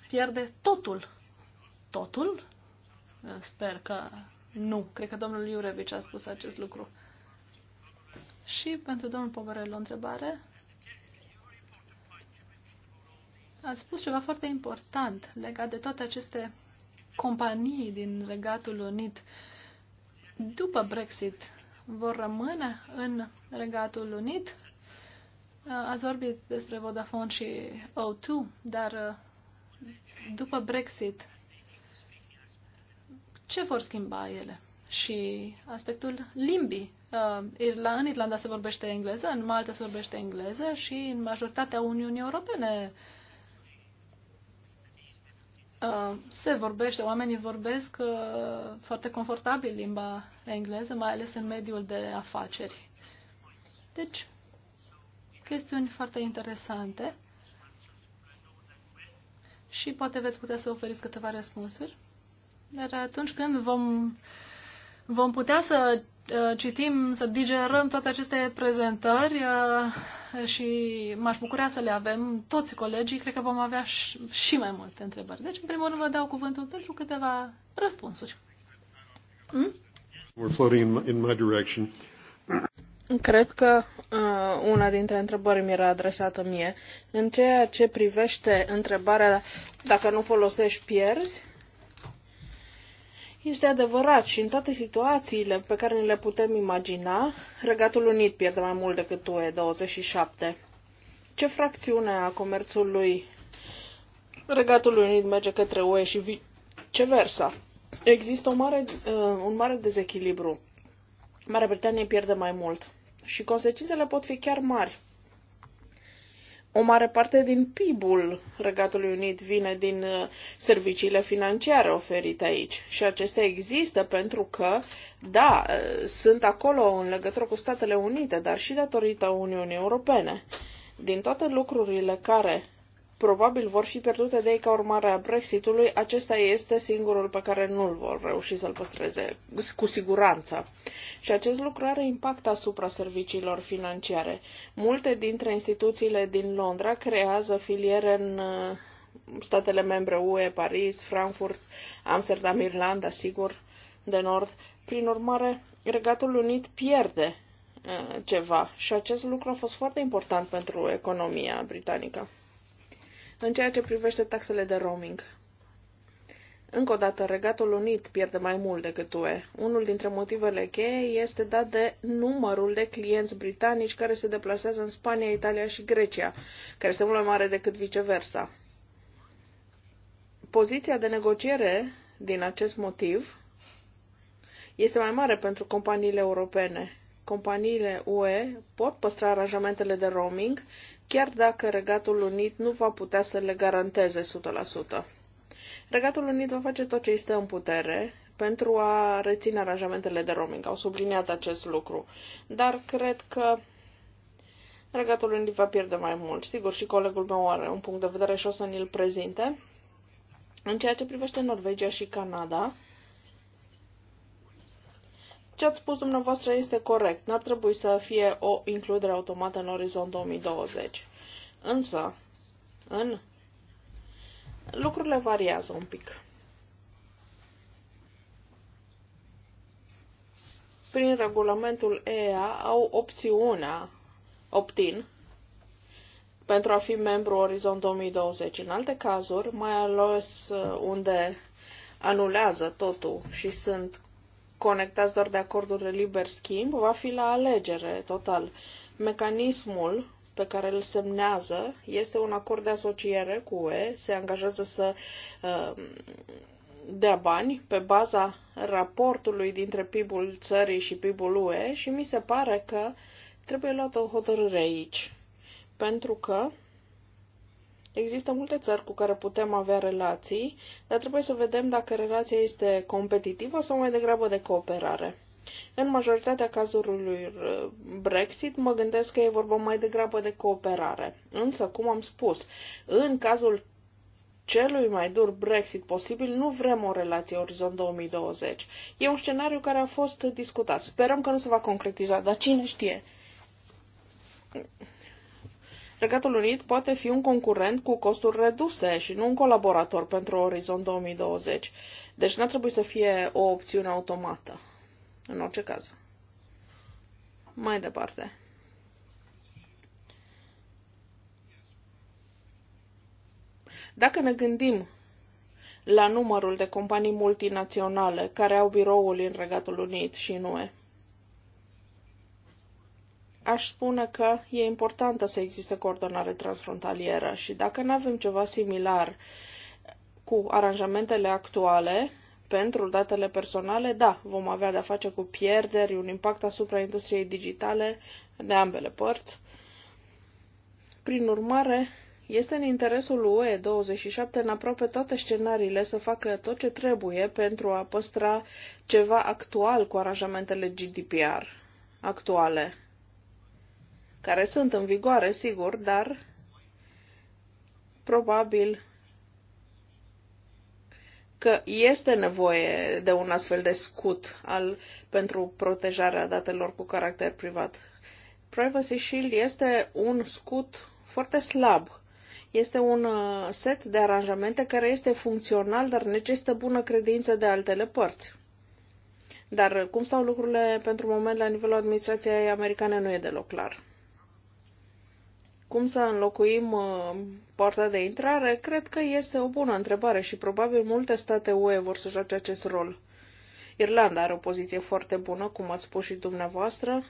Speaker 1: pierde totul. Totul? Sper că nu. Cred că domnul Iurevici a spus acest lucru. Și pentru domnul Poverel o întrebare. A spus ceva foarte important legat de toate aceste companii din Regatul Unit. După Brexit, vor rămâne în Regatul Unit? Ați vorbit despre Vodafone și O2, dar după Brexit, ce vor schimba ele? Și aspectul limbii. Uh, în Irlanda se vorbește engleză, în Malta se vorbește engleză și în majoritatea Uniunii Europene uh, se vorbește, oamenii vorbesc uh, foarte confortabil limba engleză, mai ales în mediul de afaceri. Deci, chestiuni foarte interesante și poate veți putea să oferiți câteva răspunsuri. Dar atunci când vom, vom putea să uh, citim, să digerăm toate aceste prezentări uh, și m-aș bucura să le avem toți colegii, cred că vom avea și mai multe întrebări. Deci, în primul rând, vă dau cuvântul pentru câteva răspunsuri. Hmm?
Speaker 3: We're floating in my, in my direction. Cred că uh, una dintre întrebări mi era adresată mie. În ceea ce privește întrebarea dacă nu folosești, pierzi, este adevărat și în toate situațiile pe care ni le putem imagina, Regatul Unit pierde mai mult decât UE27. Ce fracțiune a comerțului Regatul Unit merge către UE și viceversa? Există o mare, uh, un mare dezechilibru. Marea Britanie pierde mai mult și consecințele pot fi chiar mari o mare parte din PIB-ul Regatului Unit vine din uh, serviciile financiare oferite aici. Și acestea există pentru că, da, uh, sunt acolo în legătură cu Statele Unite, dar și datorită Uniunii Europene. Din toate lucrurile care probabil vor fi pierdute de ei ca urmare a Brexitului, acesta este singurul pe care nu-l vor reuși să-l păstreze cu siguranță. Și acest lucru are impact asupra serviciilor financiare. Multe dintre instituțiile din Londra creează filiere în uh, statele membre UE, Paris, Frankfurt, Amsterdam, Irlanda, sigur, de Nord. Prin urmare, Regatul Unit pierde uh, ceva și acest lucru a fost foarte important pentru economia britanică în ceea ce privește taxele de roaming. Încă o dată, Regatul Unit pierde mai mult decât UE. Unul dintre motivele cheie este dat de numărul de clienți britanici care se deplasează în Spania, Italia și Grecia, care este mult mai mare decât viceversa. Poziția de negociere din acest motiv este mai mare pentru companiile europene. Companiile UE pot păstra aranjamentele de roaming chiar dacă Regatul Unit nu va putea să le garanteze 100%. Regatul Unit va face tot ce este în putere pentru a reține aranjamentele de roaming. Au subliniat acest lucru. Dar cred că Regatul Unit va pierde mai mult. Sigur, și colegul meu are un punct de vedere și o să ni-l prezinte. În ceea ce privește Norvegia și Canada, ce ați spus dumneavoastră este corect. N-ar trebui să fie o includere automată în orizont 2020. Însă, în lucrurile variază un pic. Prin regulamentul EA au opțiunea optin pentru a fi membru Orizont 2020. În alte cazuri, mai ales uh, unde anulează totul și sunt conectați doar de acorduri de liber schimb, va fi la alegere total. Mecanismul pe care îl semnează este un acord de asociere cu UE, se angajează să um, dea bani pe baza raportului dintre PIB-ul țării și PIB-ul UE și mi se pare că trebuie luată o hotărâre aici. Pentru că Există multe țări cu care putem avea relații, dar trebuie să vedem dacă relația este competitivă sau mai degrabă de cooperare. În majoritatea cazurilor uh, Brexit, mă gândesc că e vorba mai degrabă de cooperare. Însă, cum am spus, în cazul celui mai dur Brexit posibil, nu vrem o relație Orizont 2020. E un scenariu care a fost discutat. Sperăm că nu se va concretiza, dar cine știe? Regatul Unit poate fi un concurent cu costuri reduse și nu un colaborator pentru Orizont 2020. Deci nu ar trebui să fie o opțiune automată, în orice caz. Mai departe. Dacă ne gândim la numărul de companii multinaționale care au biroul în Regatul Unit și în UE, aș spune că e importantă să existe coordonare transfrontalieră și dacă nu avem ceva similar cu aranjamentele actuale pentru datele personale, da, vom avea de-a face cu pierderi, un impact asupra industriei digitale de ambele părți. Prin urmare, este în interesul UE 27 în aproape toate scenariile să facă tot ce trebuie pentru a păstra ceva actual cu aranjamentele GDPR actuale care sunt în vigoare, sigur, dar probabil că este nevoie de un astfel de scut al, pentru protejarea datelor cu caracter privat. Privacy Shield este un scut foarte slab. Este un uh, set de aranjamente care este funcțional, dar necesită bună credință de altele părți. Dar uh, cum stau lucrurile pentru moment la nivelul administrației americane nu e deloc clar cum să înlocuim uh, poarta de intrare, cred că este o bună întrebare și probabil multe state UE vor să joace acest rol. Irlanda are o poziție foarte bună, cum ați spus și dumneavoastră,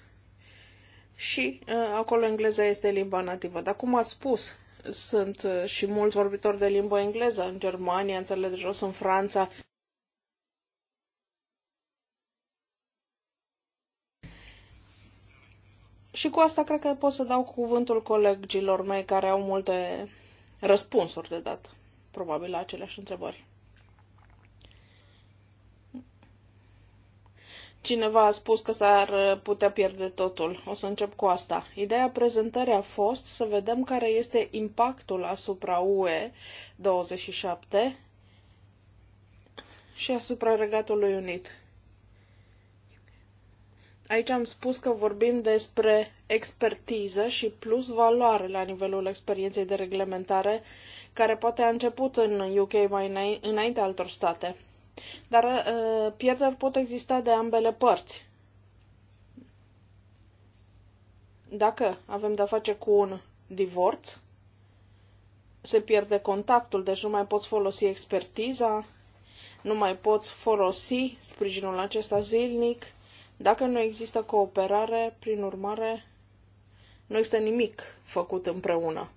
Speaker 3: și uh, acolo engleza este limba nativă. Dar cum ați spus, sunt uh, și mulți vorbitori de limbă engleză în Germania, în țările de jos, în Franța. Și cu asta cred că pot să dau cuvântul colegilor mei care au multe răspunsuri de dat, probabil, la aceleași întrebări. Cineva a spus că s-ar putea pierde totul. O să încep cu asta. Ideea prezentării a fost să vedem care este impactul asupra UE 27 și asupra Regatului Unit. Aici am spus că vorbim despre expertiză și plus valoare la nivelul experienței de reglementare, care poate a început în UK mai înainte altor state. Dar uh, pierderi pot exista de ambele părți. Dacă avem de-a face cu un divorț, se pierde contactul, deci nu mai poți folosi expertiza, nu mai poți folosi sprijinul acesta zilnic dacă nu există cooperare, prin urmare, nu există nimic făcut împreună,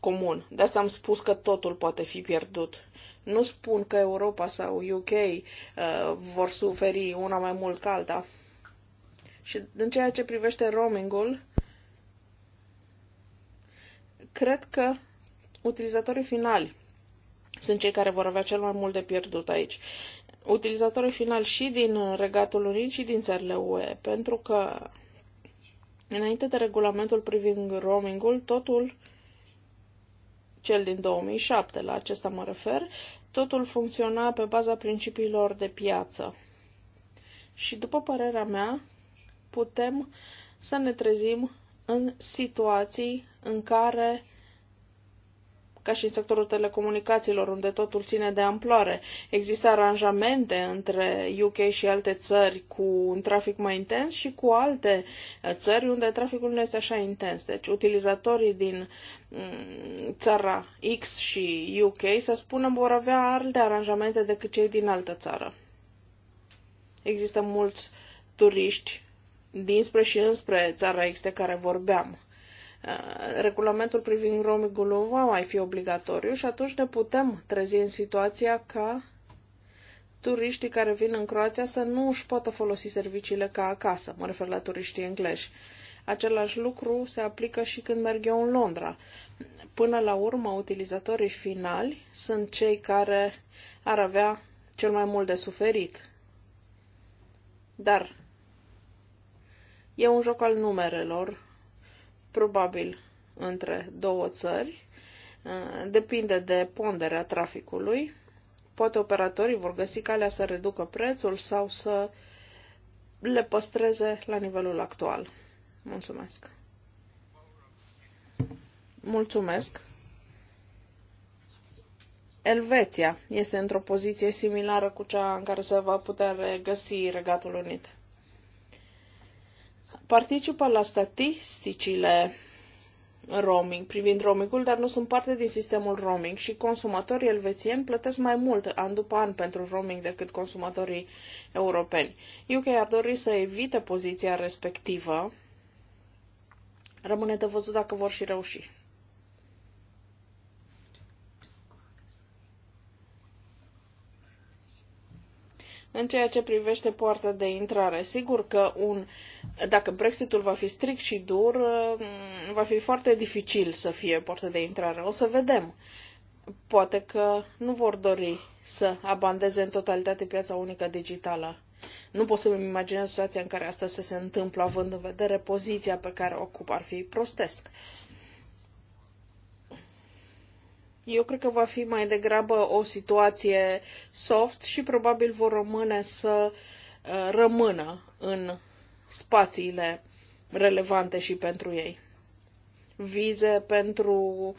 Speaker 3: comun. De asta am spus că totul poate fi pierdut. Nu spun că Europa sau UK uh, vor suferi una mai mult ca alta. Și în ceea ce privește roamingul, cred că utilizatorii finali sunt cei care vor avea cel mai mult de pierdut aici utilizatorii final și din Regatul Unit și din țările UE, pentru că înainte de regulamentul privind roamingul, totul cel din 2007, la acesta mă refer, totul funcționa pe baza principiilor de piață. Și după părerea mea, putem să ne trezim în situații în care ca și în sectorul telecomunicațiilor, unde totul ține de amploare. Există aranjamente între UK și alte țări cu un trafic mai intens și cu alte uh, țări unde traficul nu este așa intens. Deci, utilizatorii din mm, țara X și UK, să spunem, vor avea alte aranjamente decât cei din altă țară. Există mulți turiști dinspre și înspre țara X de care vorbeam. Eh, regulamentul privind roamingul nu va mai fi obligatoriu și atunci ne putem trezi în situația ca turiștii care vin în Croația să nu își poată folosi serviciile ca acasă, mă refer la turiștii englezi. Același lucru se aplică și când merg eu în Londra. Până la urmă, utilizatorii finali sunt cei care ar avea cel mai mult de suferit. Dar e un joc al numerelor probabil între două țări. Uh, depinde de ponderea traficului. Poate operatorii vor găsi calea să reducă prețul sau să le păstreze la nivelul actual. Mulțumesc! Mulțumesc! Elveția este într-o poziție similară cu cea în care se va putea regăsi Regatul Unit participă la statisticile roaming, privind roamingul, dar nu sunt parte din sistemul roaming și consumatorii elvețieni plătesc mai mult an după an pentru roaming decât consumatorii europeni. UK ar dori să evite poziția respectivă. Rămâne de văzut dacă vor și reuși. În ceea ce privește poarta de intrare, sigur că un, dacă Brexitul va fi strict și dur, mm, va fi foarte dificil să fie poarta de intrare. O să vedem. Poate că nu vor dori să abandeze în totalitate piața unică digitală. Nu pot să-mi imaginez situația în care asta să se întâmplă, având în vedere poziția pe care o ocup. Ar fi prostesc. Eu cred că va fi mai degrabă o situație soft și probabil vor rămâne să uh, rămână în spațiile relevante și pentru ei. Vize pentru uh,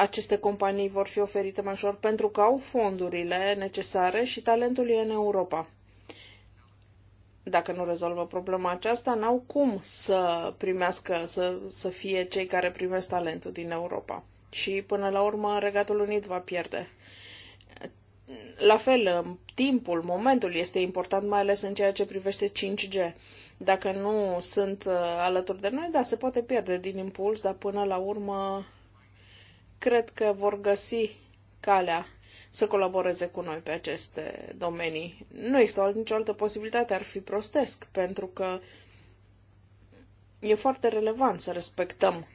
Speaker 3: aceste companii vor fi oferite mai ușor pentru că au fondurile necesare și talentul e în Europa. Dacă nu rezolvă problema aceasta, n-au cum să primească, să, să fie cei care primesc talentul din Europa și până la urmă Regatul Unit va pierde. La fel, timpul, momentul este important, mai ales în ceea ce privește 5G. Dacă nu sunt uh, alături de noi, da, se poate pierde din impuls, dar până la urmă cred că vor găsi calea să colaboreze cu noi pe aceste domenii. Nu există nicio altă posibilitate, ar fi prostesc, pentru că e foarte relevant să respectăm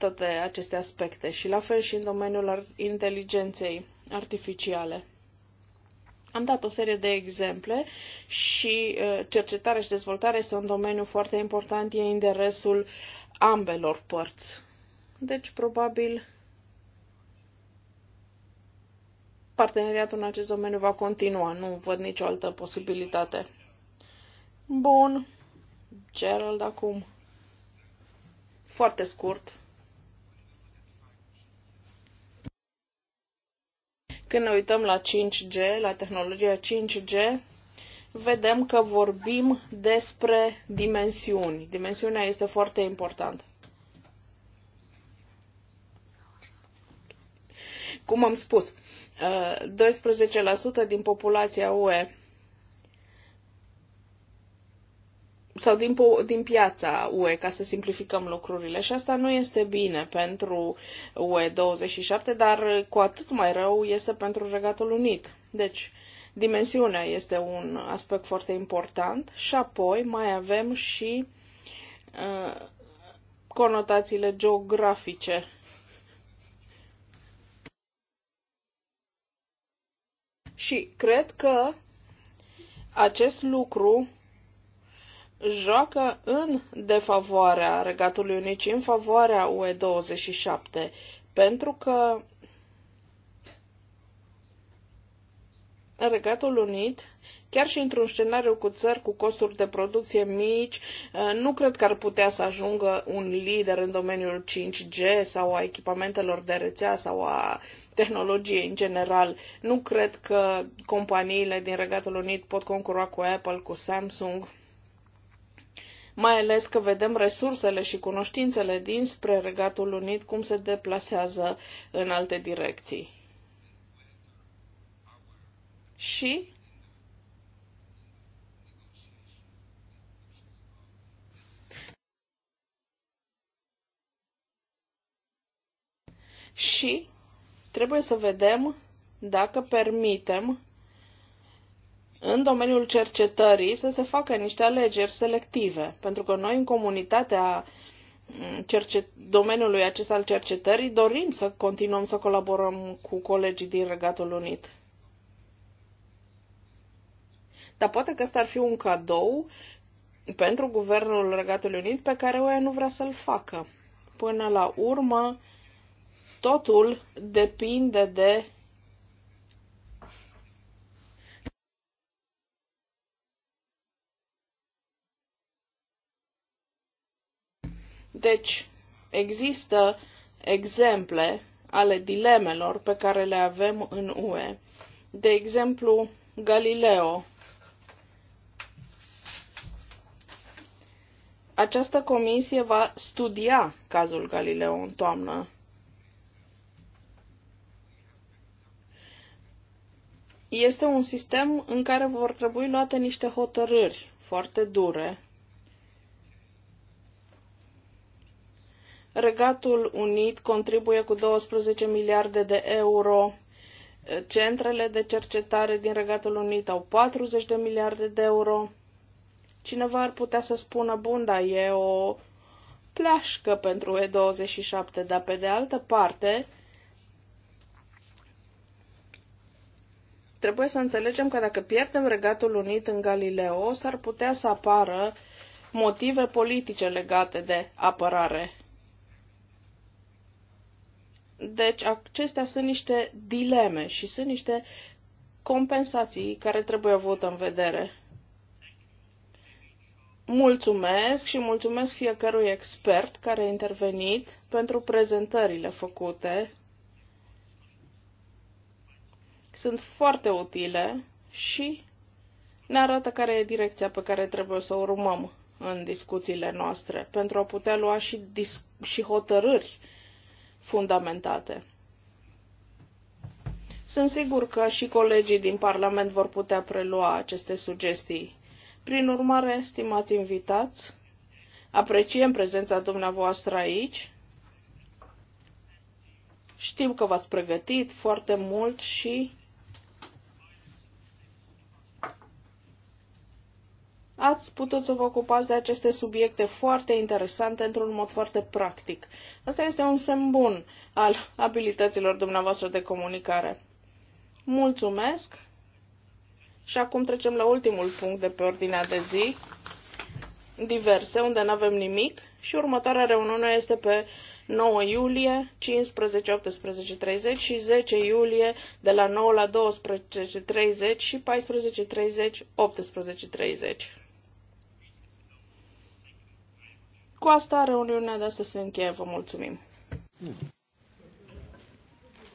Speaker 3: toate aceste aspecte și la fel și în domeniul inteligenței artificiale. Am dat o serie de exemple și uh, cercetarea și dezvoltarea este un domeniu foarte important, e interesul ambelor părți. Deci, probabil, parteneriatul în acest domeniu va continua. Nu văd nicio altă posibilitate. Bun. Gerald acum. Foarte scurt. Când ne uităm la 5G, la tehnologia 5G, vedem că vorbim despre dimensiuni. Dimensiunea este foarte importantă. Cum am spus, 12% uh, din populația UE sau din, din piața UE, ca să simplificăm lucrurile. Și asta nu este bine pentru UE27, dar cu atât mai rău este pentru Regatul Unit. Deci, dimensiunea este un aspect foarte important și apoi mai avem și uh, conotațiile geografice. Și cred că acest lucru joacă în defavoarea Regatului Unit în favoarea UE27, pentru că Regatul Unit chiar și într-un scenariu cu țări cu costuri de producție mici, uh, nu cred că ar putea să ajungă un lider în domeniul 5G sau a echipamentelor de rețea sau a tehnologiei în general. Nu cred că companiile din Regatul Unit pot concura cu Apple, cu Samsung mai ales că vedem resursele și cunoștințele dinspre Regatul Unit cum se deplasează în alte direcții. Și și trebuie să vedem dacă permitem în domeniul cercetării să se facă niște alegeri selective, pentru că noi în comunitatea mm, cerce- domeniului acesta al cercetării dorim să continuăm să colaborăm cu colegii din Regatul Unit. Dar poate că ăsta ar fi un cadou pentru guvernul Regatului Unit pe care UE nu vrea să-l facă. Până la urmă, totul depinde de Deci, există exemple ale dilemelor pe care le avem în UE. De exemplu, Galileo. Această comisie va studia cazul Galileo în toamnă. Este un sistem în care vor trebui luate niște hotărâri foarte dure Regatul Unit contribuie cu 12 miliarde de euro. Centrele de cercetare din Regatul Unit au 40 de miliarde de euro. Cineva ar putea să spună, bun, da, e o plașcă pentru E27, dar pe de altă parte, trebuie să înțelegem că dacă pierdem Regatul Unit în Galileo, s-ar putea să apară motive politice legate de apărare. Deci acestea sunt niște dileme și sunt niște compensații care trebuie avut în vedere. Mulțumesc și mulțumesc fiecărui expert care a intervenit pentru prezentările făcute. Sunt foarte utile și ne arată care e direcția pe care trebuie să o urmăm în discuțiile noastre pentru a putea lua și, și hotărâri fundamentate. Sunt sigur că și colegii din Parlament vor putea prelua aceste sugestii. Prin urmare, stimați invitați, apreciem prezența dumneavoastră aici. Știm că v-ați pregătit foarte mult și ați putut să vă ocupați de aceste subiecte foarte interesante într-un mod foarte practic. Asta este un semn bun al abilităților dumneavoastră de comunicare. Mulțumesc! Și acum trecem la ultimul punct de pe ordinea de zi, diverse, unde nu avem nimic, și următoarea reuniune este pe 9 iulie, 15, 18, 30 și 10 iulie de la 9 la 12, 30 și 14, 30, 18, 30.
Speaker 1: Cu asta, reuniunea de astăzi se încheie. Vă mulțumim!